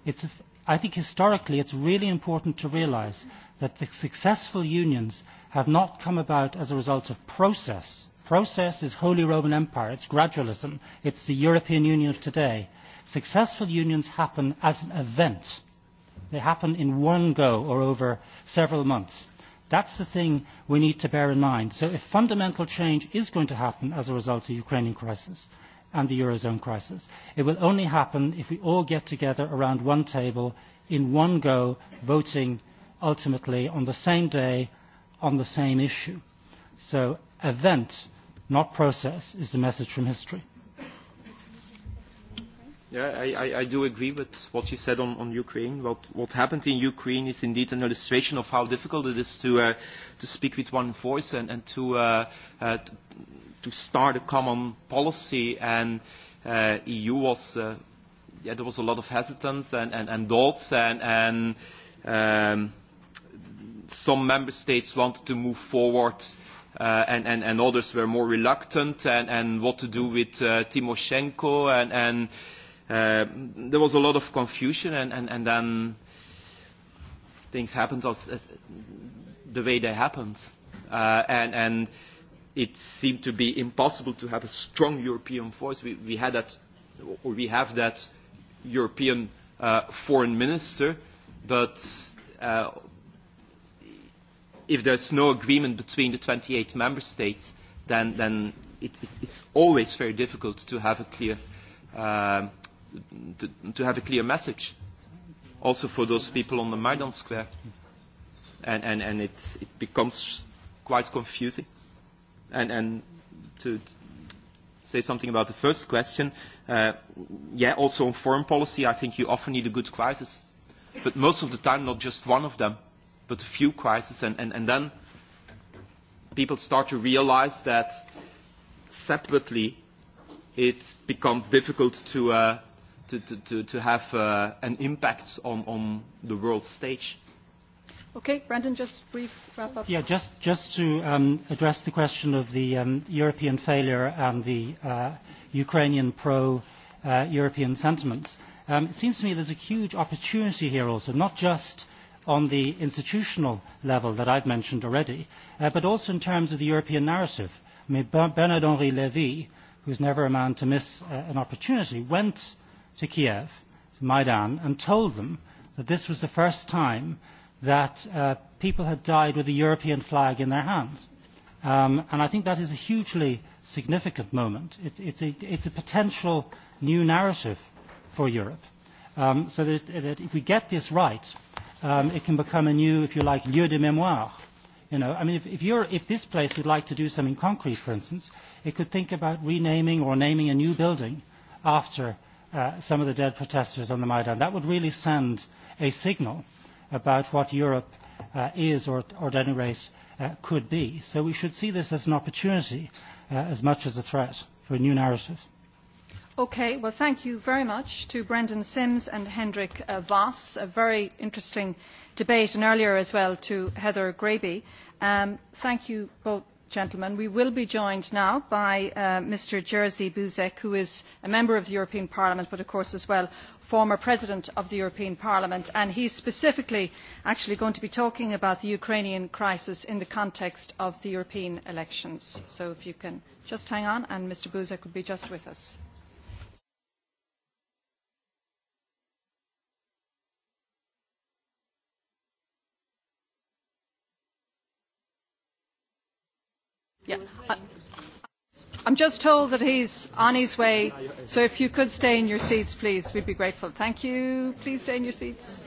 It's, I think historically it's really important to realize that the successful unions have not come about as a result of process. Process is Holy Roman Empire, it's gradualism, it's the European Union of today. Successful unions happen as an event. They happen in one go or over several months That's the thing we need to bear in mind. So if fundamental change is going to happen as a result of the Ukrainian crisis and the Eurozone crisis, it will only happen if we all get together around one table in one go, voting ultimately on the same day on the same issue. So event, not process, is the message from history. Yeah, I, I, I do agree with what you said on, on Ukraine. What, what happened in Ukraine is indeed an illustration of how difficult it is to, uh, to speak with one voice and, and to, uh, uh, to start a common policy. And uh, EU was, uh, yeah, there was a lot of hesitance and, and, and doubts and, and um, some member states wanted to move forward uh, and, and, and others were more reluctant and, and what to do with uh, Timoshenko and, and there was a lot of confusion, and, and, and then things happened as, as the way they happened. Uh, and, and it seemed to be impossible to have a strong European voice. We, we had that, or we have that European uh, foreign minister, but uh, if there's no agreement between the 28 member states, then, then it, it, it's always very difficult to have a clear uh to, to have a clear message, also for those people on the Maidan Square. And, and, and it, it becomes quite confusing. And, and to say something about the first question, uh, yeah, also on foreign policy, I think you often need a good crisis. But most of the time, not just one of them, but a few crises. And, and, and then people start to realize that separately it becomes difficult to, uh, to, to, to have uh, an impact on, on the world stage. Okay, Brandon, just brief wrap up. Yeah, just, just to um, address the question of the um, European failure and the uh, Ukrainian pro-European uh, sentiments. Um, it seems to me there's a huge opportunity here also, not just on the institutional level that I've mentioned already, uh, but also in terms of the European narrative. I mean, Bernard-Henri Lévy, who's never a man to miss uh, an opportunity, went to Kiev, to Maidan, and told them that this was the first time that uh, people had died with a European flag in their hands. Um, and I think that is a hugely significant moment. It's, it's, a, it's a potential new narrative for Europe. Um, so that, that if we get this right, um, it can become a new, if you like, lieu de mémoire. You know, I mean, if, if, you're, if this place would like to do something concrete, for instance, it could think about renaming or naming a new building after some of the dead protesters on the Maidan. That would really send a signal about what Europe uh, is or, or at any rate uh, could be. So we should see this as an opportunity uh, as much as a threat for a new narrative. Okay, well, thank you very much to Brendan Sims and Hendrik uh, Voss. A very interesting debate, and earlier as well to Heather Graby. Um, thank you both gentlemen. We will be joined now by Mr Jerzy Buzek, who is a member of the European Parliament, but of course as well former President of the European Parliament. And he is specifically actually going to be talking about the Ukrainian crisis in the context of the European elections. So if you can just hang on, and Mr Buzek will be just with us. Yeah. I'm just told that he's on his way, so if you could stay in your seats, please, we'd be grateful. Thank you. Please stay in your seats.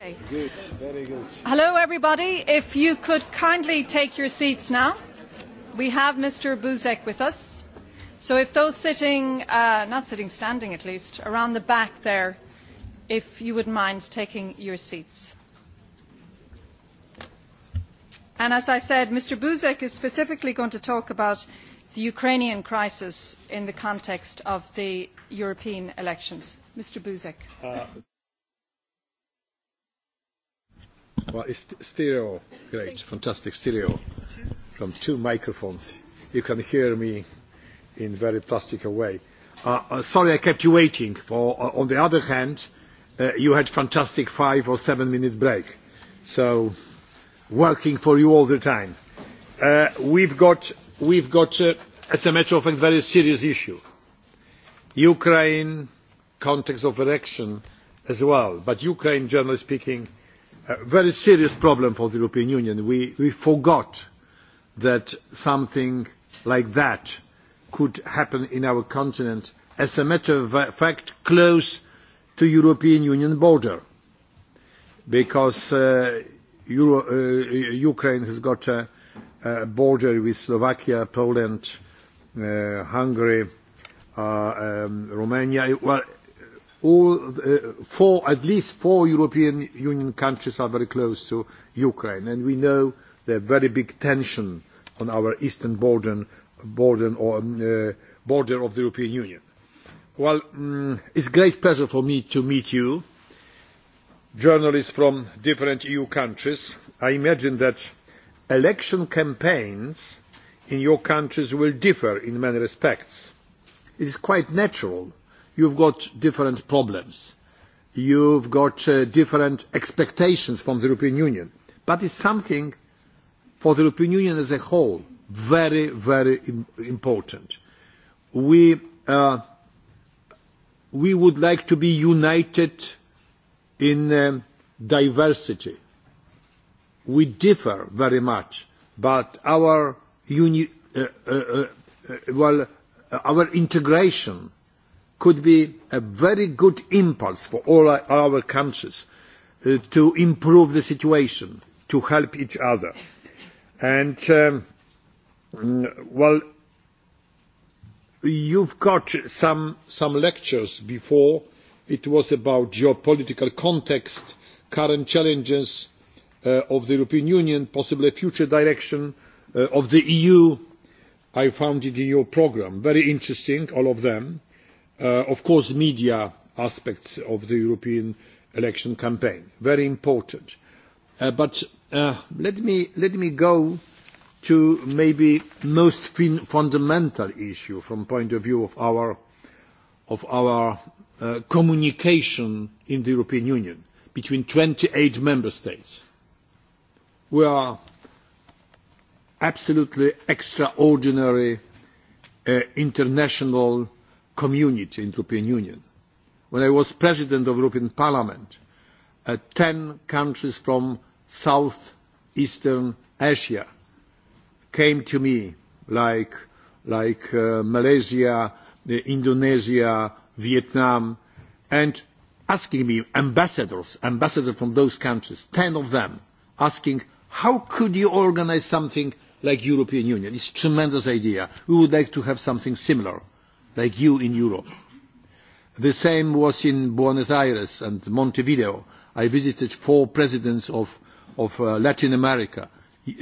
Hello, everybody. If you could kindly take your seats now. We have Mr. Buzek with us. So if those sitting, uh, not sitting, standing at least, around the back there, if you would mind taking your seats. And as I said, Mr. Buzek is specifically going to talk about the Ukrainian crisis in the context of the European elections. Mr. Buzek. Well, it's stereo. Great. Fantastic stereo. From two microphones. You can hear me in very plastic way. Uh, uh, sorry I kept you waiting. For, uh, on the other hand, uh, you had fantastic five or seven minutes break. So, working for you all the time. Uh, we've got, we've got uh, as a matter of fact, a very serious issue. Ukraine, context of election as well. But Ukraine, generally speaking, a very serious problem for the European Union. We, we forgot that something like that could happen in our continent, as a matter of fact, close to European Union border, because uh, Euro, uh, Ukraine has got a, a border with Slovakia, Poland, uh, Hungary, uh, um, Romania. Well, all, uh, four, at least four European Union countries are very close to Ukraine, and we know the very big tension on our eastern border, border, or, uh, border of the European Union. Well, um, it's a great pleasure for me to meet you, journalists from different EU countries. I imagine that election campaigns in your countries will differ in many respects. It is quite natural you've got different problems. You've got uh, different expectations from the European Union. But it's something for the European Union as a whole very, very Im important. We, uh, we would like to be united in um, diversity. We differ very much, but our uni- uh, uh, uh, well, our integration could be a very good impulse for all our countries uh, to improve the situation, to help each other. And, um, well, you've got some, some lectures before. It was about geopolitical context, current challenges uh, of the European Union, possibly future direction uh, of the EU. I found it in your program very interesting, all of them of course media aspects of the European election campaign, very important. but let, me, let me go to maybe most fundamental issue from the point of view of our, of our communication in the European Union between twenty eight member states. We are absolutely extraordinary international community in the European Union. When I was president of the European Parliament, uh, countries from South Eastern Asia came to me, like, like uh, Malaysia, Indonesia, Vietnam, and asking me, ambassadors, ambassadors from those countries, ten of them, asking, how could you organize something like European Union? It's a tremendous idea. We would like to have something similar like you in Europe. The same was in Buenos Aires and Montevideo. I visited four presidents of, of uh, Latin America.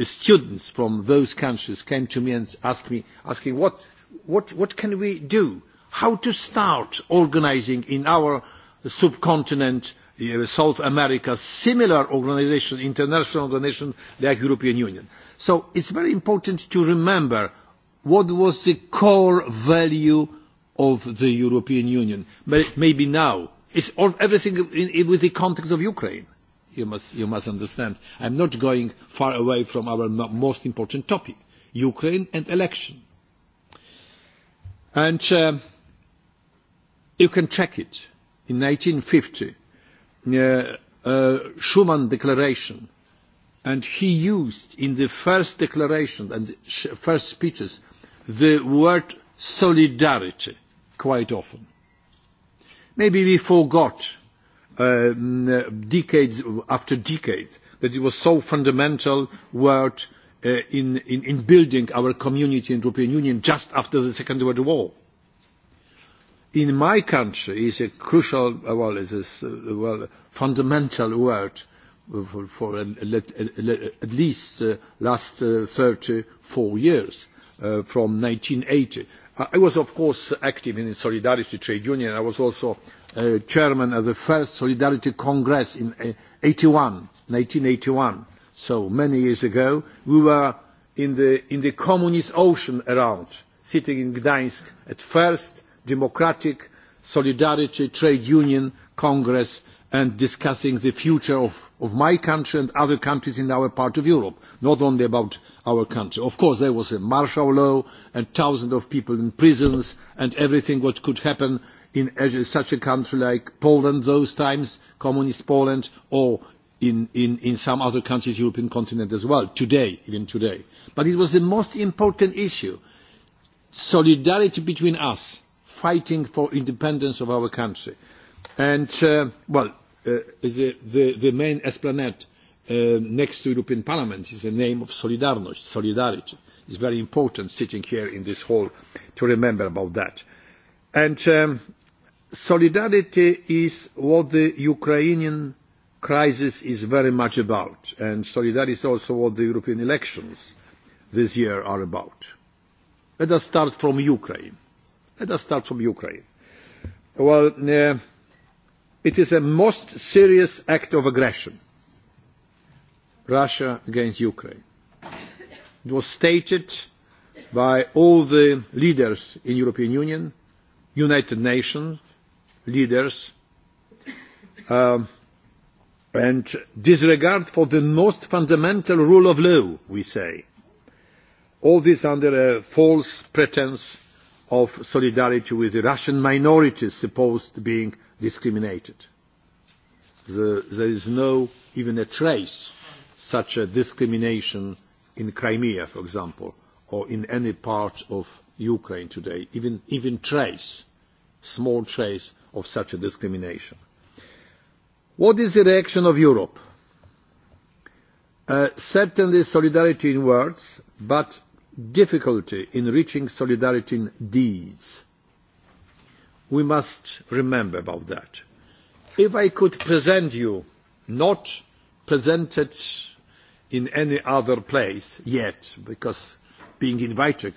Students from those countries came to me and asked me, asking what, what, what can we do? How to start organizing in our subcontinent, South America, similar organization, international organization like European Union. So it's very important to remember what was the core value of the European Union. Maybe now. It's all, everything in, in, with the context of Ukraine. You must, you must understand. I'm not going far away from our most important topic, Ukraine and election. And uh, you can check it. In 1950, uh, uh, Schuman Declaration, and he used in the first declaration and the first speeches the word solidarity quite often. Maybe we forgot uh, decades after decade that it was so fundamental word uh, in, in, in building our community in the European Union just after the Second World War. In my country is a crucial, well, is a well, fundamental word for, for at least uh, last uh, 34 years uh, from 1980 I was, of course, active in the Solidarity Trade Union. I was also chairman of the first Solidarity Congress in one eighty one, So many years ago, we were in the, in the communist ocean around, sitting in Gdańsk at first Democratic Solidarity Trade Union Congress and discussing the future of, of my country and other countries in our part of Europe, not only about our country. Of course, there was a martial law and thousands of people in prisons and everything what could happen in such a country like Poland those times, communist Poland, or in, in, in some other countries, European continent as well, today, even today. But it was the most important issue, solidarity between us, fighting for independence of our country. And, uh, well, the, the, the main esplanade uh, next to European Parliament is the name of Solidarność, Solidarity. It's very important sitting here in this hall to remember about that. And um, solidarity is what the Ukrainian crisis is very much about, and solidarity is also what the European elections this year are about. Let us start from Ukraine. Let us start from Ukraine. Well, uh, It is a most serious act of aggression. Russia against Ukraine. It was stated by all the leaders in European Union, United Nations leaders, um, and disregard for the most fundamental rule of law, we say. All this under a false pretense of solidarity with the Russian minorities supposed to being discriminated. The, there is no even a trace such a discrimination in Crimea, for example, or in any part of Ukraine today, even, even trace, small trace of such a discrimination. What is the reaction of Europe? Uh, certainly solidarity in words, but difficulty in reaching solidarity in deeds we must remember about that. If I could present you, not presented in any other place yet, because being invited,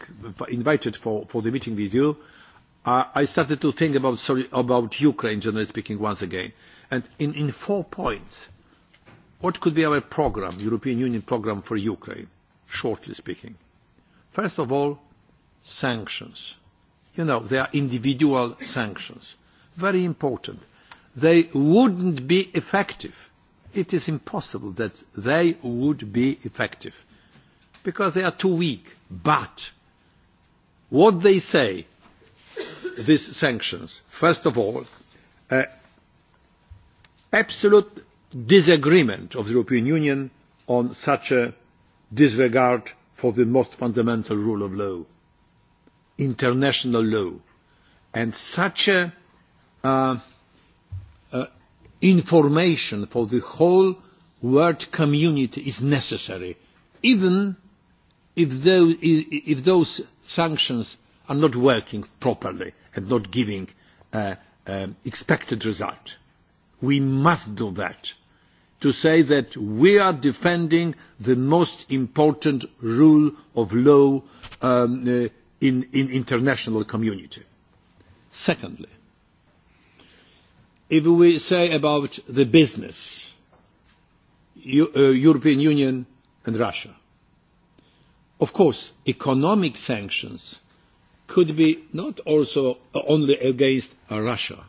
invited for, for the meeting with you, uh, I started to think about, sorry, about Ukraine, generally speaking, once again. And in, in four points, what could be our program, European Union program for Ukraine, shortly speaking? First of all, sanctions you know, they are individual sanctions. Very important. They wouldn't be effective. It is impossible that they would be effective because they are too weak. But what they say, these sanctions, first of all, uh, absolute disagreement of the European Union on such a disregard for the most fundamental rule of law international law. And such a uh, uh, information for the whole world community is necessary, even if those, if those sanctions are not working properly and not giving uh, uh, expected result. We must do that to say that we are defending the most important rule of law um, in, in international community. Secondly, if we say about the business, you, uh, European Union and Russia, of course, economic sanctions could be not also only against Russia,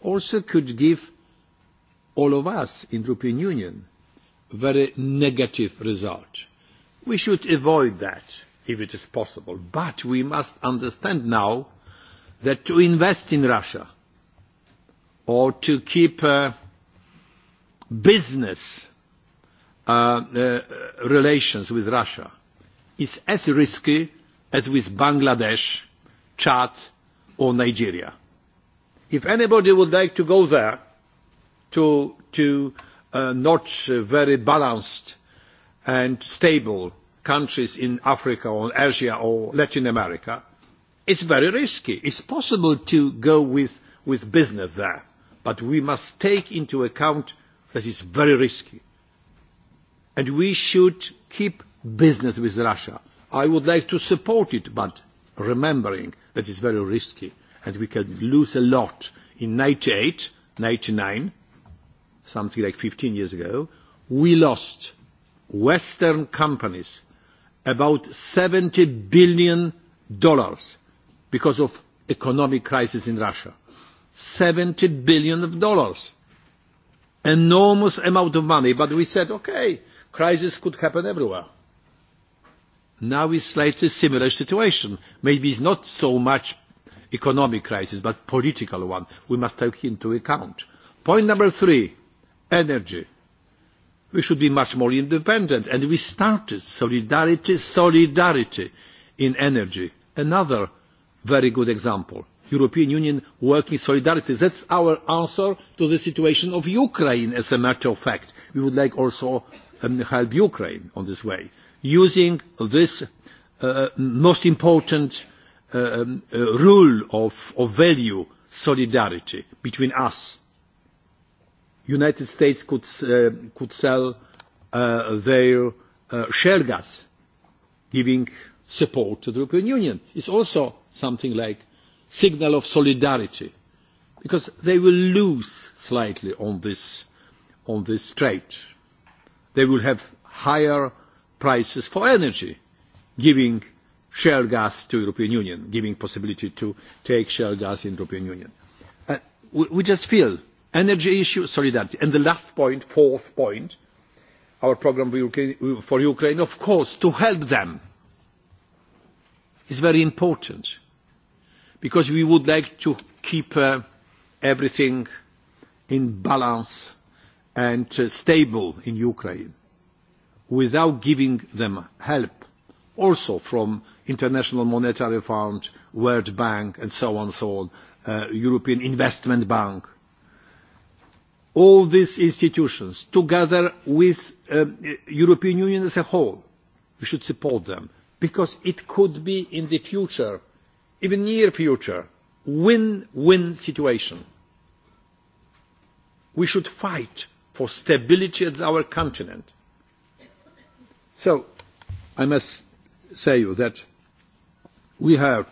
also could give all of us in the European Union very negative result. We should avoid that if it is possible. But we must understand now that to invest in Russia or to keep uh, business uh, uh, relations with Russia is as risky as with Bangladesh, Chad or Nigeria. If anybody would like to go there to, to uh, not very balanced and stable countries in Africa or Asia or Latin America, it's very risky. It's possible to go with, with business there, but we must take into account that it's very risky. And we should keep business with Russia. I would like to support it, but remembering that it's very risky and we can lose a lot. In 98, 99, something like 15 years ago, we lost Western companies about 70 billion dollars because of economic crisis in Russia. 70 billion of dollars. Enormous amount of money, but we said, okay, crisis could happen everywhere. Now it's slightly similar situation. Maybe it's not so much economic crisis, but political one. We must take into account. Point number three, energy We should be much more independent. And we started solidarity, solidarity in energy. Another very good example. European Union working solidarity. That's our answer to the situation of Ukraine, as a matter of fact. We would like also um, help Ukraine on this way, using this uh, most important um, uh, rule of, of value, solidarity, between us United States could, uh, could sell uh, their uh, shale gas, giving support to the European Union. It's also something like signal of solidarity, because they will lose slightly on this, on this trade. They will have higher prices for energy, giving shale gas to European Union, giving possibility to take shale gas in European Union. Uh, we, we just feel energy issue solidarity. and the last point fourth point our programme for ukraine of course to help them is very important because we would like to keep everything in balance and stable in ukraine without giving them help also from international monetary fund world bank and so on and so on european investment bank all these institutions together with the European Union as a whole. We should support them because it could be in the future, even near future, win-win situation. We should fight for stability at our continent. So I must say you that we heard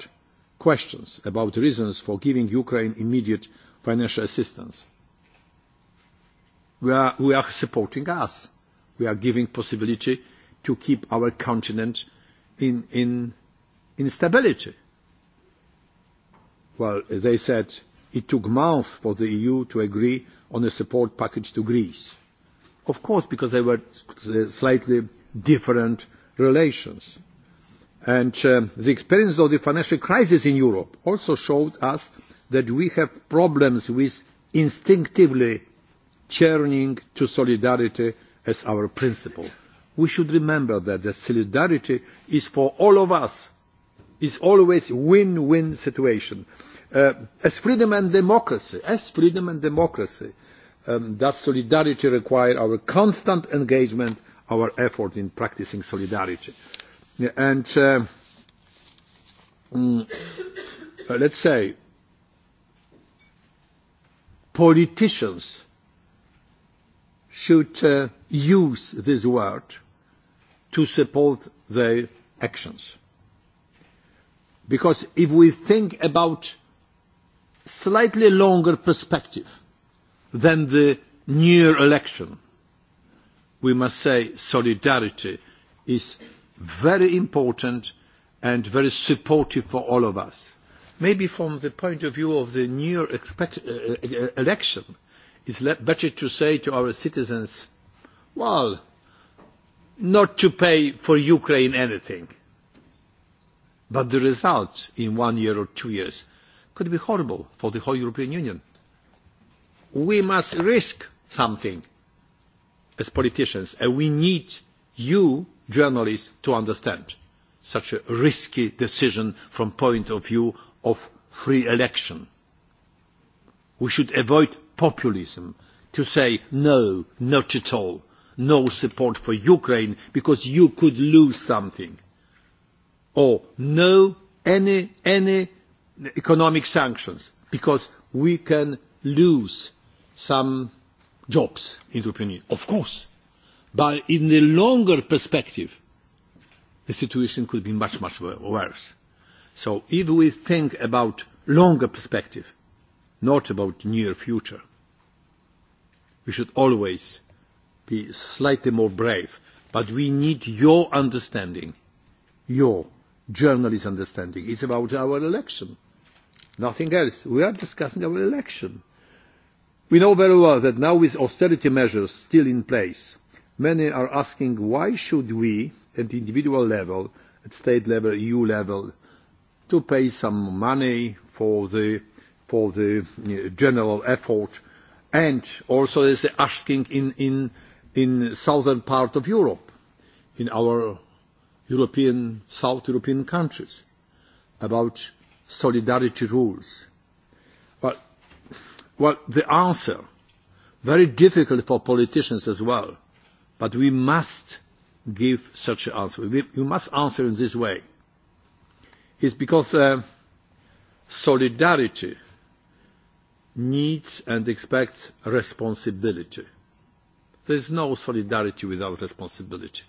questions about reasons for giving Ukraine immediate financial assistance we are, we are supporting us. We are giving possibility to keep our continent in, in, in stability. Well, they said it took months for the EU to agree on a support package to Greece. Of course, because they were slightly different relations. And uh, the experience of the financial crisis in Europe also showed us that we have problems with instinctively turning to solidarity as our principle. We should remember that, the solidarity is for all of us. It's always a win-win situation. Uh, as freedom and democracy, as freedom and democracy, um, does solidarity require our constant engagement, our effort in practicing solidarity. And uh, mm, let's say, politicians should uh, use this word to support their actions. Because if we think about slightly longer perspective than the near election, we must say solidarity is very important and very supportive for all of us. Maybe from the point of view of the near expect, uh, election, It's better to say to our citizens, well, not to pay for Ukraine anything. But the result in one year or two years could be horrible for the whole European Union. We must risk something as politicians, and we need you, journalists, to understand such a risky decision from the point of view of free election. We should avoid populism to say no, not at all, no support for Ukraine because you could lose something, or no any any economic sanctions because we can lose some jobs in the European Union. Of course, but in the longer perspective, the situation could be much much worse. So if we think about longer perspective, not about near future, we should always be slightly more brave. But we need your understanding, your journalist understanding. It's about our election, nothing else. We are discussing our election. We know very well that now with austerity measures still in place, many are asking why should we, at individual level, at state level, EU level, to pay some money for the, for the general effort and also there is asking in, in, in southern part of Europe, in our European, South European countries, about solidarity rules. But, well, the answer, very difficult for politicians as well, but we must give such an answer. We, we must answer in this way. It's because uh, solidarity – needs and expects responsibility. There is no solidarity without responsibility.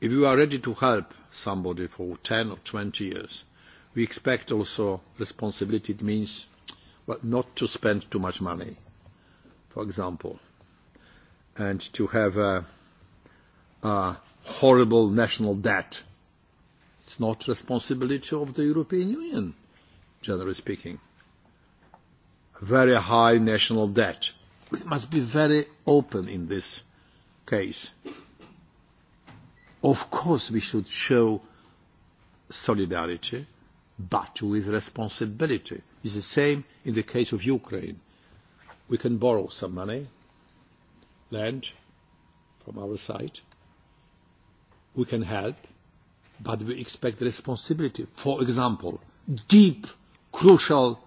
If you are ready to help somebody for 10 or 20 years, we expect also responsibility. It means well, not to spend too much money, for example, and to have a, a horrible national debt. It's not responsibility of the European Union, generally speaking very high national debt. We must be very open in this case. Of course, we should show solidarity, but with responsibility. It's the same in the case of Ukraine. We can borrow some money, land from our side. We can help, but we expect responsibility. For example, deep, crucial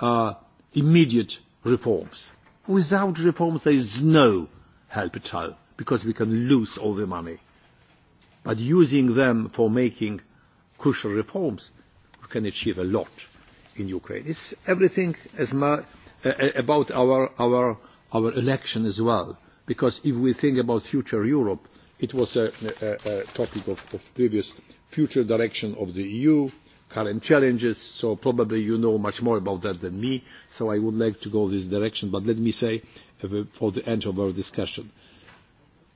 uh, immediate reforms. Without reforms, there is no help at all, because we can lose all the money. But using them for making crucial reforms, we can achieve a lot in Ukraine. It's everything as much uh, about our, our, our election as well, because if we think about future Europe, it was a, a, a topic of, of previous future direction of the EU, current challenges, so probably you know much more about that than me, so I would like to go this direction, but let me say for the end of our discussion.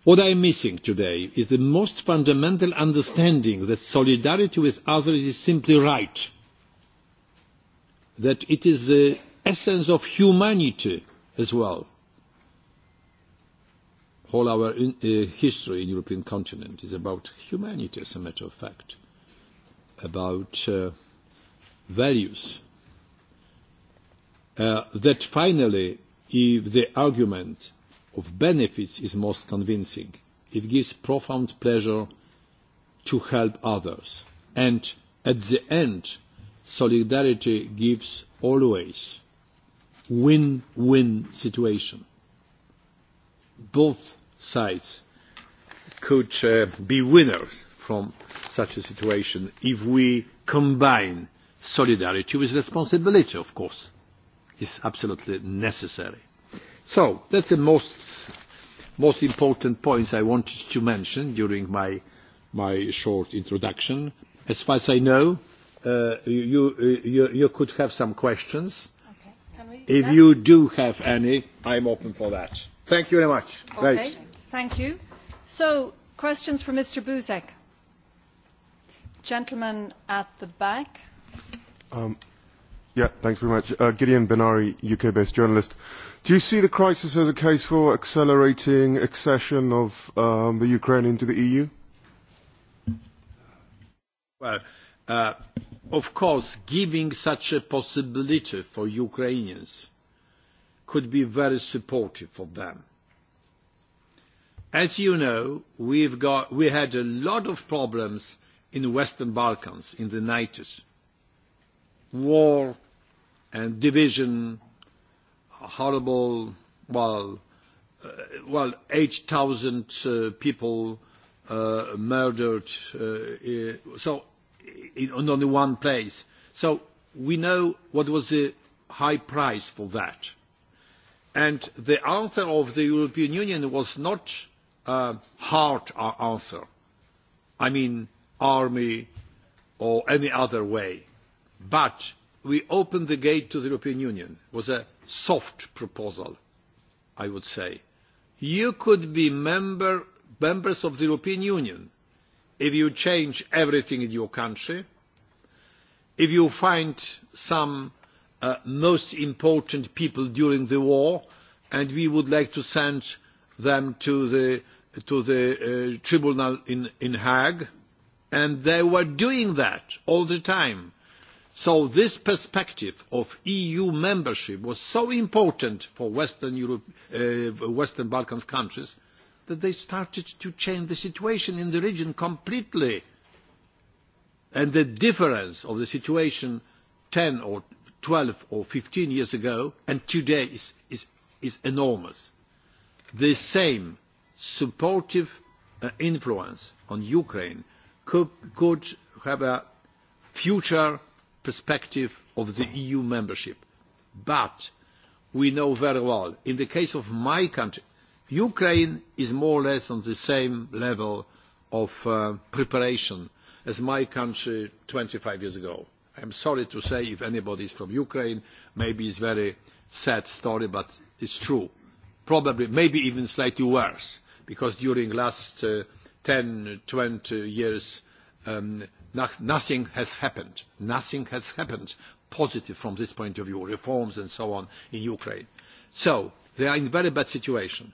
What I am missing today is the most fundamental understanding that solidarity with others is simply right, that it is the essence of humanity as well. All our uh, history in the European continent is about humanity, as a matter of fact about uh, values, uh, that finally, if the argument of benefits is most convincing, it gives profound pleasure to help others. And at the end, solidarity gives always win-win situation. Both sides could uh, be winners from such a situation if we combine solidarity with responsibility, of course. It's absolutely necessary. So that's the most, most important points I wanted to mention during my, my short introduction. As far as I know, uh, you, you, you could have some questions. If you do have any, I'm open for that. Thank you very much. Okay. Thank you. So, questions for Mr. Buzek. Gentleman at the back. Um, yeah, thanks very much. Uh, Gideon Benari, UK-based journalist. Do you see the crisis as a case for accelerating accession of um, the Ukraine into the EU? Well, uh, of course, giving such a possibility for Ukrainians could be very supportive for them. As you know, we've got, we had a lot of problems in the Western Balkans in the 90s. War and division, horrible, well, uh, well, 8,000 uh, people uh, murdered, uh, so in, in only one place. So we know what was the high price for that. And the answer of the European Union was not a hard answer. I mean, army, or any other way. But we opened the gate to the European Union. It was a soft proposal, I would say. You could be member, members of the European Union if you change everything in your country, if you find some uh, most important people during the war, and we would like to send them to the, to the uh, tribunal in, in Hague, And they were doing that all the time. So this perspective of EU membership was so important for Western, Europe, uh, Western Balkans countries that they started to change the situation in the region completely. And the difference of the situation 10 or 12 or 15 years ago and today is, is, is enormous. The same supportive uh, influence on Ukraine could, could have a future perspective of the EU membership. But we know very well, in the case of my country, Ukraine is more or less on the same level of uh, preparation as my country twenty five years ago. I am sorry to say if anybody is from Ukraine, maybe it's a very sad story, but it's true. Probably, maybe even slightly worse, because during the last ten, twenty years, nothing has happened. Nothing has happened positive from this point of view, reforms and so on in Ukraine. So they are in a very bad situation.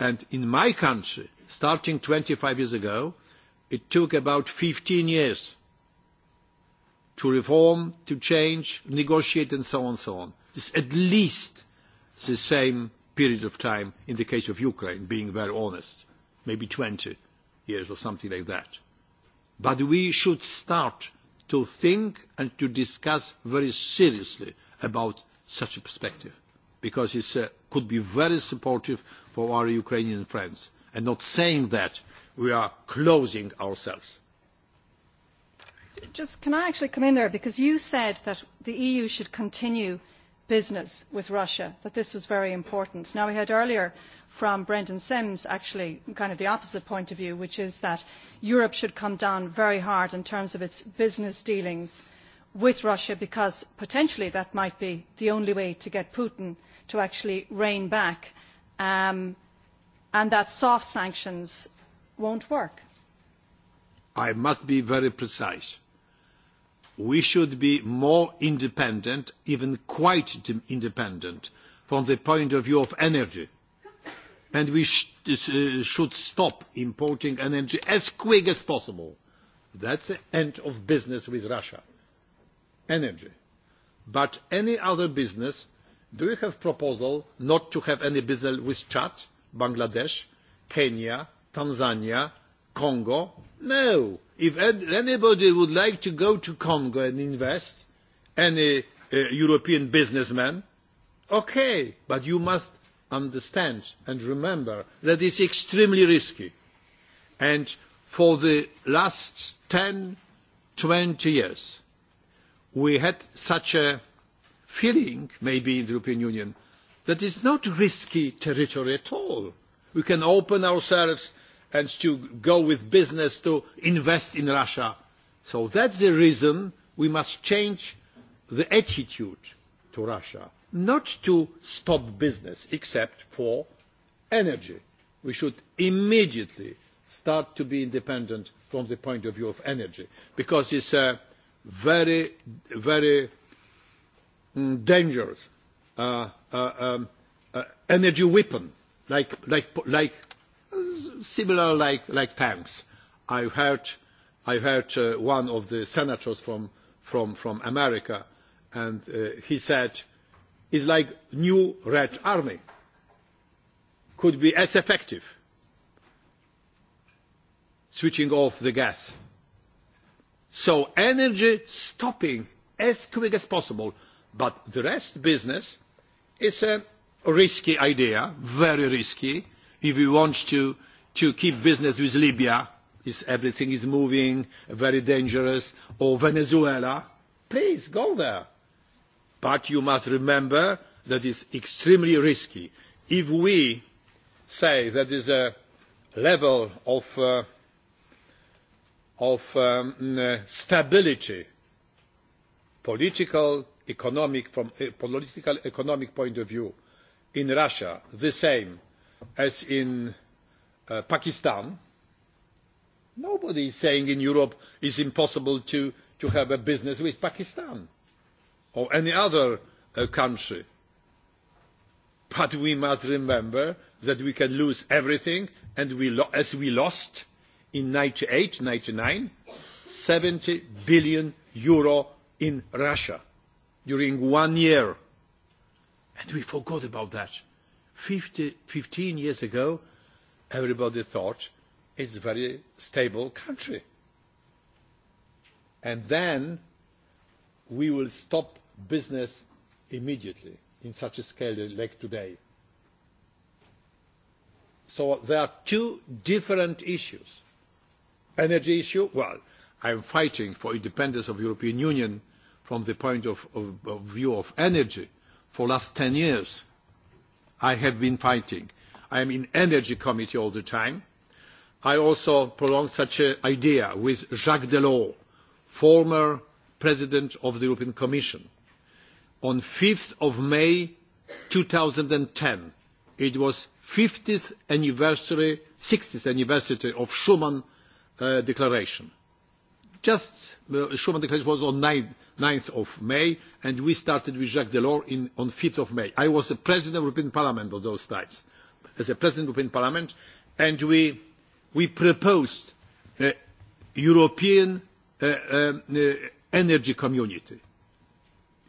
And in my country, starting twenty five years ago, it took about fifteen years to reform, to change, negotiate and so on and so on. It's at least the same period of time in the case of Ukraine, being very honest, maybe twenty years or something like that. But we should start to think and to discuss very seriously about such a perspective because it uh, could be very supportive for our Ukrainian friends and not saying that we are closing ourselves. Just can I actually come in there because you said that the EU should continue business with Russia, that this was very important. Now we had earlier from Brendan Sims, actually, kind of the opposite point of view, which is that Europe should come down very hard in terms of its business dealings with Russia, because potentially that might be the only way to get Putin to actually rein back, and that soft sanctions won't work. I must be very precise. We should be more independent, even quite independent, from the point of view of energy and we should stop importing energy as quick as possible. That is the end of business with Russia. Energy. But any other business, do you have a proposal not to have any business with Chad, Bangladesh, Kenya, Tanzania, Congo? No. If anybody would like to go to Congo and invest, any European businessman, okay, but you must understand and remember that it is extremely risky. And for the last ten, twenty years, we had such a feeling, maybe in the European Union, that it is not risky territory at all. We can open ourselves and to go with business to invest in Russia. So that's the reason we must change the attitude to Russia not to stop business except for energy. We should immediately start to be independent from the point of view of energy because it's a very, very dangerous uh, uh, um, uh, energy weapon like, like, like similar like, like tanks. I heard, I heard uh, one of the senators from, from, from America and uh, he said is like a new red army could be as effective switching off the gas so energy stopping as quick as possible but the rest business is a risky idea very risky if we want to to keep business with libya is everything is moving very dangerous or venezuela please go there But you must remember that it is extremely risky. If we say that there is a level of, stability, political, economic, from a political economic point of view, in Russia, the same as in Pakistan, nobody is saying in Europe it is impossible to, to have a business with Pakistan or any other country. But we must remember that we can lose everything, and we lo- as we lost in 98, 99, 70 billion euro in Russia during one year. And we forgot about that. 50, 15 years ago, everybody thought it's a very stable country. And then we will stop business immediately in such a scale like today. So there are two different issues. Energy issue, well, I am fighting for independence of the European Union from the point of, of, of view of energy for the last ten years. I have been fighting. I am in energy committee all the time. I also prolonged such an idea with Jacques Delors, former president of the European Commission on 5th of May 2010. It was 50th anniversary, 60th anniversary of Schuman uh, Declaration. Just uh, Schuman Declaration was on 9th, 9th of May, and we started with Jacques Delors in, on 5th of May. I was the President of the European Parliament at those times, as a President of the European Parliament, and we, we proposed a European uh, uh, energy community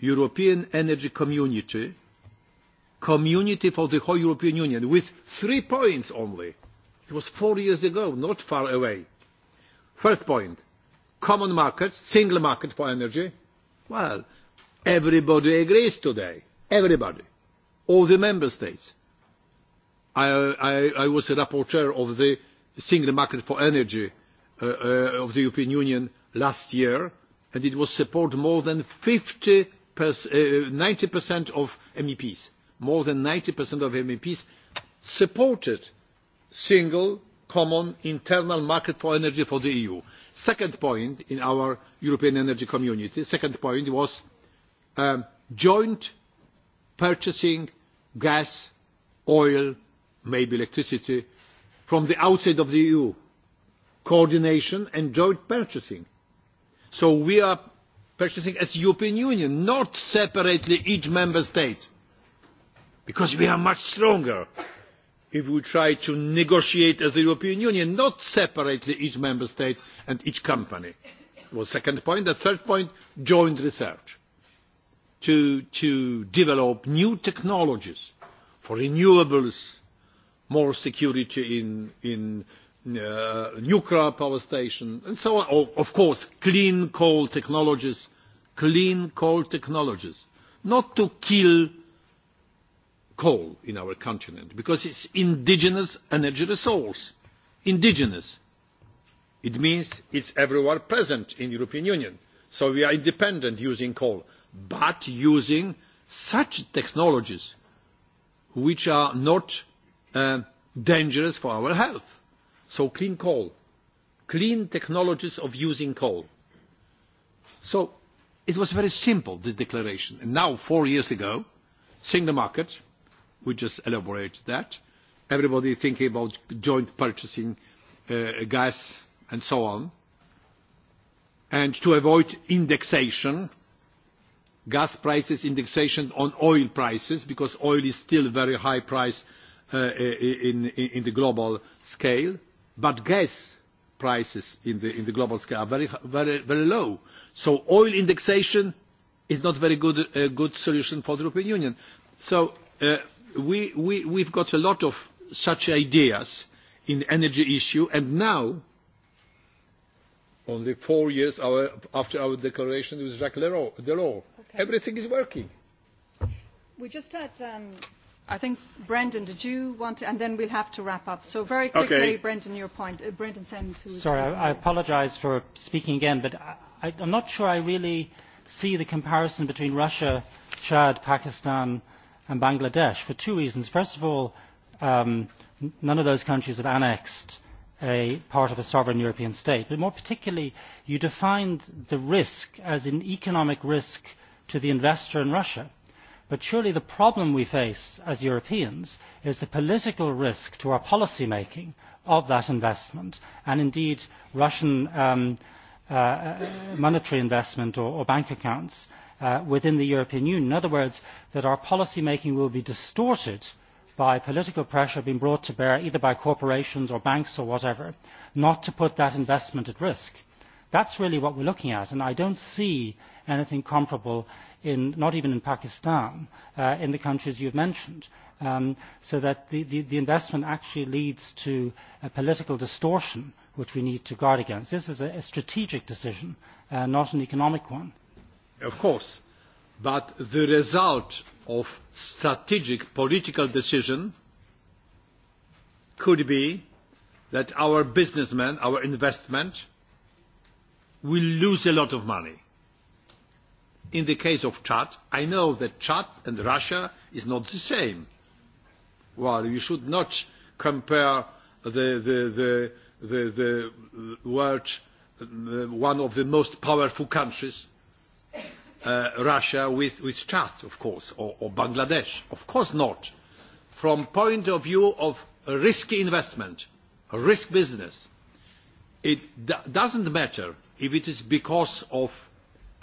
European Energy Community, Community for the whole European Union, with three points only. It was four years ago, not far away. First point, common market, single market for energy. Well, everybody agrees today. Everybody. All the member states. I, I, I was a rapporteur of the single market for energy uh, uh, of the European Union last year, and it was supported more than 50 90% of MEPs, more than 90% of MEPs supported single common internal market for energy for the EU. Second point in our European energy community, second point was joint purchasing gas, oil, maybe electricity from the outside of the EU. Coordination and joint purchasing. So we are purchasing as European Union, not separately each member state. Because we are much stronger if we try to negotiate as the European Union, not separately each member state and each company. That was the second point. The third point, joint research to, to develop new technologies for renewables, more security in, in nuclear power station, and so on. Of course, clean coal technologies, clean coal technologies, not to kill coal in our continent, because it's indigenous energy resource. Indigenous. It means it's everywhere present in the European Union. So we are independent using coal, but using such technologies which are not uh, dangerous for our health So clean coal, clean technologies of using coal. So it was very simple, this declaration. And now, four years ago, single market, we just elaborated that, everybody thinking about joint purchasing uh, gas and so on, and to avoid indexation, gas prices indexation on oil prices, because oil is still a very high price in the global scale but gas prices in the, in the global scale are very, very, very low. So oil indexation is not very good, a good solution for the European Union. So uh, we, we, we've got a lot of such ideas in the energy issue, and now, only four years our, after our declaration with Jacques Delors, okay. everything is working. We just had um, I think, Brendan, did you want to, and then we'll have to wrap up. So very quickly, okay. Brendan, your point. Uh, Brendan Sens, who is Sorry, I, I apologise for speaking again, but I, I, I'm not sure I really see the comparison between Russia, Chad, Pakistan, and Bangladesh for two reasons. First of all, um, none of those countries have annexed a part of a sovereign European state. But more particularly, you defined the risk as an economic risk to the investor in Russia But surely the problem we face as Europeans is the political risk to our policy making of that investment, and indeed Russian monetary investment or, bank accounts within the European Union. In other words, that our policy making will be distorted by political pressure being brought to bear either by corporations or banks or whatever, not to put that investment at risk That's really what we're looking at, and I don't see anything comparable, in, not even in Pakistan, uh, in the countries you've mentioned. Um, so that the, the, the investment actually leads to a political distortion, which we need to guard against. This is a, a strategic decision, uh, not an economic one. Of course, but the result of strategic political decision could be that our businessmen, our investment, will lose a lot of money. In the case of Chad, I know that Chad and Russia is not the same. Well, you should not compare the, the, the, the, the world, one of the most powerful countries, uh, Russia, with, with Chad, of course, or, or Bangladesh. Of course not. From point of view of risky investment, risk business, it doesn't matter if it is because of,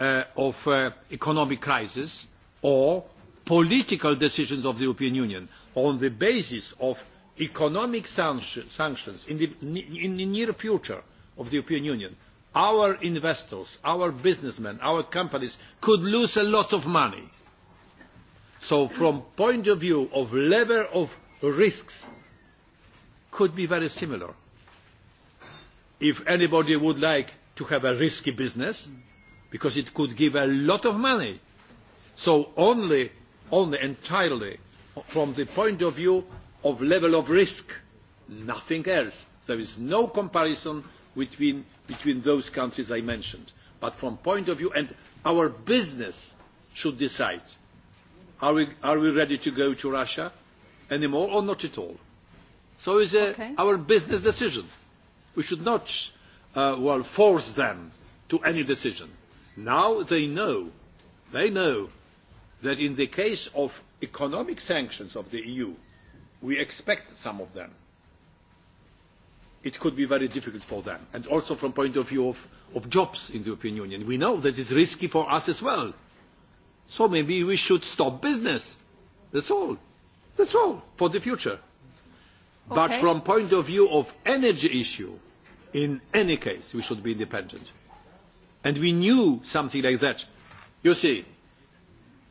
uh, of uh, economic crisis or political decisions of the European Union on the basis of economic sanctions in the, in the near future of the European Union, our investors, our businessmen, our companies could lose a lot of money. So from the point of view of level of risks could be very similar. If anybody would like to have a risky business because it could give a lot of money. So only, only entirely from the point of view of level of risk, nothing else. There is no comparison between, between those countries I mentioned. But from point of view, and our business should decide, are we, are we ready to go to Russia anymore or not at all? So it's a, our business decision. We should not uh, force them to any decision. Now they know, they know that in the case of economic sanctions of the EU, we expect some of them. It could be very difficult for them, and also from point of view of, of jobs in the European Union. We know that it's risky for us as well. So maybe we should stop business. That's all. That's all for the future. But from point of view of energy issue, in any case we should be independent. And we knew something like that. You see,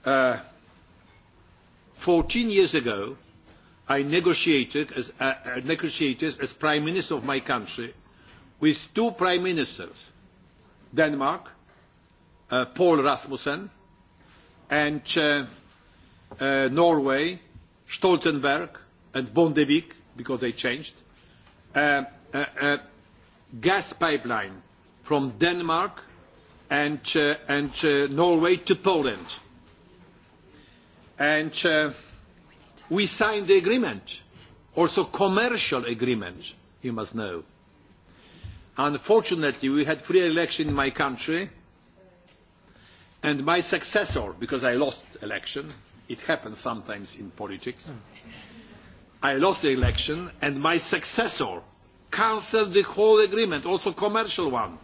uh, 14 years ago, I negotiated as, uh, negotiated as Prime Minister of my country with two Prime Ministers, Denmark, uh, Paul Rasmussen, and uh, uh, Norway, Stoltenberg and Bondevik, because they changed, uh, uh, uh, gas pipeline from Denmark and, Norway to Poland. And we signed the agreement, also commercial agreement, you must know. Unfortunately, we had free election in my country, and my successor, because I lost election, it happens sometimes in politics, I lost the election, and my successor cancel the whole agreement, also commercial one.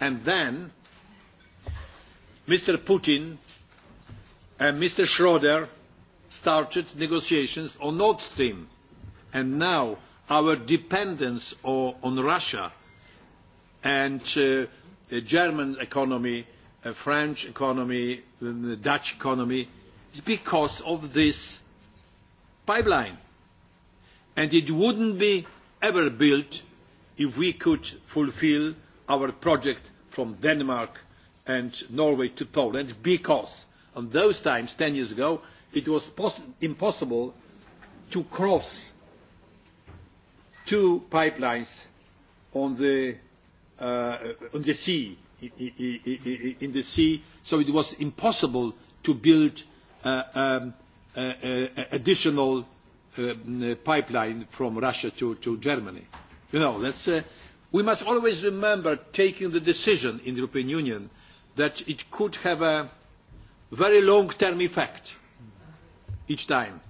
And then Mr. Putin and Mr. Schroeder started negotiations on Nord Stream. And now our dependence on Russia and the German economy, the French economy, the Dutch economy, is because of this pipeline. And it wouldn't be ever built if we could fulfil our project from Denmark and Norway to Poland, because on those times, ten years ago, it was impossible to cross two pipelines on the, uh, on the sea, in the sea, so it was impossible to build uh, um, uh, uh, additional pipeline from Russia to, to Germany. You know, that's, uh, we must always remember taking the decision in the European Union that it could have a very long-term effect each time.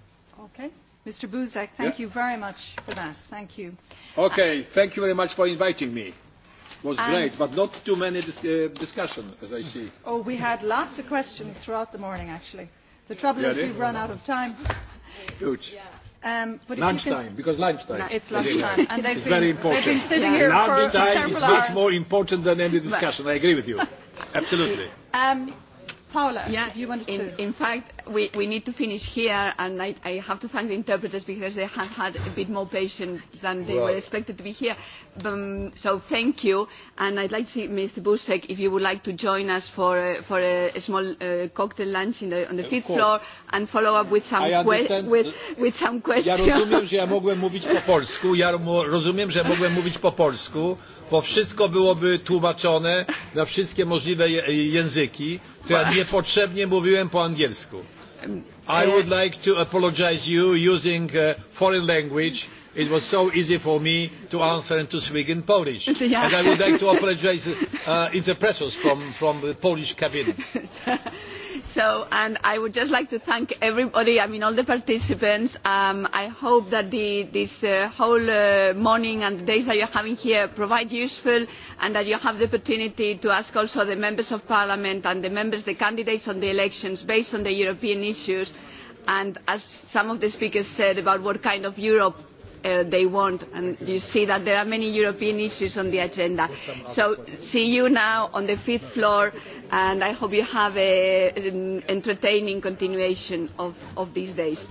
Okay. Mr. Buzek, thank you very much for that. Thank you. Okay, thank you very much for inviting me It was great, but not too many dis uh, discussion, as I see. Oh, we had lots of questions throughout the morning, actually. The trouble is we've run out of time. Huge. Yeah. Um, but lunchtime, can, because lunchtime. No, it's lunchtime. and it's been, very important. They've been sitting yeah. here lunchtime for several is much more important than any discussion. I agree with you. Absolutely. Um, Paula, yeah, if you wanted in, to. In fact, we, we need to finish here, and I, I have to thank the interpreters because they have had a bit more patience than they were expected to be here. Um, so thank you, and I'd like to see Mr. Busek if you would like to join us for a, for a, a small uh, cocktail lunch in the, on the fifth floor and follow up with some, que with, with some questions. Ja rozumiem, że ja mogłem mówić po polsku. Ja rozumiem, że mogłem mówić po polsku bo wszystko byłoby tłumaczone na wszystkie możliwe języki, to ja niepotrzebnie mówiłem po angielsku. I would like to apologize you using a foreign language. It was so easy for me to answer and to speak in Polish. Yeah. And I would like to apologize uh, interpreters from, from the Polish cabinet. So, and I would just like to thank everybody, I mean, all the participants. Um, I hope that the, this uh, whole uh, morning and the days that you're having here provide useful and that you have the opportunity to ask also the members of parliament and the members, the candidates on the elections based on the European issues and as some of the speakers said about what kind of Europe uh, they want. And you see that there are many European issues on the agenda. So see you now on the fifth floor, and I hope you have an entertaining continuation of, of these days.